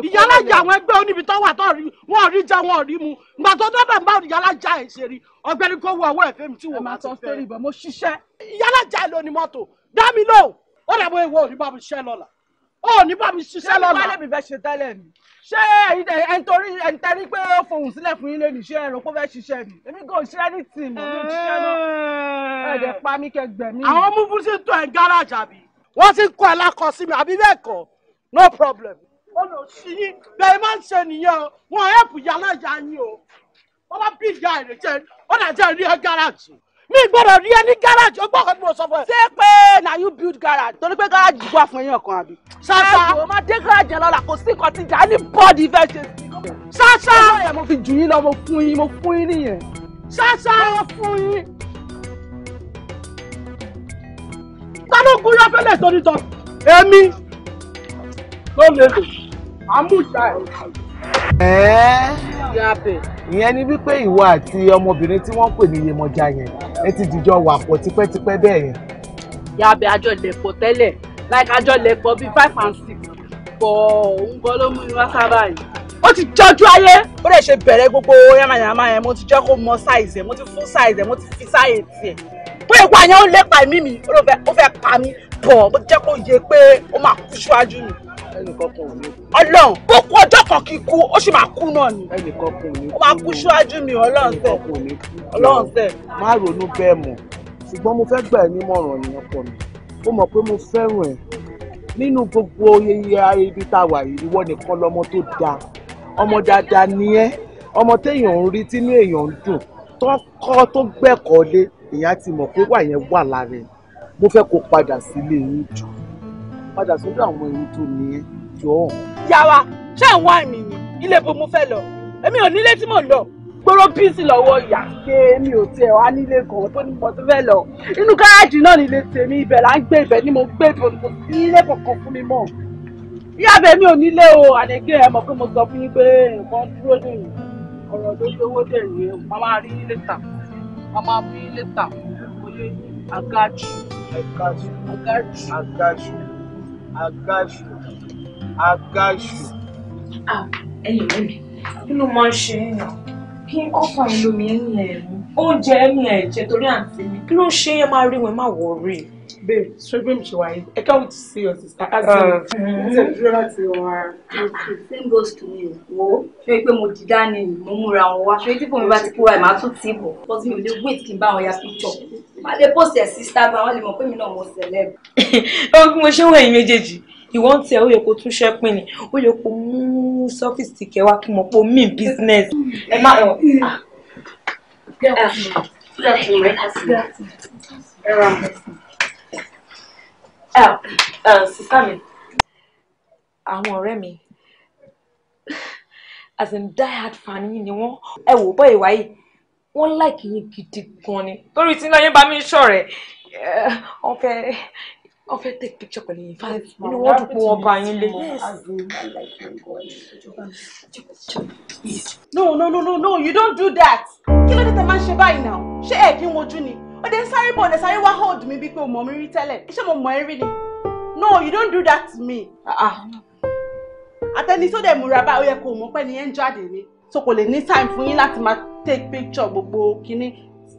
ìyá alájà àwọn ẹgbẹ́ oníbi tó wà tó rí wọn ò rí jẹ wọn ò rí mu gbà tó dọ́dọ̀ ń bá ìyá alájà ẹ̀ ṣe rí ọgbẹ́ni kó wọ ọwọ́ ẹ̀fẹ́ mi tí wọ́n máa ti fẹ́. ìyá alájà ẹ̀ lóni mọ́tò dá mi lò ó dàbọ̀ ìwọ òní bá mi ó ní bá mi ṣiṣẹ́ lọ́la. ṣé wàá lè mi fẹ́ ṣe tẹ́lẹ̀ ni. ṣé ẹ̀yin torí ẹ̀yin tẹ́rí pé ó fohùn sílẹ̀ fún yín lónìí ṣé ẹ̀rọ kó fẹ́ ṣiṣẹ́ ni. èmi kò ṣe ẹni tì mọ́ mi ṣiṣẹ́ náà. ẹ̀ẹ́dẹ̀ pa mí kẹgbẹ́ mi. àwọn múfú sì ń tọ́ ẹ̀ gáràjì àbí. wọ́n ti kọ́ ẹ lákọsí mi àbí bẹ́ẹ̀ kọ́ no problem. ọ̀nà òṣì yín bẹ́ẹ̀ máa ń ṣe nìyẹn o wọ́n ẹ̀pù yàrá yà yín o wọ́n bá bí ìyá ẹ̀rẹ̀ jẹ́ ọ̀nà jẹ́ rí mi gbọ́dọ̀ rí ẹ ní garage ọgbọ́n kan tí mo sọ fún ẹ. ṣé pé na you build garage torí pé garage wà fún ẹyàn kan àbí. ṣáṣá ẹ máa dé garage yẹn lọ́la kò sí nǹkan tí jà ní bọ́ọ̀dì fẹ́ ṣe. ṣáṣá ẹ mo fi jù yín lọ mo fún yín mo fún yín nìyẹn. ṣáṣá mo fún yín. tálógún yóò fẹ́lẹ̀ sọ nítọ́. èmi ló lè lò àmújà ẹ̀ ìyẹn ni wípé ìwọ àti ọmọbìnrin tí wọ́n pè ní Yemọja yẹn ẹ ti dìjọ wà pọ̀ tipẹ́tipẹ́ bẹ́ẹ̀ yẹn. yàbẹ̀ àjọ lẹ̀pọ̀ tẹ́lẹ̀ like àjọ lẹ̀pọ̀ bíi five and six pọ̀ òun gan ló mú mi wá sábà yìí. ó ti jọjú ayé ó lè ṣe bẹ̀rẹ̀ gbogbo yamayama yẹn mo ti jẹ́ kó mọ size ẹ̀ mo ti fún size ẹ̀ mo ti fi sáyè tiẹ̀ bóyá ìwà yẹn ó lépa ẹ̀mí mi ó fẹ́ pa mí pọ̀ mo ti jẹ́ kó yẹ pé ó máa kú síwájú mi ọlọ́run kó kú ọjọ́ kan kí kú ó sì máa kú náà ni ó máa kú síwájú mi ọlọ́run tẹ̀ ọlọ́run tẹ̀. má ronú bẹ́ẹ̀ mọ̀ ṣùgbọ́n mo fẹ́ gbà ẹ́ nímọ̀ràn ni ọkọ mi ó mọ̀ pé mo fẹ́ràn ẹ̀ nínú gbogbo iye ibi tá a wà yìí ìwọ nìkan lọmọ tó dáa ọmọ dáadáa ni ẹ́ ọmọ téèyàn ń rí tínú èèyàn ń dùn tọ́kọ́ tó gbẹ̀kọ́ lé èèyàn ti mọ̀ pé wà yẹn wà lára ẹ̀ mo fẹ́ kó padà sílé yín jù padà sọ́dọ̀ àwọn ewu tó nìyẹn jọ. yàrá ṣé ń wá mi ilé bo mo fẹ́ lọ èmi ò nílé tí mò ń lọ gbóró píìsì lọ́wọ́ ìyá. ṣé mi ò tiẹ̀ wá nílé kan tó ní mo tó fẹ́ lọ inú gáráàjì náà nílé tèmi ibẹ̀ là ń gbé ibẹ̀ ni mo gbé ibẹ̀ kò sí ilé kankan fún mi mọ́ ìyá bẹ̀ mi ò nílé o àdéhùn ẹ mọ̀ pé mo sọ fún yín pé nǹkan dúró dèrò ọ̀rọ̀ ló lówó dèrò ẹ̀ màmá rí ilé tà màmá rí ilé tà mo yé agájú agájú agájú agájú agáṣù agáṣù. ẹyin ọ̀rẹ́ mi kí ló máa ń ṣe é yàn kí ọkọ ìlú mi ẹ̀ ń yẹ̀ mí oúnjẹ mi ẹ̀ jẹ torí àǹtí mi kí ló ń ṣe é yẹn máa rí wọn máa wọ̀ rí i babe ṣé bí mi ṣe wáyé ẹ káwọn ti sí ah. ọ sísá same goes to me wo ṣé pé mo di dání mo múra wọn wá ṣé tí kò mi bá ti kúrò you're tún ti bọ̀ but mi ò lè wait kí n bá wọn ya picture má lè post ẹ̀ sí Instagram wọn lè mọ̀ pé mi náà mo celeb. ọ̀hún bí mo ṣe wọ̀ ẹ̀yìn méjèèjì ìwọ ń tiẹ̀ ó yẹ kó tún ṣẹ́pìn ni ó yẹ mo pò mí business ẹ má ẹ ah. ẹ ẹ ẹ ẹ Uh, sísá mi àwọn ọ̀rẹ́ mi as in die hard fan yìí ni wọ́n ẹ wò bọ́ ìwà yìí wọ́n like yín gidi gan ni torí tí náà yín bá mi ń ṣọ̀rẹ́ eh, wọ́n fẹ́ take picture pẹ̀lú yín fún mi inú wọ́n dùn pé wọ́n yín lé. no no no no no you don't do that kí ló dé tẹ máa ń ṣe báyìí náà ṣé ẹ kí ni ó dé sáré bọ̀ ọ̀dẹ̀ sáré wá hold mi bíi pé o mọ̀ mi rí tẹ́lẹ̀ ṣé mo mọ̀ ẹ́ ni no you don't do that to me àtẹni tó dẹ̀ múra báyìí ó yẹ kó o mọ̀ pé ni yẹn ń jáde ni so kò lè ní time fún yín láti máa take picture gbogbo kínní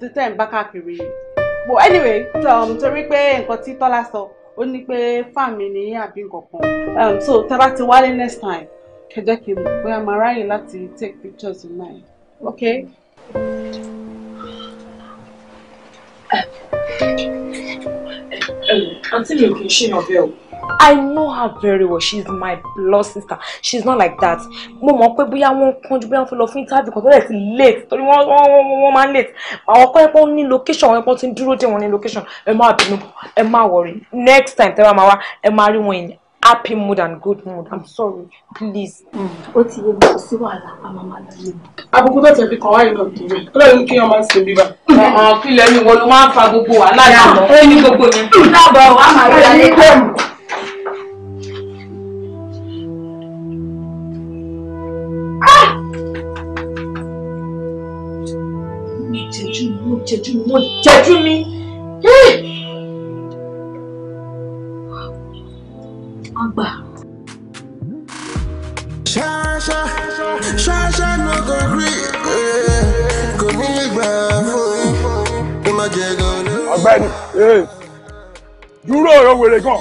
títẹ̀ ń bá káàkiri yìí but anyway um, torí pé nǹkan tí Tọ́lá sọ ó ní pé fáàmì ni àbí nǹkan kan um, so tẹ́ bá ti wálé next time kẹjẹ kí n bóyá máa ráyè láti take pictures in mind okay. Mm -hmm. Um, Auntie mi kì í ṣìnà I know her very well. She's my blood sister. She's not like that. Mo mọ̀ pé bóyá wọ́n kánjú bóyá wọ́n fẹ́ lọ fún interview kan tó lẹ̀ sí late torí wọ́n wọ́n wọ́n máa ń late. Àwọn ọkọ ẹ̀pọ̀ ní location àwọn ẹ̀pọ̀ ti ń dúró dé wọn ní location. I'm not, bínú, ẹ máa Next time tẹ́ bá máa wá, ẹ máa rí happy mood and good mood i'm sorry please. Mm. ó ti yé mi kò sí wàhálà àmọ́ máa dúró. àbùkù tó tẹ̀lé kan wáyé náà dúró ọlọ́run kí wọ́n máa ṣe bíbá. ọ̀hún mm-hmm. kí lẹ́nu wọn máa ń fa gbogbo wàhálà yìí mọ́ ó gbogbo yẹn. Mm. lábọ̀ wàá máa rí ayé lẹ́nu. jẹjú mi mo jẹjú mi mo jẹjú mi. wèrè gan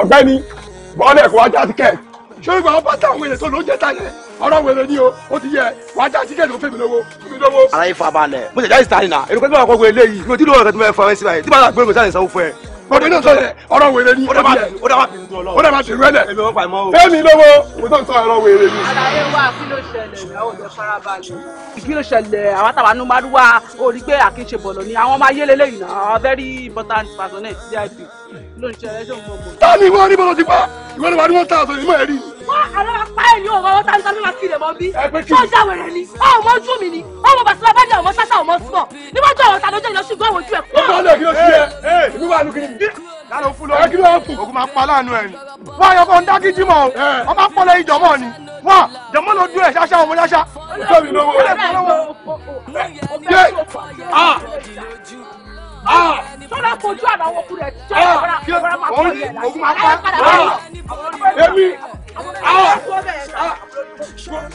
ọ̀gbẹ́ni bọ́ọ̀lẹ̀ kò wájà tíkẹ́ẹ̀tì ṣé ìgbà wọn bá táwọn wèrè tó ló ń jẹ́ táyẹ̀ ọ̀rọ̀ wèrè ni o ó ti yẹ wájà tíkẹ́ẹ̀tì ló fẹ́mi lówó fẹ́mi lówó. ara yìí fa balẹ̀ mo ṣẹ̀dá ìsìtánì náà èrò pẹ́ tí wọ́n kọ́ wọ eléyìí mi ò tí ì lówó ọ̀rẹ́ tó fẹ́ fọ́ ẹ síbáyé tí bá bọ̀dé náà sọ̀rọ̀ ọ̀rọ̀ wèrè ni ọ̀dọ̀ máa bìnú ọlọ́wọ́ ọ̀dọ̀ máa bìnú ẹlẹ̀ fẹ́mi lọ́wọ́ mo tó ń sọ ọ̀rọ̀ wèrè ni. àlàyé wa kí ló ṣẹlẹ̀ àwọn ọ̀dọ́ farabalẹ̀. kí ló ṣẹlẹ̀ àwọn àtàwọn anúmọ́dúwà orí pé àkínṣe bọ̀lọ̀ ni àwọn máa yélé lẹ́yìn náà very important personnel cip ló ń ṣẹlẹ̀ ṣé òun mọ̀ bọ̀. táà ní ìwọ ní bọ́lọ̀ ti pa ìwọ ni wàá ní wọ́n tà àṣọ ìmọ̀ ẹ̀rí ni wá àlọ́ apá ẹ̀ ní ọ̀rọ̀ ọ̀tá níta ló máa kiri ẹ̀mọ́ bí tó já wẹ̀rẹ̀ ni ọmọ ojú mi ni ọmọ bàtìlá bá ní ọmọ sáṣà ọmọ sùpọ̀ níwájú ọ̀rọ̀ ta lójú ìlọsùn gbọ́ ojú ẹ̀ kú. ọmọ ọlọ́ọ̀kì ló ti yẹ ìlú wa lùkìrì. lálọ́ fún lọ́wọ́ kí ló ń fún. ogun máa pa láàánú ẹ̀ ni. wọ́n ayọ̀ kan dágíjí mọ́ o ọba pọ́lọ́ ìjọmọ́ ni wọ́n jọmọ́ ló dúró ẹ̀ ṣáṣá ọmọ ṣáṣá. tóbi lówó. Sọ́dọ̀ ah. ah. kojú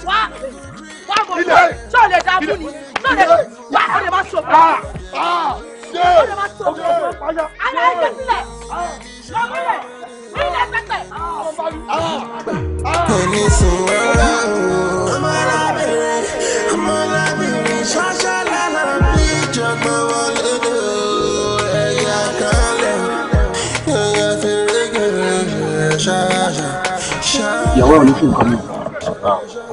wá wá bọ̀ lọ sọ lè dá fún ni sọ lè wá ọ lè má sọ fún mi ọ lè má sọ fún mi ara ìyàwó ẹ̀ ló fi nǹkan mi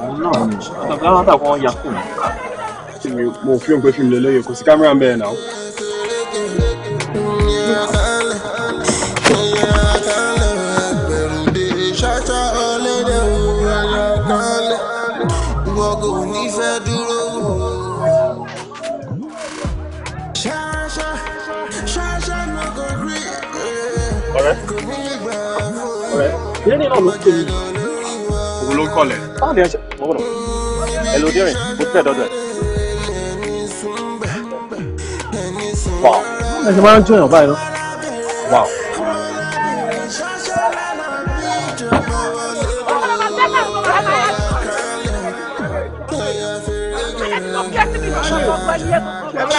òun náà ni bàbá wọn tàbọn ya fóònù. mo fi òun pé fíìmù lélẹ́yìn kò sí kámẹ́rà ń bẹ̀rẹ̀ náà. ìrẹ́lẹ̀ náà ló pè mí. òun ló ń kọ́lẹ̀. báwo ni ẹ ṣe ọ̀rọ̀ ẹ lo dẹ́rìn mo tẹ̀ dọ́dọ̀ ẹ̀. wà á ẹ ṣe máa ń jóyàn báyìí lọ. wà á.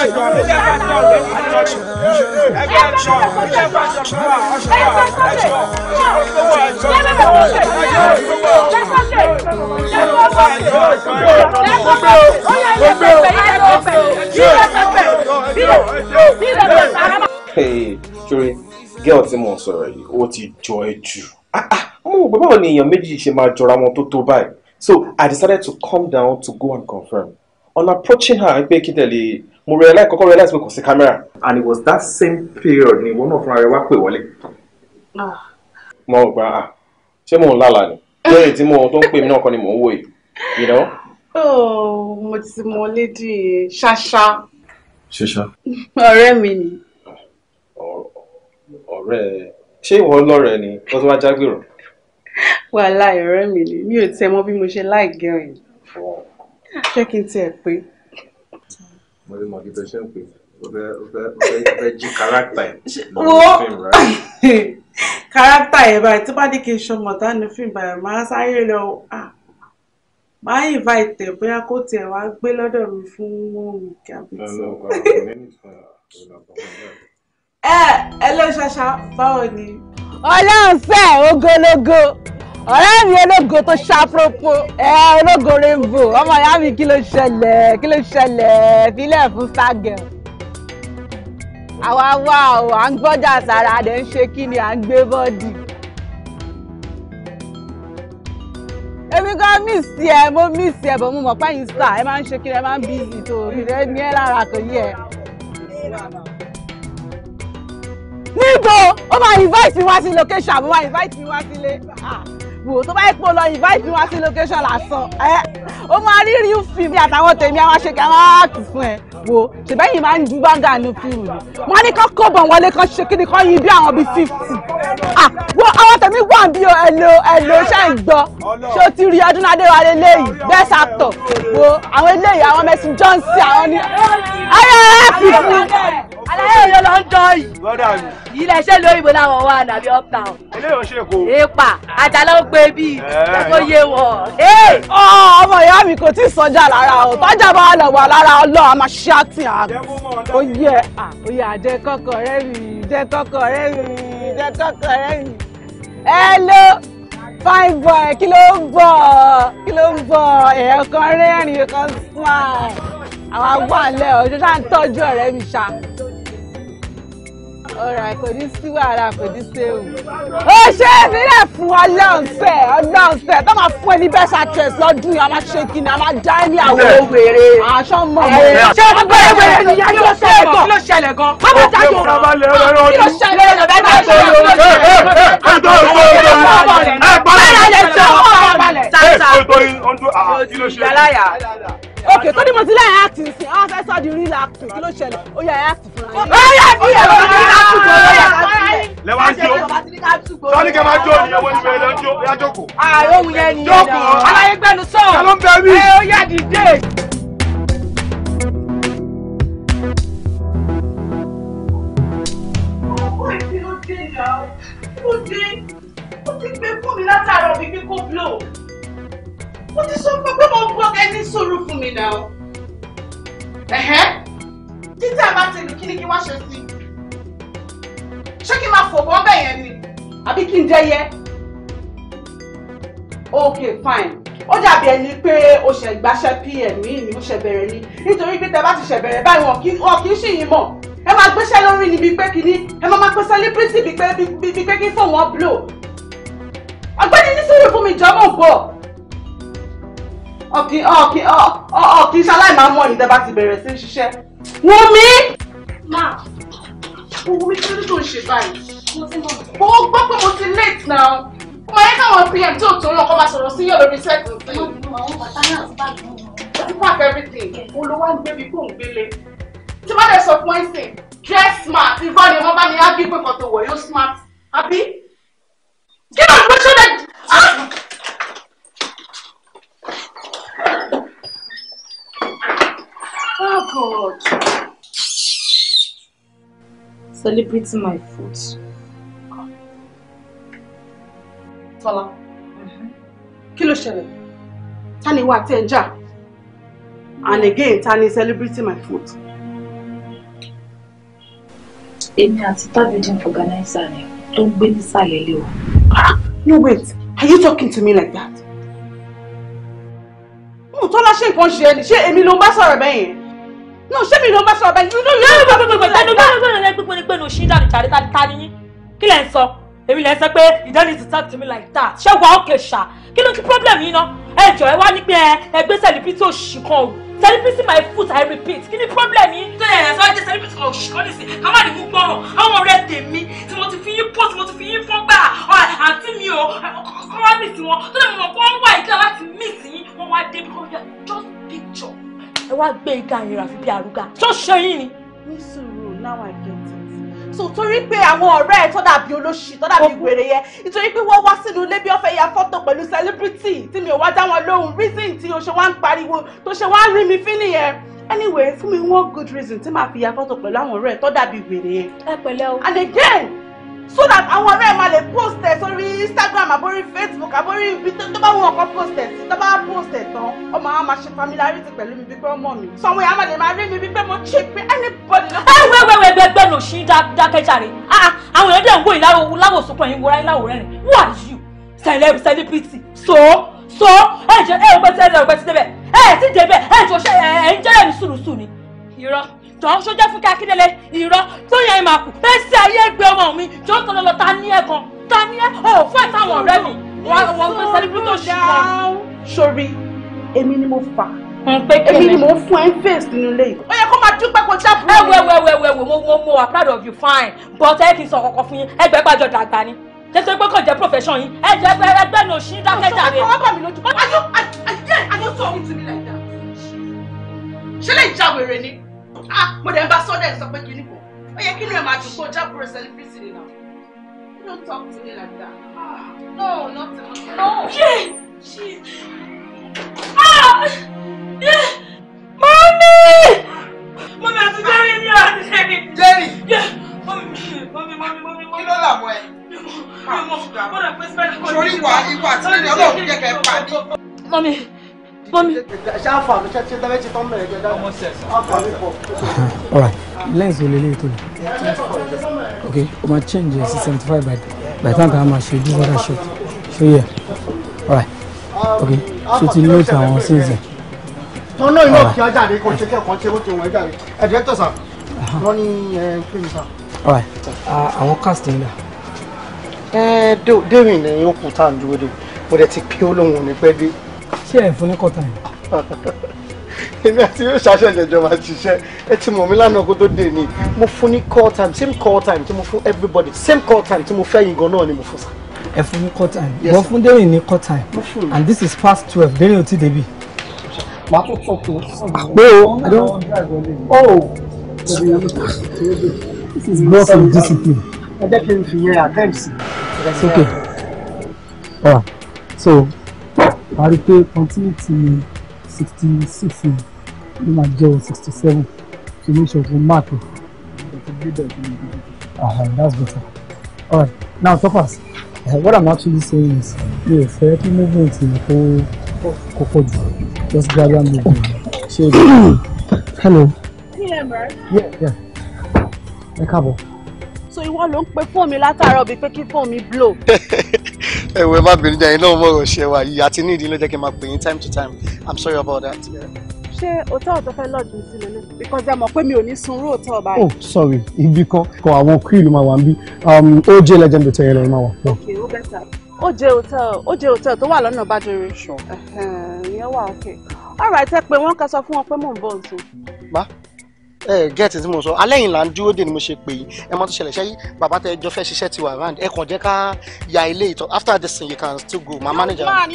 ṣorí gẹ́ọ̀ tí mo sọ̀rọ̀ yìí ó ti jọ ẹ jù ah, ah, mo rò pé báwo ni èèyàn méjì ṣe máa jọra wọn tó tó báyìí so I decided to come down to go and confirm on approaching her pé kí tẹ̀lé mo realize kọ́kọ́ realize pé kò sí camera. and it was that same period ni ìwọ náà fúnra rẹ wá pè wọlé. Ah. mo rò pé ah ṣé mò ń lálàá ni lórí tí mo tó ń pè mí náà kọ́ ni mò ń wò yìí oh, mo ti mọ lédi ṣáṣá. E. ṣáṣá. ọ̀rẹ́ mi ni. ọ̀rẹ́ ṣé ìwọ lọ́rẹ̀ ni ó ti wá jágbèrò. wàhálà ọ̀rẹ́ mi ni mi ò tẹ́ mọ́ bí mo ṣe láì gẹ̀rìn. ṣé kí n tiẹ̀ pé mo lè mọ bí tó ṣe ń pè ó fẹ́ jí kárátà ẹ̀ lórí fíìmù rẹ̀. kárátà ẹ̀ báyìí tó bá ní kí n ṣe mọ̀tá ní fíìmù báyìí máa sáré lọ máa invite ẹ̀ bóyá kó tiẹ̀ wá gbé lọ́dọ̀ mi fún mọ́ọ̀mù kí a bí tí. ẹ ẹ lọ ṣaṣa báwo ni. ọlọ́run fẹ́ ògólógó ọ̀rẹ́ mi ológo tó ṣàpòpò ẹ ológo rainbow ọmọ ìyá mi kí ló ṣẹlẹ̀ kí ló ṣẹlẹ̀ fílẹ̀ fún stargirl. àwa wà ó à ń gbọ́jà sára àdé ń ṣe kí ni à ń gbé bọ́ọ̀dì. èmi gan miss ẹ mo miss ẹ bọ̀ mo mọ̀ pé yín sà ẹ máa ń ṣe kí ẹ máa ń busy tó ìrẹ́ ní ẹ lára kò yí ẹ. níbo ó máa invite mi wá sí location àbúrò invite mi wá sílé. Ah wò tó bá yẹ pé o lọ invite mi wá sí location lásán ẹ o máa rí rí fíìmù àtàwọn tèmi àwọn aṣèkè àwọn áàtì fún ẹ wò ṣèbẹ́yìn máa ń ju báńgà ní fíìmù ni wọ́n ní kán kó bọ̀ wọlé kán ṣe kíni kán yin bí àwọn bíi fifty ah wo àwọn tèmi wà bí o ẹ̀lò ẹ̀lò ṣe ń gbọ́ ṣé o ti rí ọdúnládé wa lélẹ́yìí best actor wo àwọn eléyìí àwọn Mercy Johnson àwọn ní ayé ẹ̀ fi fún aláyé òye ló ń jọ yìí. lọ́dà mi. yìí lẹ ṣe lóyìnbó làwọn wà nàbí uptown. eléyìí ṣe kó. èèpà àjàlá ó gbé bíi kó yé wọ. ọmọ ìyá mi kò tí ì sọjà lára o tọ́jà bá lọ wà lára ọlọ́ọ̀ a máa ṣe àtì àgbẹ̀. ó yẹ ó yẹ àjẹ kọkọ rẹ mi jẹ kọkọ rẹ mi jẹ kọkọ rẹ mi. hello fine boy kí ló ń bọ̀ kí ló ń bọ̀ èèyàn kan rẹ́rìn-ín kan smile àwọn agbọ́n alẹ́ ọ̀jọ́ ṣáà ń tọ́jú ọ̀rẹ́ mi ṣá ọ̀rọ̀ kò ní sí wàhálà kò ní séwu. ó ṣe é sílẹ̀ fún ọlọ́run sẹ̀ ọlọ́run sẹ̀ tó máa fún ẹ best actress lọ́dún yìí a máa ṣe kí a máa já ẹ ní àwọn òwèrè aṣọ mọ̀ ọ́. ṣé o bẹ̀rẹ̀ wẹ̀rẹ̀ nìyá kí ló ṣẹlẹ̀ gan. kí ló ṣẹlẹ̀ gan. má bàa jáde o kí ló ṣẹlẹ̀ gan. ẹ bá ṣe o ẹ ẹ tó o tó o tó ẹ balẹ̀ ẹ balẹ̀ ẹ balẹ̀ ẹ balẹ̀ ok tó ní mo ti láyé act sí àwọn fẹ́ sọ di real act kí ló ṣẹlẹ̀ ó yà act fúnra yín. ó yà bí ẹ̀rọ ní act kò ló yà lẹ́wà ń jó sọ́ni kẹ́ máa jó ni ẹ̀wọ̀n ìgbẹ́ lọ jó be jókòó. ààrẹ òun yẹn ni jókòó aláyé gbẹnu sọ ọ́ kálọ́ ń bẹ mí. ẹ ó yà dìde. ọ̀pọ̀ ìdí ló dé ìyá ó dé ó ti gbé fún mi látàrọ̀ mi pé kó blow. What is so fún pé mo gbọ́ ẹni sọ̀rọ̀ fún mi náà ẹ̀hẹ́ títà bá ti lù kí ni kí wọ́n ṣe sí ṣé kí n máa fòbọ́ bẹ́ẹ̀ yẹn ni àbí kí n jẹ́yẹ ok fine ó dàbí ẹni pé o ṣẹ̀ gbàṣẹ́ pm yìí ni mo ṣẹ̀ bẹ̀rẹ̀ ni nítorí pé tẹ bá ti ṣẹ̀ bẹ̀rẹ̀ báyìí wọn kì í ṣì yín mọ̀ ẹ máa gbéṣẹ́ lórí ni bíi pé kínní ẹ máa máa pé celebrity bíi pé kí fóun ọ blow ọgbẹ́ni nísìnyí fún mi jọ́ mọ̀ ọkì ọkì ọkì iṣẹ́ aláìmọ̀ mọ́ ni tẹ́ bá ti bẹ̀rẹ̀ sí ṣiṣẹ́. Wùmí. Máa Wùmí kí ló tó ń ṣe báyìí? Mo ti mọ̀. Mo gbọ́ pé mo ti late now. Mo máa yẹ káwọn PM tí ò tó ràn kọ́ máa sọ̀rọ̀ sí yóò lórí ti mọ àwọn pack everything. Mo lọ wá ń gbé mi kó ń ẹ̀sìn, dress smart, ìbọn ni wọ́n bá mi á bí pé kọ́tò wọ̀ yóò smart. Àbí? Kí ló ń gbé ṣọ́dẹ̀? God. Celebrating my foot. Tọ́lá, kilo ló Tani wa tenja. And again, Tani celebrating my food? Èmi àti Tábìdín fọ̀gánáísà ni tó ń gbé nísàlẹ̀ ilé o. No wait, are you talking to me like that? Tọ́lá ṣe nǹkan ṣe she ṣé èmi ló ń no ṣé mi ló ń bá sọ̀rọ̀ bẹ́ẹ̀ ni. lórí ìwé gbogbo ìtẹnu gbọ́dọ̀ gbọ́dọ̀ lẹ́gbẹ́ pé pé ní òṣì dànù jàre ta ni yín kí lẹ̀ ń sọ èmi lẹ̀ ń sọ pé you don't need to talk to me like that ṣé wàá òkè ṣá kí ló kí problem yín ná ẹ jọ ẹ wá ní pé ẹ gbé sẹlifítì òṣì kan o sẹlifítì my foot i repeat kí ni problem yín. tó yẹ ẹ sọ jẹ sẹlifítì kan òṣì kan nìsín ká má ní mú gbọrọ àwọn ọ̀rẹ́ tèmi tí mo ti fi yín post mo ti fi yín fọgbà àǹtí mi o kọ́wá mi sí wọn tó lè mọ̀ kó ń wà ìkílá wá gbé igá yẹn rà fi bí arúgá tó ṣe yín ni. ní now I get it. so torí pé àwọn ọ̀rẹ́ ẹ̀ tó dàbí olóṣì tó dàbí wèrè yẹn nítorí pé wọ́n wá sínú ilé bí wọ́n fẹ́ ya fọ́tò pẹ̀lú celebrity tí mi ò wá dá wọn lóhùn reason tí o ṣe wá ń pariwo tó ṣe wá ń rí mi fín nìyẹn anyway fún mi one good reason tí màá fi ya fọ́tò pẹ̀lú àwọn ọ̀rẹ́ ẹ̀ tó dàbí wèrè yẹn. ẹ pẹ̀lẹ́ o. and again so that àwọn ọ̀rẹ́ ẹ̀ máa lè post ẹ̀ sórí Instagram àbórí Facebook àbórí ibi tó bá wọn ọkọ post ẹ̀ sí tó bá post ẹ̀ tán ọmọ àwọn máa ṣe familiarity pẹ̀lú mi wípé ọmọ mi so àwọn èèyàn máa lè máa rí mi wípé mo ṣe pé anybody ló. ẹ wẹ́ẹ́ wẹ́ẹ́ wẹ́ẹ́ gbẹ́nu òṣì dákẹ́jàre àwọn èèyàn dẹ̀ ń wò yín láwòsókè yín wọra yín láwòrán rẹ̀ who are you celebrity so so ẹ jẹ ẹ ò gbẹ tẹ́lẹ̀ ò gbẹ ti débẹ̀ ẹ ti débẹ̀ ẹ jọ ṣe ẹ ń jẹ́ ẹ̀ ń sùrùsù ni irọ́ jọ sójà fún kakíndélé irọ́ tó yẹ ẹ máa kù ẹ ṣe ayé gbé ọmọ mi jọ ń tọ́lọ́lọ́ ta ní ẹ ta ní ẹ ò fún ẹ ọ̀rẹ́ mi wọ́n fẹ́ sẹ́líbítò ṣùgbọ́n. sori èmi ni mo fà á ni mò fún ẹ fèsì nínú ilé yìí. ó yẹ kó máa dúpẹ́ kó ṣáà fún mi. ẹ wẹ wẹ wẹ mo mo mo I'm proud of you fine but ẹ kì sọ kọkọ fún yín ẹgbẹ́ gbàjọ dàgbà ni tẹsán pé kò jẹ́ profession yín ẹgbẹ́ ẹgbẹ́ ní òṣì dákẹ́jà rẹ. ọ̀sán ọkọ ni ah mo dẹ̀ ń bá sọ́dẹ̀ sọ pé kí ni kò ó yẹ kí ni ẹ̀ máa dùn kó jábúrò celebrity ni na you don't talk to me like that no not no. Yes. she. Ah! Yeah. Mommy! Mommy, I ti Jerry mi, I ti Jerry. Jerry! Yeah. Mommy, mommy, mommy, mommy. Kí ló làmú ẹ? Mi ò mọ̀, mo rà pé Spanish. Sori wa, ipa àti ìrìn ọlọ́run jẹ́ kẹ́ pa mí. Mommy. All right. mi go, tẹ́lẹ̀ ti tọ́ o ma change ẹ̀ sí seventy five by by time kan a máa ṣe ojú bọ́dà shot ṣó yẹ alright ok ṣé ti lóòtù àwọn sínsìn. tọ́nà iná kí ajá rẹ kàn ṣe kẹ́kọ̀ọ́ ṣe ó ti wọ̀n ẹja rẹ ẹ̀jẹ̀ tẹ̀ sà wọ́n ní ẹ̀ pé mi sà. alright àwọn cast ń dà. ẹ dèrè lẹ́yìn òkúta ǹdúró dé mo dẹ̀ ti pé ó ní pẹ́ dé ṣé ẹ̀ fún ní kọ́ta yìí. èmi àti yóò ṣàṣẹ̀ṣẹ̀ jọba ṣiṣẹ́ ẹ ti mọ̀ mí lánàá kó tó dé ni mo fún ní call time same call time tí mo fún everybody same call time tí mo fẹ́ yín gan náà ni mo fún sa. ẹ fún ní call time wọ́n fún dẹ́rìn ní call time and this is past twelve dẹ́rìn ò tí débi. màá tún tọ́ tó. àpé o oh this is not of discipline. ẹ jẹ́ kí n fi yẹn attempt sí. okay. Uh, so wàá rí pé continuity ni sixty six ni ló máa jẹ́ o sixty seven so make sure to mark Ah, Uh, that's better. All right, now Topaz, uh, what I'm actually saying is, yes, therapy movement in the whole cocoa, just gradual movement. Shade. Hello. Yeah, bro. Yeah, yeah. Ẹ káàbọ̀. So ìwọ ló ń pe fóònù mi látàárọ̀ bíi pé kí fóònù mi blow. ẹwẹ má bínú jẹ iná ọmọ ọ̀rọ̀ ṣe wà yìí àti ní ìdílé jẹ́ kí n máa pè yín time to time i'm sorry about that. ṣé òótọ́ ọ̀tọ́ fẹ́ lọ́ọ̀dù sí lélẹ̀ because ẹ mọ̀ pé mi ò ní sunrú òótọ́ ọba yìí. oh sorry ibi kan kan àwọn queen ló máa wà ń bí ó jẹ́ legend hotel yẹn máa wà. ok ó bẹ́tà ó hotel ó jẹ́ hotel tó wà lọ́nà bàjẹ́rẹ́ ìyẹn wà ok all right ẹ pé wọ́n ká sọ fún wọn pé mò ń bọ̀ nsọ ẹ gẹ́ẹ̀tì tí mo sọ alẹ́yìn là ń dúró dè ni mo ṣe pè yín ẹ mọ tó ṣẹlẹ̀ ṣẹ́yìn bàbá tẹ ẹjọ́ fẹ́ ṣiṣẹ́ ti wà round ẹ jẹ́ ká ya ilé ìtọ́ after this you can still go my manager. máa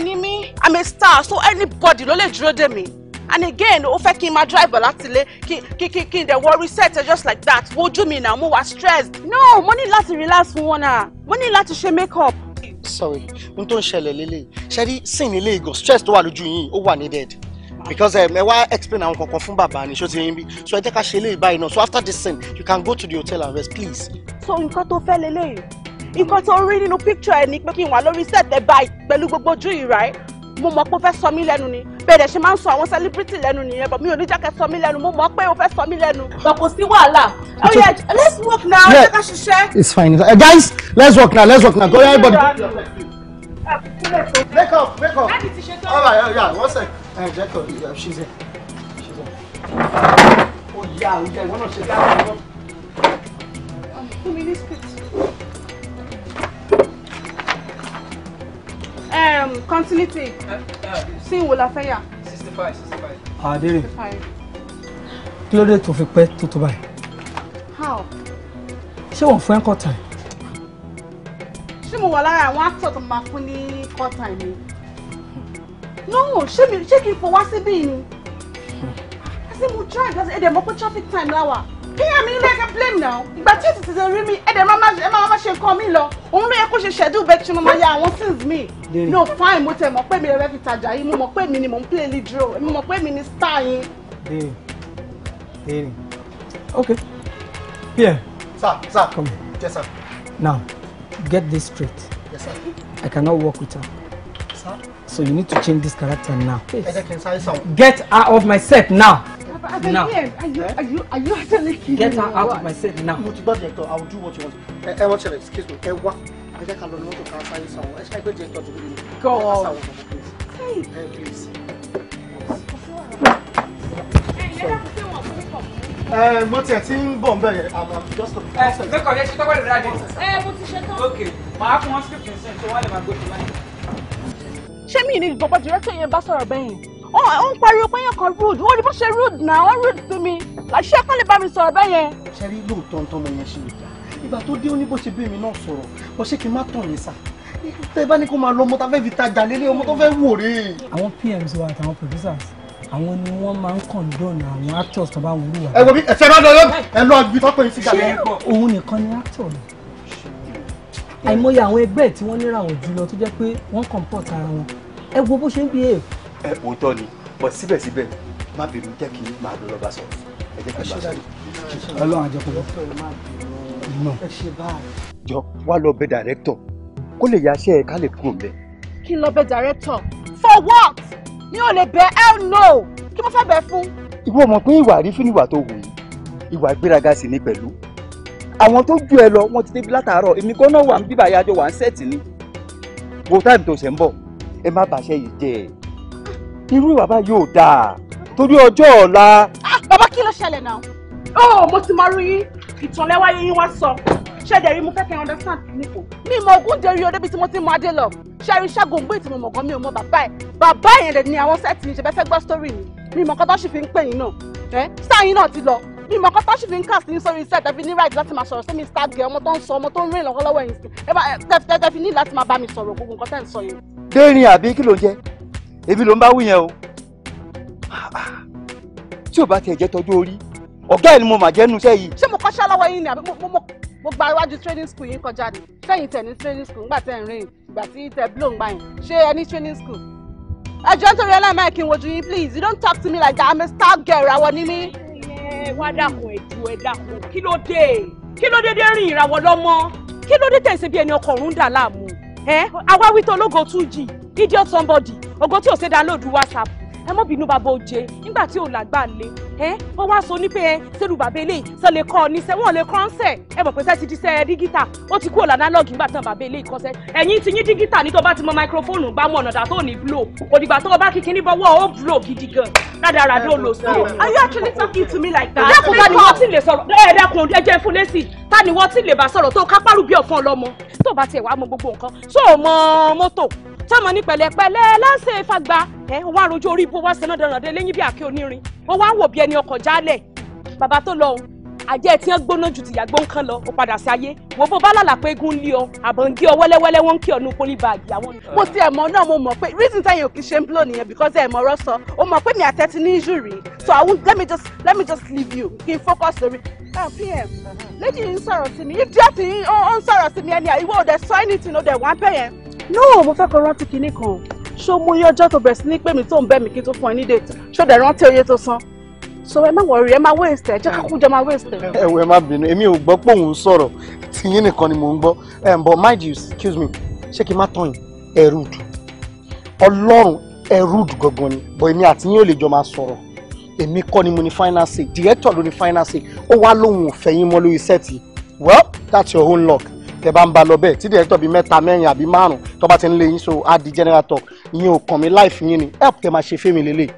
ní mí i'm a star so anybody ló lè dúró dè mí and again ó fẹ́ kí n máa drive láti ilé kí kí kí n dẹ̀ worry set just like that wojú mi náà mo wà stressed. no mo ní láti relax fún wọn náà mo ní láti ṣe make up sorry n tó ń ṣẹlẹ̀ lélẹ̀ ṣe rí sìn ìgò stress tó wà lójú yín ó wà needed because eh, ẹ wá explain àwọn kankan fún bàbá ni ṣó ti yín bí so ẹ jẹ́ ká ṣe eléyìí báyìí náà so after this thing you can go to the hotel and rest please. so nǹkan tó fẹ́ leléyìí nǹkan tó ń rí nínú picture ẹ ni pé kí n wà lórí set the bite. pẹ̀lú gbogbo ojú ìrà ẹ mo mọ̀ pé o fẹ́ sọ mí lẹ́nu ni bẹ́ẹ̀ dẹ̀ ṣe máa ń sọ àwọn celebrity lẹ́nu nìyẹn bọ̀ mi ò ní jẹ́ kẹ́ sọ mí lẹ́nu mo mọ̀ pé o fẹ́ sọ mí lẹ́nu. but kò sí wàhálà. oh yeah let's work now ẹ jẹ́ ká ṣiṣẹ́. it's fine uh, guys let's work now let's work now go ahead, everybody. make up make up all right yeah, one sec ẹ jẹ́ tọ̀ ìyá ṣíṣe ṣíṣe. ó yá ó yá ìwọ náà ṣe dá àwọn ọmọ. fún mi ní spit. continuity sí ìwò la fẹ́ yà. sixty five sixty five. àdéhùn kí fi pẹ́ tó báyìí. how. ṣé wọ́n fún ẹ́ kọ́ time. ṣé mo wà lára àwọn actor tó máa fún ní kọ́ time ni no she mi ṣé kí n fọwọ́ sí bíi ni ṣé try gasi ẹ̀dẹ̀ mọ́ pé traffic time láwà ìyá mi ilé ẹ̀ka blame now But tí ètùtù ti rí mi ẹ̀dẹ̀ máa ẹ máa má ṣe nǹkan mi lọ òun ló yẹ kó ṣe schedule bẹ́ẹ̀ tí mo máa ya àwọn sins mi no fine mo tẹ̀ mọ̀ pé mi rẹ̀ fi tajà yìí pay minimum pé mi ni mo ń play lead role mo mọ̀ pé mi ni star Pierre. Sir, sir. Come. here, Yes, sir. Now, get this straight. Yes, sir. I cannot work with her. Sir? So you need to change this character now. Please. Get out of my set now. Now. Are you, are you, are you actually kidding Get her out of my set now. I will do what you want. excuse me. Ewa. I just can't know to cancel go director to me. Go Please. Please. Ẹ mo tiẹ̀ ti ń bọ̀ ń bẹ̀rẹ̀ àmọ́ just to. Ẹ ṣe kọ̀ọ̀yẹ́ ṣe tọ́gbọ̀n ìrìnàjò. Ẹ mo ti ṣe tán. Ok, màá fún wọn sí fifteen cent tó wà lè máa gbé jù láyé ṣé mi ní ìjọba director yẹn bá sọ̀rọ̀ bẹ́yìn ó ń pariwo pé yẹn kan rude ó ní bó ṣe rude náà ó rude sí mi làṣẹ kán lè bá mi sọ̀rọ̀ bẹ́yẹn. ṣe rí lóòótọ́ ń tọ́mọ yẹn ṣe ìjà ìgbà tó dé ó ní bó ṣe bí mi náà sọ̀rọ̀ bó ṣe kí n má tàn yín sá tẹ bá ní kó máa lọ ọmọ tá fẹ́ fi tajà lélẹ̀ ọmọ tó fẹ́ wò rè. àwọn PMs wa àtàwọn producers àwọn ni wọ́n máa ń condone àwọn actors tó bá wúlò wá. ẹ wo bí ẹ fẹ́ lọ́ọ́ lọ́ọ́ ẹ lọ́ọ́ bí tọ́pẹ́ yìí sí gàlẹ́. ṣé òun nìkan ni actor àìmọye àwọn ẹgbẹ́ tí wọ́n níra wọn jùlọ tó jẹ́ pé wọ́n comport ara wọn ẹ wo bó ṣe ń behave. ẹ òótọ́ ni but síbẹ̀síbẹ̀ má bínú jẹ́ kí màá lọ lọ́ba sọ̀rọ̀ ẹ jẹ́ kí n bá sọ̀rọ̀. ọlọ́run àjẹkùn lọ. jọ wá lọ bẹ director kó lè yáṣẹ́ ẹ ká lè kúrò bẹ́ẹ̀. kí n lọ bẹ director for what mi ò lè bẹ hell no kí mo fẹ́ bẹ fún. ìwọ mọ̀ pé ìwà àrífín ìwà tó wù yìí ìwà ìgbéraga sì ní pẹ̀lú àwọn tó ju ẹ lọ wọn ti débi látàárọ̀ èmi kọ́ náà wà ń bíbà yájọ wà ń sẹ́ẹ̀tì ni wo táìmù tó ṣẹ̀ ń bọ̀ ẹ má bàṣẹ yìí jẹ irú ìwà bá yóò dáa torí ọjọ́ ọ̀la. Ah, bàbá kí ló ṣẹlẹ̀ náà. ó oh, mo ti máa rú yín ìtànlẹ́wá yín wá sọ ṣẹ̀dẹ̀ rí mo fẹ́ kẹ́ understand nípò. mi mọ ogún deri o débi tí mo ti mọ adé lọ ṣẹ́rí ṣẹ́gun gbé ìtumọ̀ mọ̀gán mi ò mọ bàbá ẹ̀ bàbá yẹn lè ní àwọn sẹ́ẹ̀tì ìṣẹ̀fẹ́fẹ́ gbọ́ sítórì mi mi mọ̀ kọ́tọ́ sì fi ń pè yín náà ẹ́ yín náà ti lọ mi mọ̀ kọ́tọ́ ṣì fi ń kà sí sórí iṣẹ́ tẹ̀fi ní right láti máa sọ̀rọ̀ sí mi star girl ọmọ tó ń sọ ọmọ tó ń rìn lọ́wọ́lọ́wọ́ ẹ̀yìn sí ẹ tẹ̀fi ní láti máa bá mi sọ̀rọ̀ gbogbo nǹkan tẹ̀ ń sọ yẹn. déèrin àbí kí ló ń jẹ èmi ló ń bá wí yẹn o tí ò bá tiẹ̀ jẹ́ tọjú orí ọ̀gá ẹ̀ ni mo mà jẹ́ nu iṣẹ́ yìí. ṣé mo kọ́ṣẹ́ lọ́wọ́ yín ni àbí mo gba iwájú training school yín kọjá ni sẹ́yìn tẹ̀ ní training school ńgbà tẹ̀ ń rìn ìgbà tí tẹ̀ blow ń gbà yẹn ṣé ẹ ní training school. ẹ jọ̀ọ́ nítorí ẹlẹ́mẹ̀ẹ́ kí wojú yín please you don't talk to me like that i'm a star girl àwọn ní mi ẹ wá dákun ẹ̀jú ẹ dákun kí ló dé kí ló dédé rìn ìràwọ̀ lọ́mọ kí ló dé tẹ̀sí bí ẹni ọkọ̀ dà láàmú ẹ awáwítọ́ ológo 2G idiot somebody ogo tí ò ṣe download WhatsApp ẹ má bínú bàbá oje nígbà tí ò làgbà lé ẹ ó wá sọ ní pé ẹ bàbá eléyìí sọ lè kọ́ ọ níṣẹ́ wọ́n lè kọ́ ọ́nṣẹ́ ẹ mọ̀ pé sẹ́ ti di sẹ́ dígítà ó ti kúrò lánàlọ́ọ̀gì nígbà tán bàbá eléyìí kọ́ṣẹ́ ẹ̀yìn ti yín dígítà ní tó bá ti mọ máikrófóònù bá mọ̀ ọ̀nàdà tó ní blow òdìgbà tó bá kíkiní bọ́wọ́ ó blow gidi gan rádaràdó lò sí. Are you actually talking to me like that? ní wọ́n ti lè sọ̀rọ̀ táwọn ní pẹ̀lẹ́pẹ̀lẹ́ lásìkò ìfagbá ẹ wá rojú orí bó wá sẹ́nà dandan lẹ́yìn bí àkẹ́ onírin wọ́n wá wò bí ẹni ọkọ̀ jálẹ̀ bàbá tó lọ àjẹ́ tí wọ́n gbóná ju tìyàgbó ń kán lọ ó padà sí ayé wo bó bá lálà egun ń lé ọ àbọ̀ǹdí ọ wẹ́lẹ́wẹ́lẹ́ wọ́n ń kí ọ̀nù poli báàgì àwọn. mo ti ẹ̀ mọ̀ náà mo mọ̀ pé reason tẹ̀yìn òkè ṣe ń blow nìyẹn because ẹ̀ mọ̀ ọ̀rọ̀ sọ o mọ̀ pé mi àtẹ́tí ní injury so I won't let me just let me just leave you kí n focus lórí. pm lady ń sọ̀rọ̀ sí mi if death ń sọ̀rọ̀ sí mi ẹni àìwọ́ ò dẹ̀ sọ anything ó dẹ̀ wá bẹ́yẹn no mo fẹ́ kó rántí kinní kan ṣó mú iye ọjọ́ tó bẹ̀rẹ̀ sí ní pèmí tó ń bẹ̀ mí kí tó fún ẹ ní date ṣó dẹ̀ rántí oye tó san so ẹ má wọrí ẹ má waste ẹ jẹ́ kákú jẹ́ má waste ẹ. ẹ wo ẹ má bínú èmi ò gbọ́ pé òun sọ̀rọ̀ tìyín nìkan ni mò ń gbọ́ but mind you excuse me ṣé kí n má tán yín ẹ rude ọlọ́run ẹ rude gangan ni but èmi àti yín ò lè jọ máa sọ̀rọ̀ èmi kọ́ ni mo ní final say director ló ní final say ó wá lóhùn òfẹ́ yín mọ́ lórí sẹ́ẹ̀tì well that's your own luck tẹ bá ń ba lọ bẹ́ẹ̀ tí director bíi mẹ́ta mẹ́rin àbí márùn tó bá ti ń lé yín so á di yín ò kàn mí life yín ni help tẹ máa ṣe fẹ́mi lélẹ̀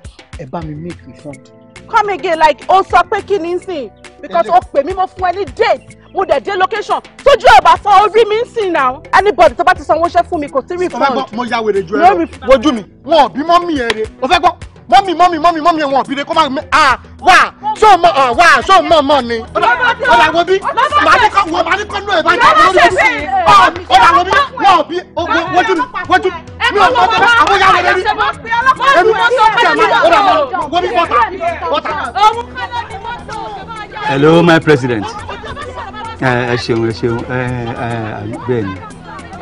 ẹ bá mi make refund. come again like o sọ pé kí ni sìn because o pè mí mo fún ẹ ní date mo dẹ̀ dé location tójú ẹ̀ bá sọ orí mi ń sìn náà anybody tó bá ti sanwó iṣẹ́ fún mi kò sí refund. mo ya wèrè ju ẹ lọ wojú mi wọn ò bímọ mi ẹ̀ rè o fẹ́ gbọ́ mọ́mì mọ́mì mọ́mì mọ́mì wọn òbí de kó máa à wà ṣó mọ ọ wà ṣó mọ mọ ni. ọ̀là wo bí màá ní kọ́ wọ màá ní kọ́ nú ẹ̀ bá jà lórí ẹ̀ ọ̀là wo bí wọn òbí wojú mi wojú mi ò wọ́n bọ́ àwọn yàrá rẹ̀ rí èmi jẹ̀má ọ̀là wo bí bọ́tà bọ́tà. hello my president ẹ ṣeun ẹ ṣeun bẹ́ẹ̀ ni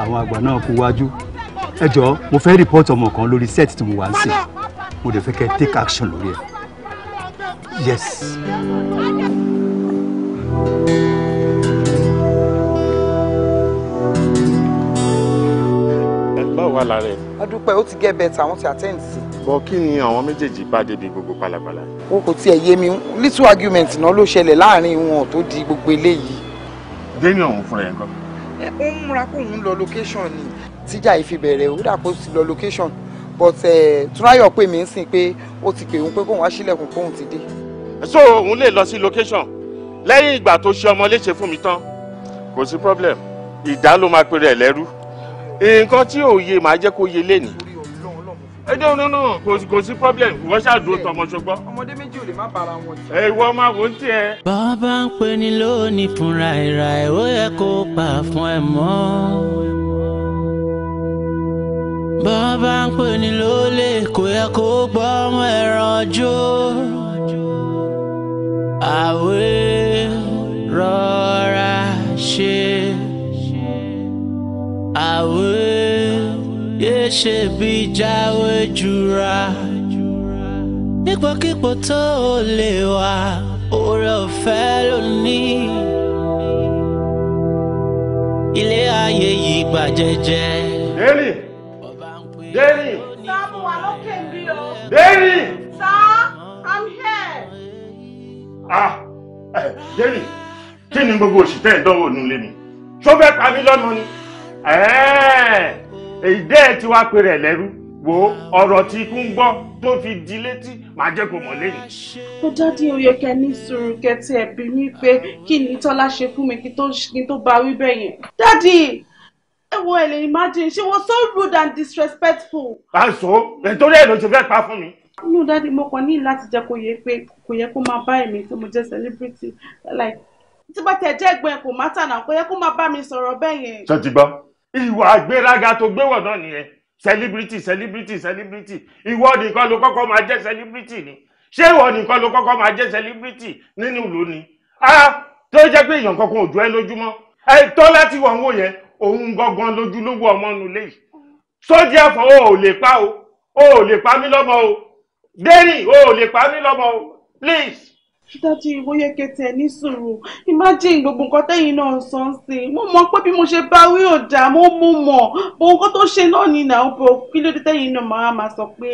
àwọn àgbà náà kú wájú ẹ jọ mo fẹ́ rìpọ́tì ọmọ kan lórí set tí mo wá ń sìn mo dẹ̀ fẹ́ kẹ́ take action lórí ẹ̀ yes. báwo wà lára ẹ. ọdún pẹ́ ó ti get better àwọn ti attend sí. bọ kí ni àwọn méjèèjì bá débi gbogbo pálapàla. o kò tiẹ̀ yé mi little argument náà ló ṣẹlẹ̀ láàrin wọn tó di gogo eléyìí. Deni ọ̀hún fúnra ẹ̀ ń kọ́. ó ń múra kóun location ni tíjà ìfibẹ̀rẹ̀ ó dà kó ti lọ location but eh, Túnráyọ̀ pè mí sìn pé ó ti pè òun pé kóun wá sílẹ̀kùn kóun ti dé. so òun lè lọ sí location lẹ́yìn ìgbà tó ṣe ọmọ léṣe fún mi tán kò sí problem ìdá ló máa pèrè ẹ̀ lẹ́rú nǹkan tí ò yé jẹ́ kó yé lẹ́nìí. ẹ jẹ́ náà kò sí problem ìwọ ṣàdúró tọmọ ṣùgbọ́n. ọmọdé méjì ò lè má bára wọn jẹ. ẹ máa wò ó tiẹ̀. bàbá ń pè ní lónìí fúnra ìrà ẹ̀ kó pa fún ẹ mọ́ bàbá ń pè ní lólè kò yẹ kó gbọ́ ọmọ ẹran jó àwé rọra ṣe àwé yé ṣe bí jáwé jura nípòkípò tó o lè wà oore ọ̀fẹ́ ló ilé ayé yìí bàjẹ́ jẹ́. Daily. Sá mo I'm here. Ah eh, Daily. kí ni gbogbo òṣì tẹ́ ẹ̀ dánwò nù lé mi? Ṣó fẹ́ pa mí lọ́mọ ni? Ìdẹ́ eh, ẹ̀ ti wá pe rẹ̀ lẹ́rú wo ọ̀rọ̀ tí ikú ń gbọ́ tó fi di létí màá jẹ́ kó mọ̀ lẹ́yìn. mo dádì oyè kẹ ní sùúrù kẹtì mi pé kí ni tọ́lá ṣe fún mi kí n tó bá wí bẹ́yẹn. dádì ẹ ẹ lè imagine she was so rude and disrespectful. àìsàn nítorí ẹ ló ti fẹ́ pa fún mi. inú dáàdi mo kàn ní láti jẹ́ kó yẹ pé kò yẹ kó máa bá èmi tí mo jẹ́ celebrity like tí bá tẹ jẹ́ ẹgbẹ́ kò má tànà kò yẹ kó máa bá mi sọ̀rọ̀ bẹ́ẹ̀ yẹn. ṣé ti gbọ́ ìwà àgbéraga tó gbéwọ̀ náà nìyẹn celebrity celebrity celebrity ìwọ nìkan ló kọ́kọ́ máa jẹ́ celebrity ni ṣé ìwọ nìkan ló kọ́kọ́ máa jẹ́ celebrity nínú ìlú ni. a ah, tó jẹ́ pé èèyàn kankan ò jọ ẹ lójúmọ́ ẹ tọ́ láti wọ̀ ń wò yẹn òun gangan lójúlówó ọmọ nulẹ̀ yìí sójà fọ o ò lè pa o o ò lè pa mí lọ́mọ o dẹ́rìn o ò lè pa mí lọ́mọ o please dájú ìwọ yẹ kẹtẹ ní sùúrù imagine gbogbo nǹkan tẹ̀yin náà ń san sí i mo mọ pé bí mo ṣe bá wí ọjà mo mú mọ bó nǹkan tó ṣe náà ni nà ó kí ló dé tẹ̀yin náà máa máa sọ pé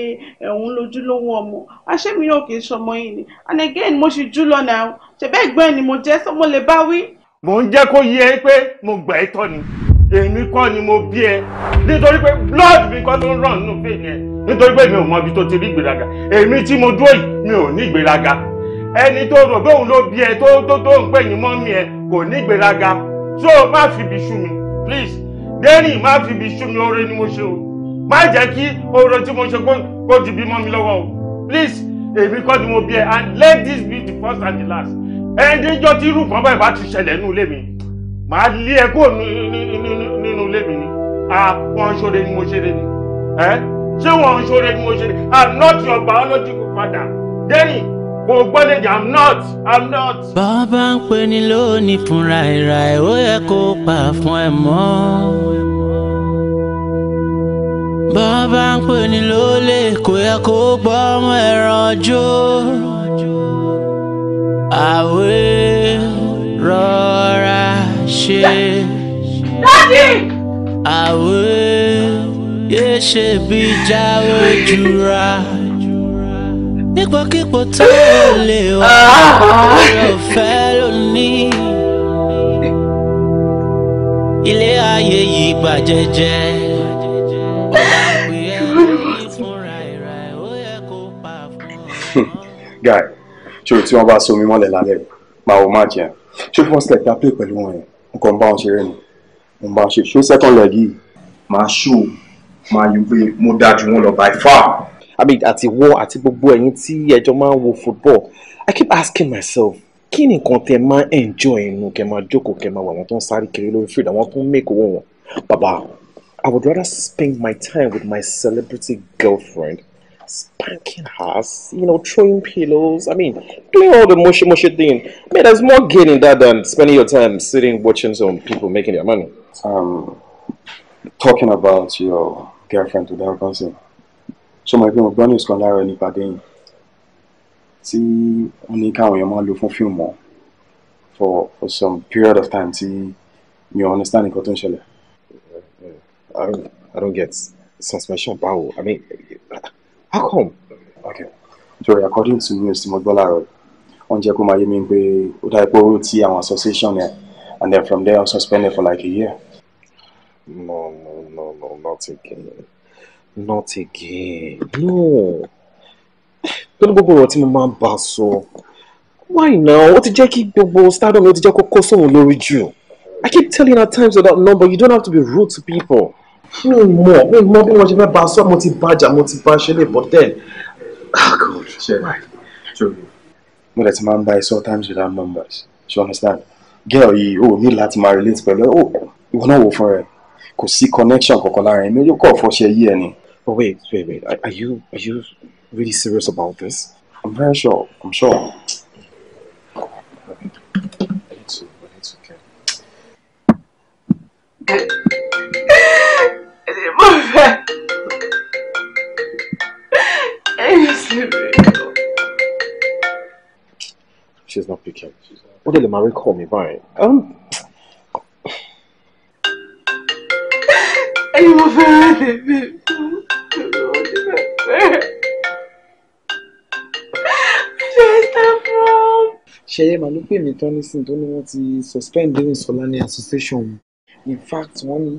ẹ̀hún lójúlówó ọmọ aṣẹ́mi náà kì í ṣọmọ yìí ni and again mo ṣì jù lọ́nà ṣẹ̀bẹ́ ẹ̀gbọ́n ẹ̀ ni mo jẹ́ sọ́mọ́ lè bá wí. mò ń jẹ́ kó yé pé mo gbà ẹ́ tọ́ ni èmi kọ́ ni mo bí ẹ nítorí pé blood mi kọ́ tó ń ràn nínú vein ẹ nítorí pé mi ò mọ ibi tó ti rí ìgbéraga èmi tí mo dúró yìí mi ò ní ìgbéraga ẹni tó rò bóun ló bí ẹ tó tó tó ń pè ní mọ́mí ẹ kò ní ìgbéraga so má fi ibi sú mi please dẹ́rìn má fi ibi sú mi oore ni mo ṣe o má jẹ́ kí oore tí mo ṣe kó ju bí mọ́ mi lọ́wọ́ o please èmi kọ́ ni mo bí ẹ and let this be the first and the last ẹni jọ́ tí irú kan báyìí bá ti ṣẹlẹ̀ nínú ilé mi màá lé ẹ nínú ilé mi ni àpọn ṣoore ni mo ṣeré ni ẹ ṣé wọn ṣoore ni mo ṣeré i'm not your biological father dẹ́rìn kò gbọ́dọ̀ jẹ́ i'm not i'm not. bàbá ń pè ní lónìí fúnra ìrà ó yẹ kó pa fún ẹ mọ́ bàbá ń pè ní lólè kò yẹ kó gbọ́ ọmọ ẹran jó àwé rọra ṣe. dádì. àwẹ̀ yé ṣe bí jáwé jura nípòkípò tó lè wà ló ah! fẹ́ lónìí. ilé ayé yìí bàjẹ́jẹ́. guy ṣòro tí wọ́n bá so mi mọ́lẹ̀ lálẹ́ máa wò má jẹun ṣé first step ta play pẹ̀lú wọn yẹn nǹkan bá wọn ṣeré ni mo bá ṣe ṣó second leg yìí máa ṣó máa yọ pé mo dáa by far. àbí àti wọ àti gbogbo ẹ̀yin tí ẹjọ máa ń wo football i keep asking myself kí ni nǹkan tẹ máa enjoy inú kẹ máa jókòó kẹ máa wà wọn tó ń sáré kiri lórí field àwọn tó ń make owó wọn bàbá i would rather spend my time with my celebrity girlfriend spanking us, you know, throwing pillows. I mean, doing all the mushy mushy thing. I mean, there's more gain in that than spending your time sitting watching some people making their money. Um, talking about your girlfriend to that So my people, gbọ́n is, ìsìkan lára ẹni pàdé yìí See, only ní káwọn èèyàn máa few more for for some period of time See, you understand nǹkan tó I don't, I don't get suspension power. I mean, how come. okay torí according to news tí mo gbọ́ láàárọ̀ wọ́n jẹ́ kó máa yé mi pé ó dá ipò owó tí àwọn association yẹn and then from there I'm suspended for like a year. no no no no not again not again no Don't go ọ̀rọ̀ tí mo why now What did jẹ́ kí Start on ó ti jẹ́ kó kó sóhun lórí I keep telling her times without number you don't have to be rude to people mi mọ̀ mi mọ̀ bí wọ́n ṣe fẹ́ bá sọ mo ti bàjà mo ti bá ṣe lè bọ́ tẹ̀ god ṣe mo dẹ̀ ti máa ń bá ẹ sọ times without members. you understand girl yìí o ní láti máa relate pẹ̀lú ẹ o ìwọ náà wò fún rẹ kò sí connection kankan lára ẹ méjì kọ̀ fọṣẹ yí ẹ ni. but wait wait wait are you are you really serious about this. i'm very sure i'm sure. I need to, I need to mo fẹ́ ẹ̀yìn sí mi. She's not picking. Ó dẹ̀ lè máa rí kọ́ mi báyìí. Ẹ̀yin mo fẹ́ rẹ̀ tèmi. ṣẹyẹ màá ló pè mí tán nísìnyí tó ní wọ́n ti suspend Dẹ́rìn Sọlá ní association in fact wọ́n ní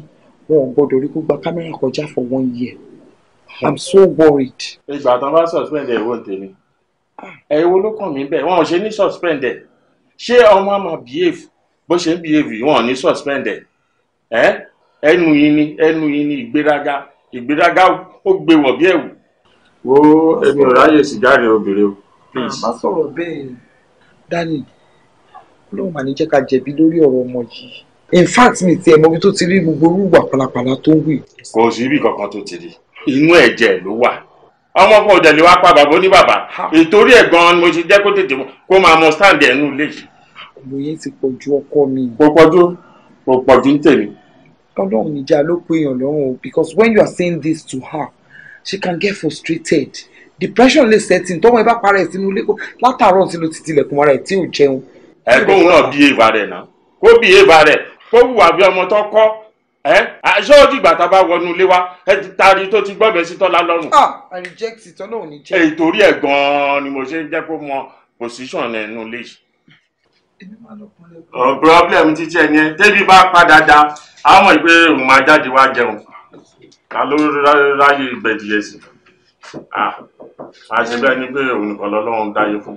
wọn ò rí kó kámẹ́rà kọjá for one year i'm so worried. ìgbà tán bá suspend ẹ̀ tèmi ẹ̀ wo ló kàn mí bẹ́ẹ̀ wọn ò ṣe ní suspend ṣé ọmọ àmà behave bó ṣe ń behave wọn ò ní suspend ẹnu yìí ni ẹnu yìí ni ìgbéraga ìgbéraga ó gbé wọ̀ bí ẹ̀wù. wo èmi ò ráyè sìgáàrì obìnrin o. má sọ̀rọ̀ bẹ́ẹ̀ dani lóun mà ní jẹ́ ká jẹ̀bi lórí ọ̀rọ̀ ọmọ yìí in fact mi tiẹ̀ mọ ibi tó ti rí gbogbo orúgbà pàlàpàlà tó ń wí. kò sí ibi kankan tó ti rí inú ẹ̀jẹ̀ ló wà ọmọ kan òdẹ̀ lè wá pa bàbá ní bàbá ìtorí ẹ̀ gan-an ni mo ti jẹ́ kó tètè kó máa mọ stand ẹ̀ nù léyìí. òye ti pọ̀ ju ọkọ mi. kò pọ̀jù kò pọ̀jù ń tèmi. ọlọ́run ìjà ló pé èèyàn lọ́rùn o because when you are saying this to her she can get frustrated depression lè set in tọ́wọ́ ẹ bá para ẹ̀ sínú ilé kó látàárọ̀ sínú títí ilẹ̀kùn ara ẹ̀ tí ò jẹun. ẹ kóhun náà bí èèvà rẹ̀ náà kó bí èèvà rẹ̀ kó wùwà bí ọmọ tó kọ́ ẹ aṣọ òdìgbà tá a bá wọnú ilé wa ẹ ti taari tó ti gbọ́bẹ̀ sí tọ́lá lọ́rùn. ah i reject it ọlọ́run ní jẹ́. èyí torí ẹ̀ gan-an ni mo ṣe ń jẹ́ kó mọ position ẹnu lè ṣe. ọ̀ problem títí ẹ̀ yẹn débi bá padà dá àwọn ìpè òun máa jáde wá jẹun ká ló ráyè gbẹ̀dìyẹ sí àṣẹ bẹ́ẹ̀ ni pé òun nìkan lọ́lọ́run dáyé fún.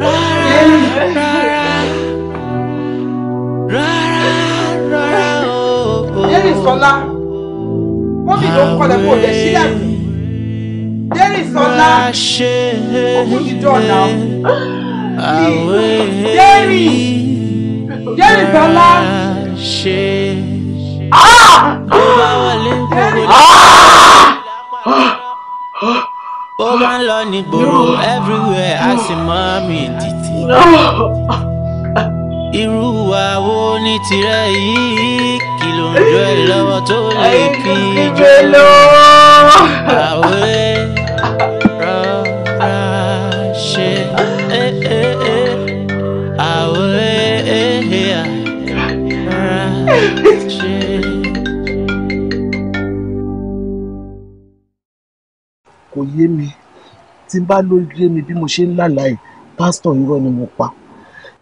rárá rárá rárá rárá ooo. Dérìsọ́lá wọ́n fi ló ń kọlẹ̀ kó lè ṣí àgbẹ̀. Dérìsọ́lá òkú ti dọ̀ náà. Dérì There is. máa ń lọ nígboro everywhere, a everywhere, I see mommy. irú àwo ní tirẹ̀ yìí kí ló ń jọ ẹ lọ́wọ́ tó lè fi jọ àwẹ̀ rọra ṣe àwẹ̀ rọra ṣe. kò yé mi tí n bá ló mi bí mo ṣe ń lálàá yìí pásítọ̀ irọ́ ni mo pa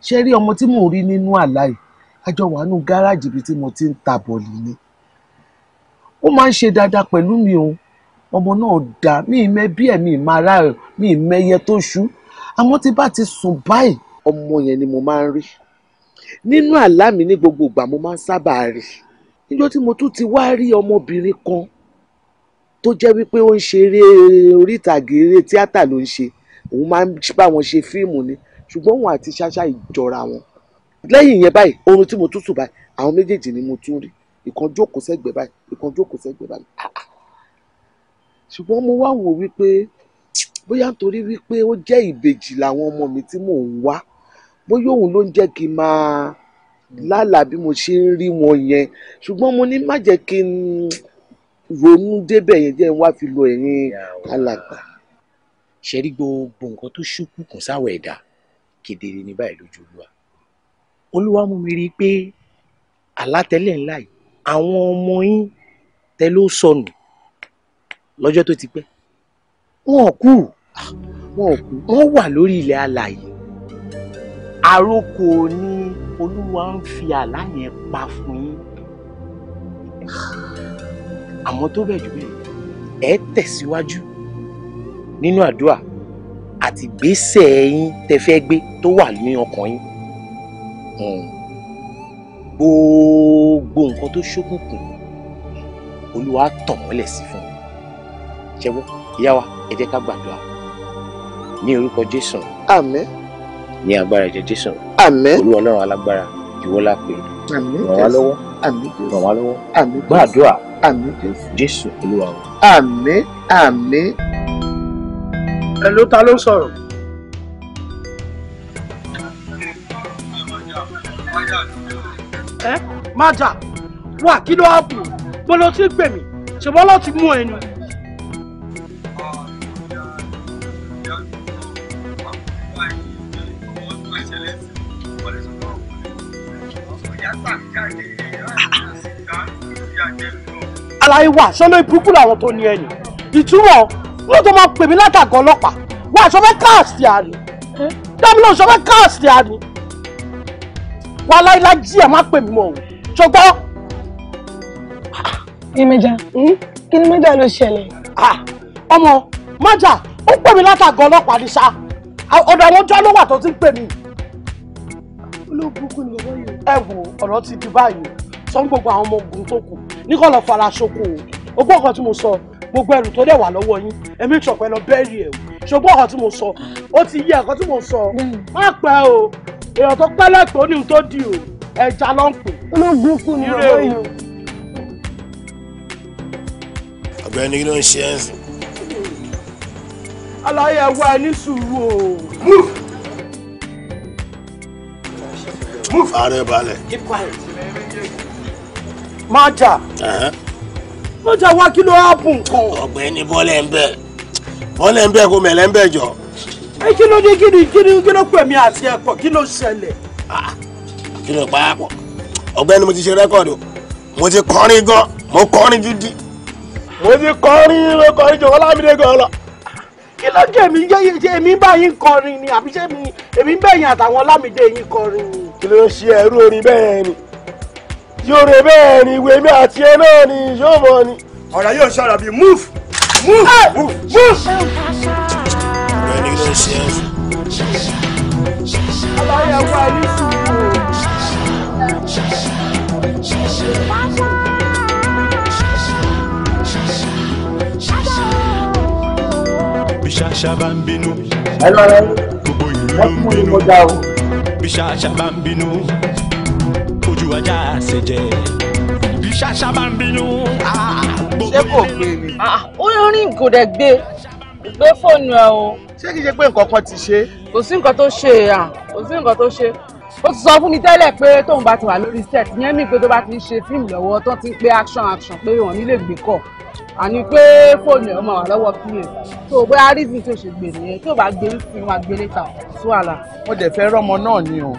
ṣe rí ọmọ tí mò ń rí nínú àlá yìí àjọ wà nù gáràjì ibi tí mo ti ń ta bọ̀ọ̀lì ni ó máa ń ṣe dáadáa pẹ̀lú mi o ọmọ náà dá mi ì mẹ́bí ẹ̀ mi ì máa rà ẹ̀ mi ì mẹ́yẹ tó ṣú àmọ́ tí bá ti sùn báyìí ọmọ yẹn ni mo máa ń rí nínú àlá mi ní gbogbo ìgbà mo máa ń sábà rí níjọ́ tí mo tún ti wá rí ọmọbìnrin kan tó jẹ́ wípé ó ń ṣeré orí ìtàgé eré tíátà ló ń ṣe òun máa ń bá wọn ṣe fíìmù ni ṣùgbọ́n òun àti ṣáṣá ìjọra wọn lẹ́yìn yẹn báyìí oorun tí mo tún sùn báyìí àwọn méjèèjì ni mo tún rí ìkan jókòó sẹ́gbẹ̀ẹ́ báyìí ìkan jókòó sẹ́gbẹ̀ẹ́ báyìí ah, ah. ṣùgbọ́n mo wá wò wípé bóyá nítorí wípé ó jẹ́ ìbejì làwọn ọmọ mi tí mò ń wá bóyá òun ló ń jẹ́ kí n máa lálà bí mo ṣe ń rí wọn yẹn ṣùgbọ́n mo ní má jẹ́ kí n ronú débẹ̀ yẹn jẹ́ wá fi lo ẹ̀yin alàgbà ṣe rí gbogbo nǹkan tó ṣókùnkùn sáwọ̀ ẹ̀dá kedere ní báyìí lójú olúwa olúwa mú mi rí i pé àlátẹ́lẹ̀ ńlá yìí àwọn ọmọ yín tẹ ló sọnù lọ́jọ́ tó ti pẹ́ wọn ò kú wọn ò kú wọn wà lórí ilẹ̀ alàyè àròkò ni olúwa ń fi àlá yẹn pa fún yín àmọ́ tó bẹ̀ jù bẹ́ẹ̀ ẹ tẹ̀síwájú nínú àdúrà àti gbèsè yín tẹ fẹ́ gbé tó wà ní ọkàn yín hmm. gbogbo nǹkan tó ṣókùnkùn olúwa tàn mọ́lẹ̀ sí fún un ṣẹ́wọ́ ìyá wa ẹ jẹ́ ká gbàdúrà ní orúkọ jésù àmín ní agbára ẹ̀jẹ̀ jésù àmín olúwa ọlọ́run alágbára ìwọ la pè ràn wá lọ́wọ́ ràn wá lọ́wọ́ gbàdúrà jésù olúwa wa. àmín àmín ẹ ló ta ló ń sọ̀rọ̀. ẹ má jà wà kí ló hàpù bó ló ti gbèmí ṣùgbọ́n ló ti mú ẹnu. aláìwá sọ́nà ìbùkún làwọn tó ní ẹni ìtumọ̀ wọ́n tó máa pè mí látàgọ́ ọlọ́pàá wọ́n àṣọ fẹ́ káàsì àní dámilọ́ àṣọ fẹ́ káàsì àní wọ́n aláìláì jí ẹ̀ má pè mí mọ́ o ṣùgbọ́n. ìmẹ̀jà kí ni mẹ́jà hmm? ló ṣẹlẹ̀. ọmọ májà ó pè mí látàgọ́ ọlọ́pàá ní sá ọ̀dọ̀ àwọn ọjọ́ ló wà tó ti ń pè mí. olóògùn kò ní yìí. ẹ wo ọ̀rọ̀ ti di báyìí sọ gbogbo àwọn ọmọ ogun tó kù ní kọ́ lọ́ọ́ fara ṣoko o gbọ́ ọ̀kan tí mo sọ gbogbo ẹrù tó dẹ̀ wà lọ́wọ́ yín èmi ṣọ̀pẹ́ lọ bẹ́ẹ̀rì ẹ̀ ṣùgbọ́n ọ̀kan tí mo sọ ó ti yí ẹ̀kan tí mo sọ má pẹ́ o èèyàn tó pẹ́ lẹ́pẹ́ ó ní ohun tó di o ẹja ló ń pè. ológun kù ní ọ̀rọ̀ yìí. ọ̀gbẹ́ni kí ló ń ṣe ẹ́ sùn. aláyẹ wa ẹ ní sùúrù o. move. move. ààrẹ balẹ̀. keep quiet. má jà wọ́n ti wá kí ló hápùn kan. ọ̀gbẹ́ni bọ́lẹ̀ ń bẹ̀ bọ́lẹ̀ ń bẹ̀ kó mẹ̀lẹ́ ń bẹ̀ jọ. ẹ kí ló dé kí ni kí ni kí ló pè mí àti ẹ̀kọ́ kí ló ṣẹlẹ̀. kí ló pa àpọ̀ ọ̀gbẹ́ni mo ti ṣe rẹ́kọ̀dù mo ti kọrin gan mo kọrin gidi. mo ti kọrin mo kọrin jọ̀wọ́ lámìlẹ̀ gan lọ. kí ló dé èmi jẹ́ èmi bá yín kọrin ni àbí ṣé èmi èmi bẹ́yìn àtàwọn lámìdé yín kọrin ni. kí ló ṣe ẹrú orin bẹ́ẹ̀ ni yòrè bẹ́ẹ̀ ni ìwé mi àti ẹ náà ni yóò mọ̀ ni. ọ̀rọ̀ yóò ṣàrà bíi move move move. rẹ́ni ló ṣe é. aláyàwó ayé sùn wò. bíṣàṣà ń bínú. ẹ lọ rẹ gbogbo ìlú ń bínú bíṣàṣà ń bínú ojú ajá àṣejẹ bí ṣáṣá máa ń bínú. ṣé kò gbé mi. Ah, ah, ó rìn kò gbé gbé fóònù ẹ o. ṣé kìí ṣe pé nǹkan kan ti ṣe. kò sí nǹkan tó ṣe à kò sí nǹkan tó ṣe ó ti sọ fún mi tẹ́lẹ̀ pé tóun bá ti wà lórí set yẹn mi pé tó bá ti ń ṣe fíìmù lọ́wọ́ tó ti ń pé action action pé wọ́n nílé gbé kọ̀ àní pé fóònù ẹ̀ máa wà lọ́wọ́ pa tó o bóyá reason tó ṣe gbè nìyẹn tó o bá gbé ń sin wa gbé o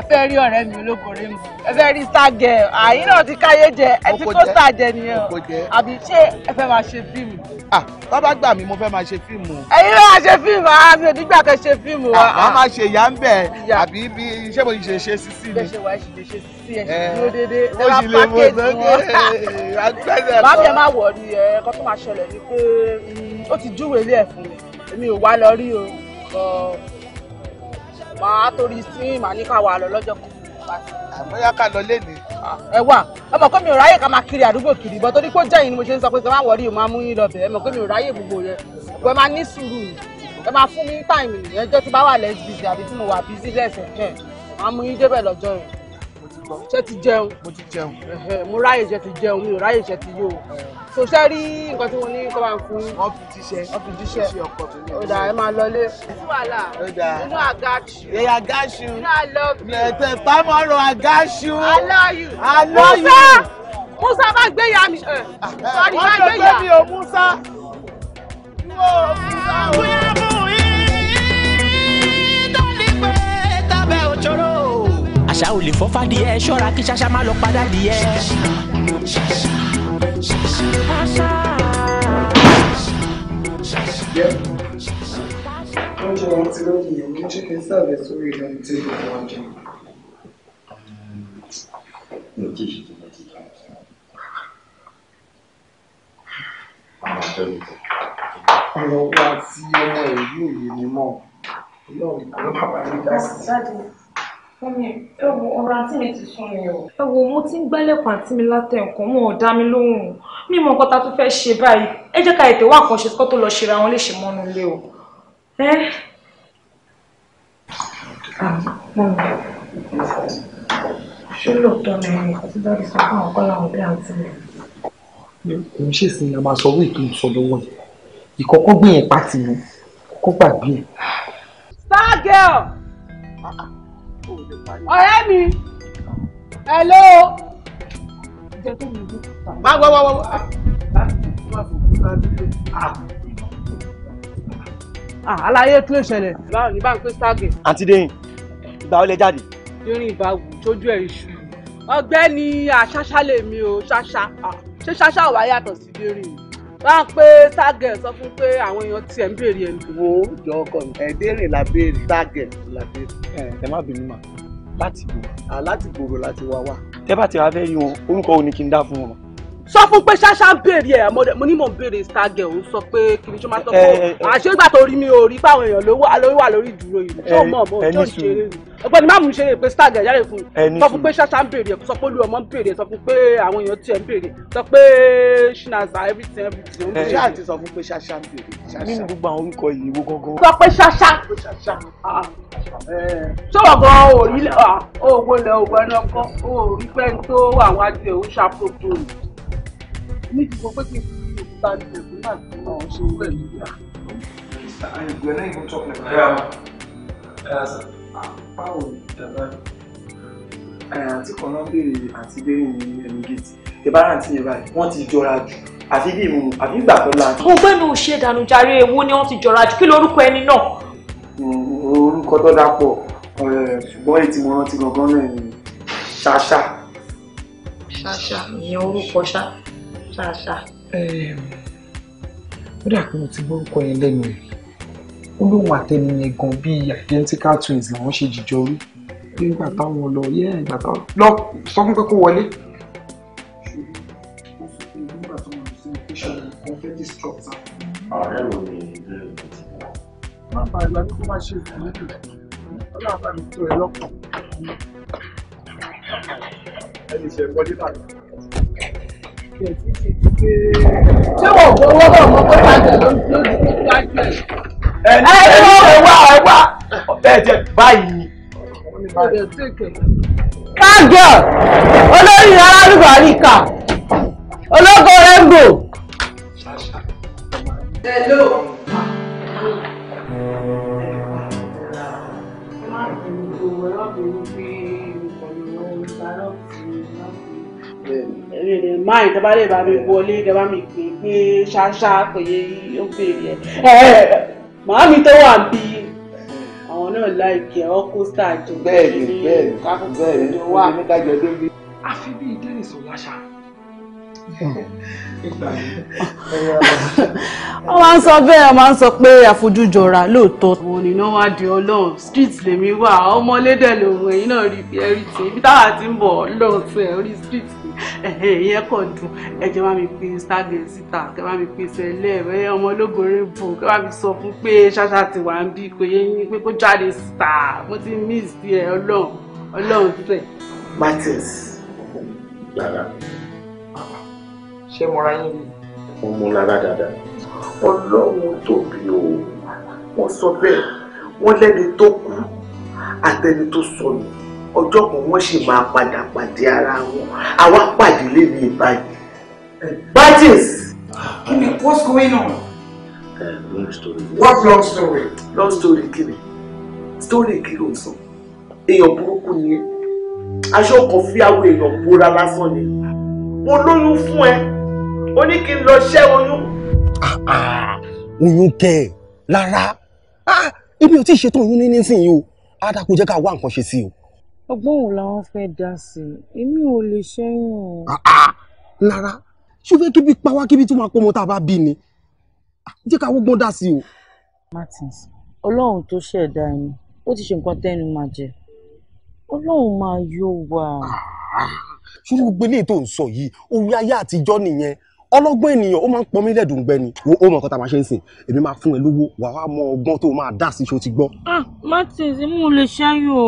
ẹ fẹ́ rí ọ̀rẹ́ mi ológo rẹ mu ẹ fẹ́ rí star girl àyín náà ti káyé jẹ ẹ ti kó star jẹ nìyẹn o àbí ṣé ẹ fẹ́ máa ṣe fíìmù. ah bàbá gbà mí mo fẹ́ máa ṣe fíìmù. ẹ̀yin náà máa ṣe fíìmù ah mi ò ní gbà kẹ́ ṣe fíìmù. àmọ́ máa ṣe ìyá ń bẹ̀ àbí bí iṣẹ́ mo ṣe ṣe sísí ni. bẹ́ẹ̀ ṣe eh, wá ṣe ṣe sísí ẹ̀ ṣe ló déédéé ẹ máa pàkéjì wọn. bàbá mi ẹ má wọ̀ ni ẹ̀kọ́ tó máa ṣẹlẹ̀ ni pé ó ti júwèé ilé ẹ̀ fún mi èmi ò wá lọ rí o màá torí sí màá ní ká wà lọ lọ́jọ́ kan. àbóyá ká lọ léde. Ah, ẹ wà ọmọ pé mi ò ráyè ká máa kiri àdúgbò kiri bọ́ torí pé jẹ́yìn ni mo ṣe ń sọ pé kí n má wọrí o máa mú yín lọ bẹ̀ẹ́ mọ̀ pé mi ò ráyè gbogbo yẹn ìgbọ́ máa ní sùúrù yìí ẹ máa fún mi ní táìmù nìyẹn jọ́ ti bá wà less busy àbí tí mo wà busy lẹ́sẹ̀ kẹ́ máa mú yín débẹ̀ lọ́jọ́ yẹn gbọ́. ṣé ti jẹun. mo ti jẹun. mo ráyè ṣe ti jẹun mi ò ráyè ṣe ti yó. so ṣé rí nǹkan tí mo ní kọ́ máa ń fún. wọ́n fi jíṣẹ́ wọ́n fi jíṣẹ́ ọkọ̀ tó ní. ọ̀dà ẹ máa lọlé. wàhálà inú àgáṣu. ẹ̀yà àgáṣu. inú àlọ́bì. ẹ̀tẹ̀ pamọ́rọ̀ àgáṣu. alọ́yù. alọ́yù. Musa Musa bá gbé ya mi. sọ́ọ́ni bá gbé ya. wọ́n tó gbé o Musa. yóò Musa o. àbúyá ṣàṣà ò lè fọ́fá di ẹ ṣọ́ra kí ṣàṣà má lọ padà di ẹ. oúnjẹ wọn ti lóye yẹn ní chicken serve sórí ọmọ ìlú yìí ni mọ̀ Mọ́mí, ẹ wo ọ̀rọ̀ àǹtí mi ti sún mi o. Ẹ wo mo ti ń gbálẹ̀kùn àǹtí mi látẹ̀ nǹkan, wọn ò dá mi lóhùn. Mi mọ nǹkan ta tún fẹ́ ṣe báyìí. Ẹ jẹ́ ká ètè wá àkànṣe kó tó lọ ṣe ra wọn léṣe mọ́nu ilé o. Ẹ. Mọ́mí, ṣé lóòótọ́ ni ẹ̀yìn àti dáàbì sọ fún àwọn kọ́lá ọ̀bẹ àǹtí mi? Kò ń ṣèṣin ni a máa sọ owó ètò ìsọdọwọ́ yìí. Ìkọ̀kọ́ gbìyànjú pàtì mi, kọ́kọ́ gbàgbé Star girl! Ah, ah ọ̀rẹ́ mi hello. wá wá wá wá. Ah, kí ló ṣẹlẹ̀. báwo ni bá ń pè Stargate. àǹtí dẹ́yìn ìgbà ó lẹ jáde. irin ìbáwò tójú ẹ̀ iṣu ọ̀gbẹ́ni àṣàṣà lèmi o ṣàṣà ah, ṣé ṣàṣà wà yàtọ̀ sí dẹ́rìn wá pé target sọ fún pé àwọn èèyàn tiẹ̀ ń béèrè ẹni. wo jọ ọkọ mi ẹ̀ẹ́dẹ́rìn la béèrè target la béèrè. ẹ ẹ má bínú mà láti gbòòrò. à láti gbòòrò láti wá wá. tẹ́ bá ti wá fẹ́ rí wọn orúkọ wo ni kí n dá fún wọn. sọ fún pé ṣáṣá ń béèrè ẹ mo ní mò ń béèrè target òun sọ pé kí ni ṣe máa tọ́ fún ọ àṣé ìgbà tó rí mi ò rí báwọn èèyàn ló wà lórí ìdúró yìí. ẹ ẹ ní sùúrù ẹgbẹ́ ni máàmù ṣe lè star gẹ̀ yára fún un sọ fún pé ṣáṣá ń béèrè sọ pé olúwọmọ ń béèrè sọ fún pé àwọn èèyàn tiẹ̀ ń béèrè sọ pé ṣinaza everything everything ó ń béèrè. ṣé àti sọ fún pé ṣáṣá ń béèrè. nínú gbogbo àwọn orúkọ yìí wo gangan. sọ pé ṣáṣá. sọ̀rọ̀ ah, gan òòrí òwò lẹ̀ òwò ah, ẹni ọkọ òòrí pẹ́ ń tó àwọn àti ẹ̀hún ṣàpòpò ní ti sọ kí n fi òkúta ní ẹ̀kú Ah, báwo ni bàbá eh, àti kan náà béèrè àti béèrè ní ẹnu gate ẹ bá rántí yẹn báyìí wọ́n ti jọra jù àfi bí ìmùmù àfi ìgbà tó la. mo gbé mi ò ṣe ìdànù jàre èwo ni wọ́n ti jọra jù kí lorúkọ ẹni náà. Mm, orúkọ tó dàpọ̀ eh, ṣùgbọ́n èyí tí mo gangan náà ni ṣáṣá. ṣáṣá ìyẹn orúkọ ṣáṣá. ó dà pé mo ti gbórúkọ yẹn lẹ́nu rẹ̀ ó lóun àtẹnìyẹn gan bíi identical twins làwọn ṣe jìjọ rí nígbà táwọn lọ yẹ ìgbà táwọn lọ sọ fún pé kó wọlé. ọ̀rẹ́ mi ni ilé ìgbà tí wọ́n. má bàa ìgbà tí kò máa ṣe ìgbìyànjú ọlọ́run bá ṣé wọ́n gbọ́ wọ́n pé bàjẹ́ ló ń tó ju gbájú ẹ̀ ẹni ẹ wá ẹ wá ọbẹ̀ jẹ báyìí ni. kájọ olórí alálùbáríkà ológo rẹ́ńgò. hello. máa ń tẹ́bá lè bá mi wọlé tẹ́bá mi pè é pé ṣáṣá pé ó béèrè ẹ̀ màámi tó wà bí àwọn náà láìpẹ́ ọkọ sáà jẹ bẹ́ẹ̀ni bẹ́ẹ̀ni bẹ́ẹ̀ni tó wà ní kájọ débi. àfi bíi dennis ọláṣà. wọ́n máa ń sọ bẹ́ẹ̀ wọ́n máa ń sọ pé àfojújọra lóòótọ́. àwọn oníná wá di ọlọ́run street lèmi wà ọmọlédè lòun ẹ̀yìn náà rí bí ẹrí tì ibi táwa ti ń bọ̀ ọlọ́run tẹ̀ orí street ẹ̀yẹ kọ̀ dùn ẹ̀jẹ̀ bá mi pín stargate síta kẹ́ bá mi pín sẹ́lẹ̀ ẹ̀yẹ ọmọ olóbìnrin bù kẹ́ bá mi sọ fún pé ṣáṣá ti wà ń bí kò yẹ yín pé kó jáde síta mo ti miss ẹ ọlọ́run ọlọ́run fẹ́. Martins lára ṣé mo ra yín mo mú lára dáadáa ọlọ́run tóbi o wọ́n sọ bẹ́ẹ̀ wọ́n lẹ́ni tó kú àtẹni tó sọnù ọjọ́ kan wọ́n sì máa padà pàdé ara wọn àwa pàdé lèmi ìbàdí. Badges. kí what's going on. long story. what long story. long story Kini. story kí ló ń sọ èèyàn burúkú ni ẹ aṣọ kan fi àwọn èèyàn bóra lásán ni mo lóyún fún ẹ ó ní kí n lọ ṣẹ́ oyún. Ah, ah, oyún kẹ lára ibi ah, ò tí ì ṣètò oyún ní nísìnyí o á dákun jẹ́ ká wá nǹkan ṣe sí i o ọgbọ́n òun làwọn fẹ́ dá sí i èmi ò lè ṣẹ́yìn ah, ah, o. lára ṣó fẹ́ kíbi pàwá kíbi tí wọ́n pọ̀ mọ́ tá a bá bí ni ah, jẹ́ ká wọ́n gbọ́n dá sí o. Martins ọlọ́run tó ṣẹ̀dá ẹni ó ti ṣe nǹkan tẹ́nu máa jẹ ọlọ́run máa yọ wá. ṣùgbọ́n gbogbo eléyìí tó ń sọ yìí orí ayé àtijọ́ nìyẹn ọlọ́gbọ́n ènìyàn ó máa ń pọn mí lẹ́dùn gbẹ ni wo ó mọ nǹkan tá a máa ṣe ń sìn èmi máa fún ẹ lówó wàá wá mọ ọgbọ́n tó máa dá sí ṣó ti gbọ́. ah Martins mú un lè ṣẹ́yìn o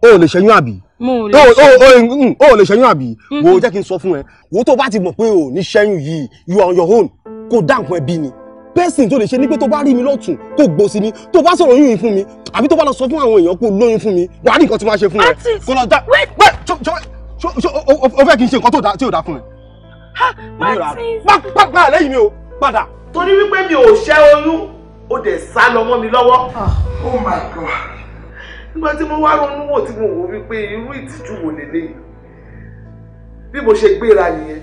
o ò lè ṣẹ́yún àbí o ò mm, mm, lè ṣẹ́yún àbí mm-hmm. wo jẹ́ kí n sọ fún ẹ wo tó bá ti mọ̀ pé o ní ṣẹ́yún yìí you are on your own kò dá nǹkan ẹbí ni pẹ́sìn tó lè ṣe ni pé tó bá rí mi lọ́tún kò gbòsí mi tó bá sọ̀rọ̀ yìnyín fún mi àbí tó bá lọ sọ fún àwọn èèyàn kó lóyún fún mi wàá rí nǹkan tí máa ṣe fún ẹ kó lọ dá wẹ́ẹ̀ ṣó o fẹ́ kí n ṣe nǹkan tí ò dá fún ẹ. pàpà lẹ́yìn mi o padà. torí wípé mi ò ṣẹ́ oyún ó dẹ̀ sá lọ mọ́ mi lọ́wọ́. Ah, oh my god nígbà tí mo wá ronú wò tí mo wò wípé irú ìtìjú wò lélẹ́yìí bí mo ṣe gbéra nìyẹn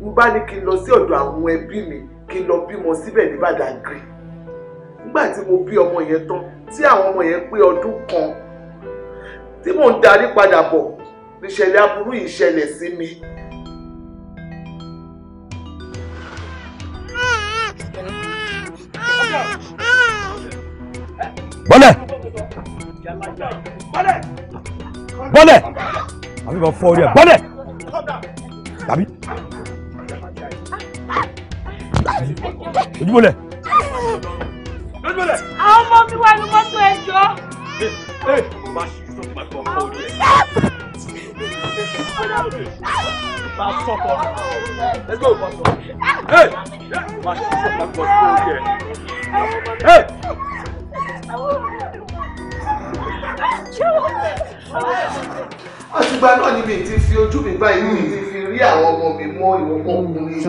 n bá ní kí n lọ sí ọ̀dọ̀ àwọn ẹbí mi kí n lọ bímọ síbẹ̀ ní Badagry nígbà tí mo bí ọmọ yẹn tán tí àwọn ọmọ yẹn pé ọdún kan tí mò ń darí padà bọ̀ níṣẹ̀lẹ̀ aburú yìí ṣẹlẹ̀ sí mi. bọ́lẹ̀ bọ́lẹ̀ àbí bọ́ fọ́ orí ẹ̀ bọ́lẹ̀ tàbí ojúbọ̀lẹ̀. àwọn ọmọ mi wà ní mọ́tò ẹjọ́. Let's go, Pastor. Hey! Hey! Hey! àtìgbà náà ni mi ti fi ojú mi báyìí mi ti fi rí àwọn ọmọ mi mọ ìwọ̀pọ̀ ọkùnrin.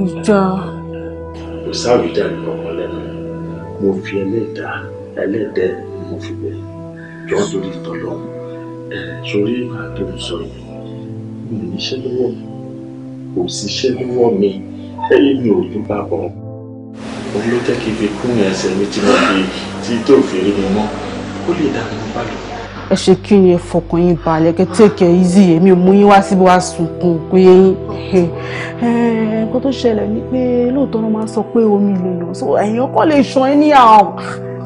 ìjà. mo sáré dá ìlú ọmọ lẹ́nu mo fi ẹlẹ́dà ẹlẹ́dẹ̀ mo fi bẹ̀ jọ́ torí ìtọ́lọ́ sórí àdéhùn sọ̀rọ̀ mi ò níṣẹ́ lọ́wọ́ mi kò síṣẹ́ lọ́wọ́ mi ẹ̀yìn mi ò tún bá bọ̀ òun ló jẹ́ kí n fi kún ẹsẹ̀ mi tí mo fi tí tó fi mi mọ́ ó lè dá mi nípa lò. ẹ ṣe kí ni ẹ fọkàn yín balẹ̀ kẹ́ tèkẹ́ easy èmi ò mú yín wá síbi wá sunkún pé yín nǹkan tó ṣẹlẹ̀ ni pé lóòótọ́ ló máa ń sọ pé omi lè lò so ẹ̀yìn ọkọ lè ṣan ẹ́ ní àwọn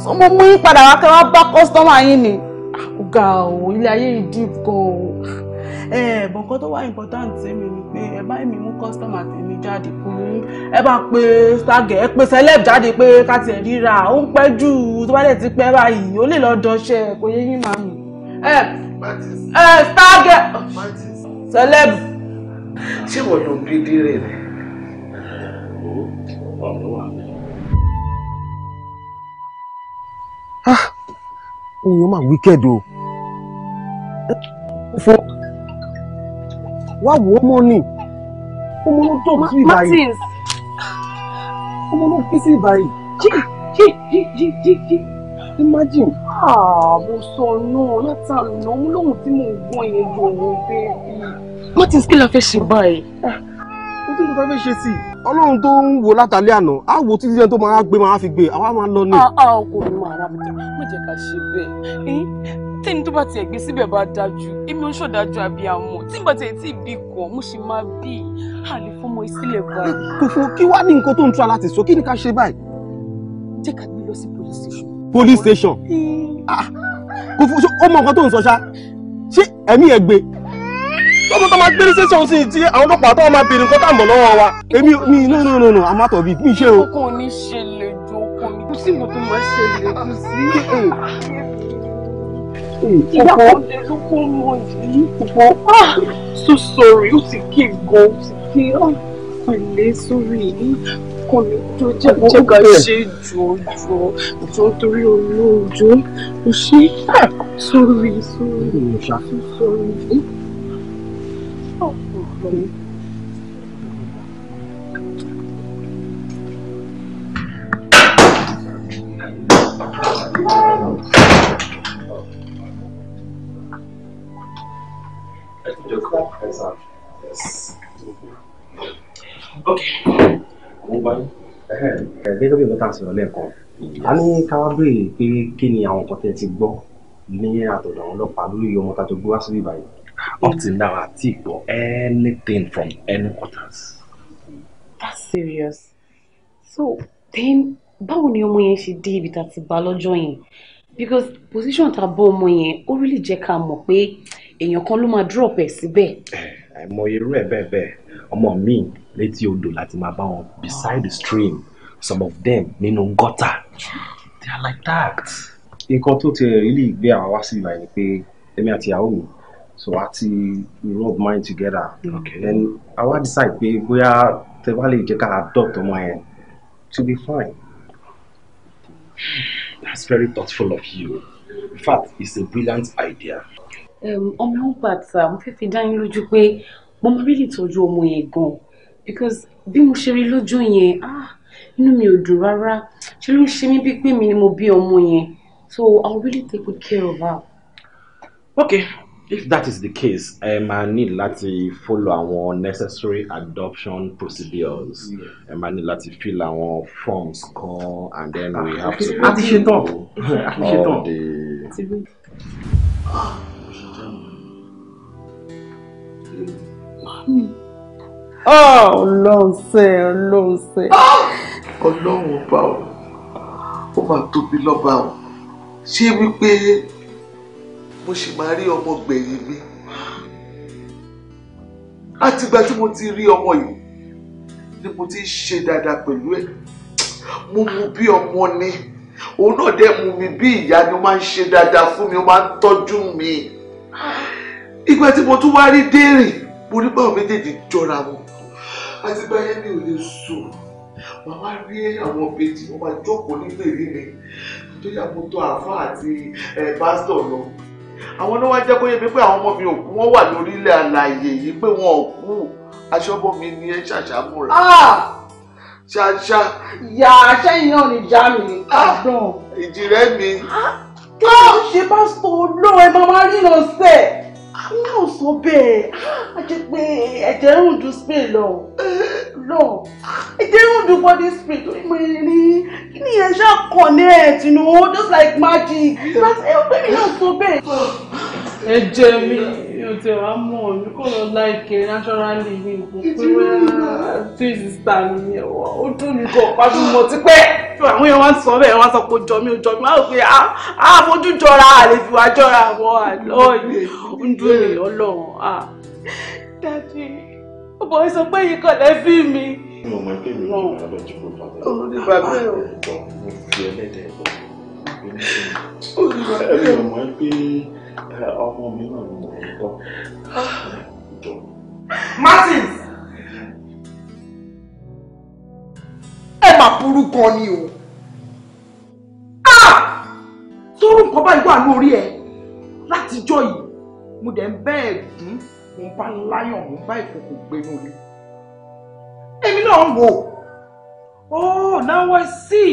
so mo mú yín padà wá kẹ́ wá bá kọ́sítọ́mà yín ni ah, ọ̀gá ò ilé ayé ìdí kan ò ẹ̀ẹ̀bọ̀n kan tó wá important mi ni pé ẹ bá mi mú customer tèmi jáde kúrú ẹ bá pe ṣàgẹ̀ ẹ pe celeb jáde pé ká tiẹ̀ ríra ó ń pẹ́ jù tó bá dẹ̀ ti pẹ́ báyìí ó lè lọ dọṣẹ́ kò yẹ yín màmí. ẹ ẹ ṣàgẹ̀ celeb. ṣé wọ́n lo gidi rẹ̀ rẹ̀ ọ̀rọ̀ wà mí. ah òun yóò máa wíkẹ́ẹ̀dì o wá wò ó mọ́ ni ọmọ ló dọ̀ sí ìbàyí ọmọ ló fi sí ìbàyí jí jí jí jí jí jí imagine ààbò ah, sọnù látàlú náà òun No tí mò ń gbọ́n yẹn jòwó bẹ́ẹ̀ baby. Martins kí la fẹ́ ṣe báyìí. Ah, tí mo fẹ́ fẹ́ ṣe sí i. ọlọ́run tó ń wo látàlẹ́ àná á wo títí ẹni tó máa gbé máa fi gbé àwa máa lọ ni. ọkọ mi máa ra mi mo jẹ ká ṣe bẹ́ẹ̀ tẹni tó bá tiẹ̀ gbé síbẹ̀ bá dájú èmi ò ṣọ̀dájú àbí àmọ́ tí bá tiẹ̀ tí bí kọ́ mo ṣì máa bí a lè fọmọ ìsílẹ̀ báyìí. kòfò kí wàá ní nǹkan tó ń tura láti sọ kí ni ká ṣe báyìí. jẹ́ ká gbé lọ sí police station. police station ah, kòfò ó mọ nǹkan tó ń sọ ṣá ṣé ẹ̀mí ẹ̀ gbé tọ́mọ tó máa gbére sẹ́sọ̀n sí ti àwọn ọlọ́pàá tó máa béèrè nǹkan tá lọ́wọ́ wa. èmi mi no no no no àmọ́ àtọ̀ bíi mi ṣe o. ọkàn mi ṣe ju ọkàn mi kú sí mo tó máa ṣe kú sí. ìyàwó ló kó mọ yìí. ọ̀pọ̀ ah, so sorry ó ti kí gan ó ti kí pẹ̀lẹ́ ah, sórí yìí kọ́ mi tó jẹ́ ká ṣe jọjọ jọ torí olóòjọ́ ó ṣe sórí sórí sórí gẹ́gẹ́ bí nǹkan sọ̀rọ̀ lẹ́ẹ̀kan a ní ká pé kí ni àwọn nǹkan tẹ́ ti gbọ́ ní àtọ̀dọ̀ àwọn ọlọ́pàá lórí ọmọ tá a jọ gbé wá síbí báyìí up till now àti ìgbọ́ anything from any quarters. that's serious so then báwo ni ọmọ yẹn ṣe dé ibi tá a ti bá lọ́jọ́ yẹn because position tá a bọ́ ọmọ yẹn ó really jẹ́ ká mọ̀ pé èèyàn kan ló máa drop ẹ̀ síbẹ̀. àìmọ̀ irú ẹ̀ bẹ́ẹ̀ bẹ́ẹ̀ ọmọ mi létí odò láti máa bá wọn beside the stream some of them nínú gọ́tà they are like that. nǹkan tó ti rí lè gbé àwọn wá sí ìlànà pé èmi àti ìyàwó mi so a ti rub mind together okay. then a wá decide pé bóyá tẹ bá lè jẹ́ ká adopt ọmọ yẹn to be fine. that's very thoughtful of you in fact it's a brilliant idea. Um, ọmọ ń pàtà mo fẹ́ fi dá yín lójú pé mo máa rí ìtọ́jú ọmọ yẹn gan because bí mo ṣe rí lójú yẹn ah inú mi ò dùn rárá ṣe ló ń ṣe mí bíi pé mi ni mo bí ọmọ yẹn so i will really take good care of her. okay if that is the case ẹ máa ní láti follow àwọn necessary adoption procedures ẹ máa ní láti fill àwọn forms kan and then we ah, have to a ti ṣe tán a ti ṣe tán. ọlọ́run ṣe ọlọ́run ṣe. Ah! ọlọ́run ọba o ó máa tóbi lọ́ba o ṣé wípé mo sì máa rí ọmọ gbẹ̀yìn mi àtìgbà tí mo ti rí ọmọ yìí ni mo ti ń ṣe dáadáa pẹ̀lú ẹ̀ mo mu bí ọmọ ni òun náà dẹ̀ mu mi bí ìyá ni ó máa ń ṣe dáadáa fún mi ó máa ń tọ́jú mi ìgbà tí mo tún wá rí dérìn mo rí báwọn méjèèjì jọra wọn àtìgbà yẹn mi ò lè sùn màmá rí àwọn ìbejì wọn máa jókòó nígbèrè mi tó yà mo tọ̀ àti eh, pásítọ̀ lọ àwọn ló wá jẹ́ kó yé mi pé àwọn ọmọ mi ò kú wọ́n wà lórílẹ̀ àlàyé yìí pé wọn ò aṣọ́bọ̀ mi ni ẹ ṣàṣàmúra. Ah! ṣàṣà. ìyá sẹ́yìn náà ni ìjà mi. Ah! ìjì rẹ mi. Ah! kí ló ń ṣe pásítọ̀ olóore màmá rí náà sẹ́ẹ̀ mi ò sọ bẹ́ẹ̀ a jẹ́ pé ẹ̀jẹ̀ ń dùn spray lọ lọ ẹ̀jẹ̀ ń dùn body spray tó mọ erin kí ni ẹ ṣáà connect you know just like magic ẹ pé mi ò sọ bẹ́ẹ̀. ẹ jẹ mi mi ò tẹ wá mọ̀ mi kò lọ láìkẹ́ naturally mi kò pé wẹ́ẹ́ twin sister mi ẹ̀wọ̀ ó dùn mí kò pa mí mọ̀ tipẹ́ àwọn èèyàn wá ń sọ bẹ́ẹ̀ wá sọ pé ó jọ mí ó jọ mí wá rò pé á ah, ah, fojú jọra àlè fi wá jọra àwọn àlọ́ yìí ó ń dùn mí ah. á. dájú ọmọ sọ pé yìí kọ̀ lẹ́bí mi. mo mọ ẹgbẹ́ mi ò ní bàbá jù kó bàbá. olùdíbàbá ẹ̀ ò ah, bọ̀ mo fi ẹlẹ́dẹ̀ẹ́ bọ̀. olùdíbàbá ẹ̀ ò mọ̀ ọmọ mi náà ni mo fi tọ́ Martin. ẹ máa burú gan ni o sórú ah! nǹkan báyìí wà lórí ẹ látijọ́ yìí mo dẹ̀ ń bẹ́ẹ̀ dùn mo bá láyọ̀ mo bá ìkòkò gbénu rí èmi náà ń wò oh now I see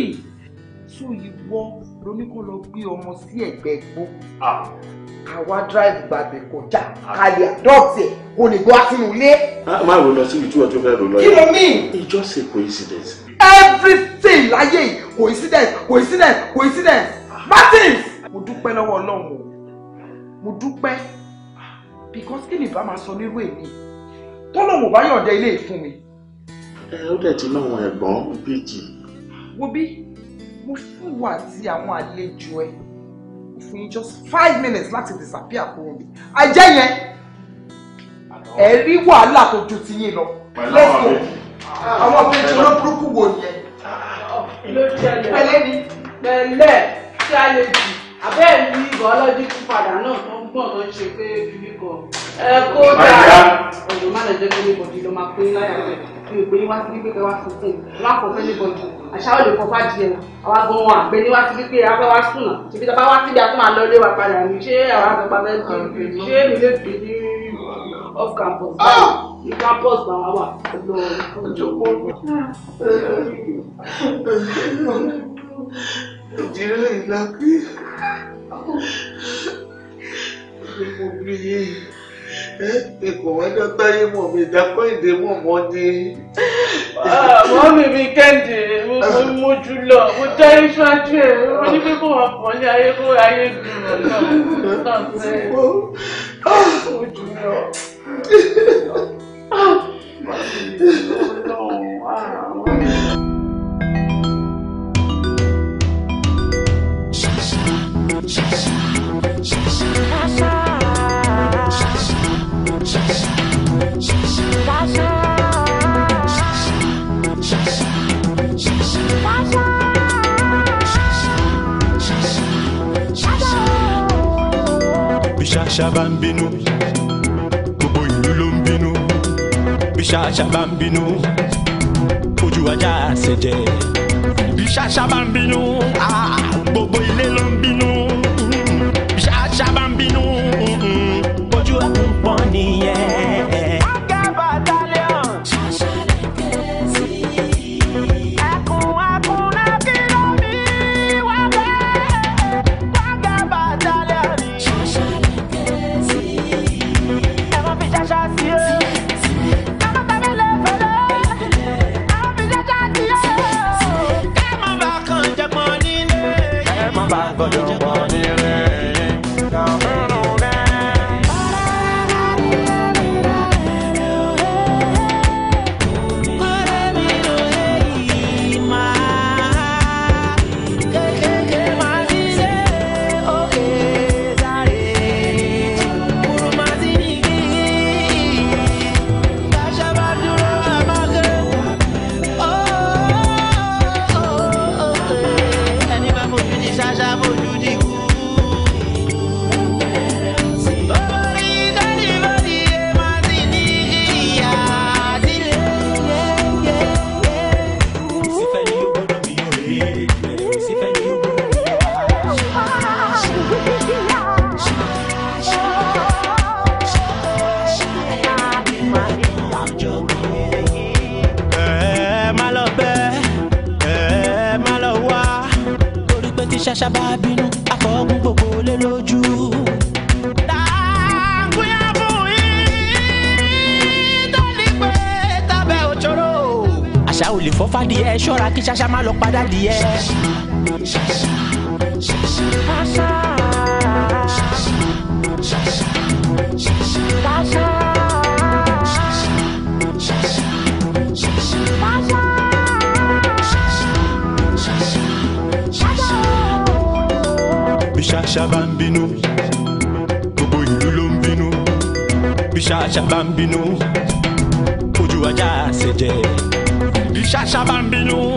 so ìwọ lóníkó lọ gbé ọmọ sí ẹ̀gbẹ́ gbó. Ah! àwa drive gbàgbé kọjá kalẹ̀ àdọ́ọ̀tì ẹ̀ kò lè gbọ́ sínú ilé. má ro lọ síbi tí wọ́n tún fẹ́ ro lọ. kí ló mean. it's just a coincidence. everything láyé yìí coincidence coincidence coincidence martins. mo dúpẹ́ lọ́wọ́ ọlọ́run o mo dúpẹ́ because kí ni ìbá máa sọ nírú èmi tọ́lọ̀ mo bá yọ̀ǹda ilé ìfún mi. ẹ ó dẹ̀ ti náwọn ẹ̀gbọ́n bíjì. wo bí mo fún wa àti àwọn àlejò ẹ fún just five minutes láti disappear kúrò mi ajẹ́ yẹn ẹ rí wàhálà tó ju ti yín lọ lẹ́sọ̀ àwọn méjì olóburúkú wò yẹn pẹ̀lẹ́ ni pẹ̀lẹ́ tí a lè jù abẹ́ẹ̀ ní ìgbà ọlọ́dí kú padà náà tó ń gbọ̀n tó ń ṣe pé bíbí kan ẹ kó dáa ọ̀dọ̀ jẹ́ pé ló máa pín láyà rẹ̀ kí wá sí wípé kẹwàá sùn fún un wá kọ fẹ́ẹ́ níbọn jù àṣàwọ̀ lè kọ́ wá sí wípé wá sùn náà ṣèbí tàbá wá síbi àtúmọ̀ àlọ́ ilé wa padà ní ṣé àwọn àgbàgbà fẹ́ di ṣé mi lè fi ní off campus ah! ní campus làwọn wà lọ. ìdílé lè la kí. Mo bí yé ìkùnwẹ́jọ́ táyé mọ̀ mi ìdákọ́ ìdè mọ̀ mọ́ ni. àmọ́ ah, mi mi kẹ́ǹdì mi mo mójú lọ mo tẹ́rí ṣáájú ẹ̀ mo ní pípọ̀ wọn pọ̀ ní ayé kó ayé gbìmọ̀ náà náà tẹ́ Bishasha bá ń bínú gbogbo ìlú ló ń bínú bí ṣáṣá bá ń ojú ajá àṣẹjẹ bí ṣáṣá gbogbo ilé ló ń bínú. fàdìẹ ṣọ́ra kí ṣáṣá má lọ padà dìẹ. ṣáṣá ṣáṣá. bá ń bínú gbogbo ìlú ló ń bínú bí bá ń bínú ojú ajá àṣejẹ. Chacha Bambino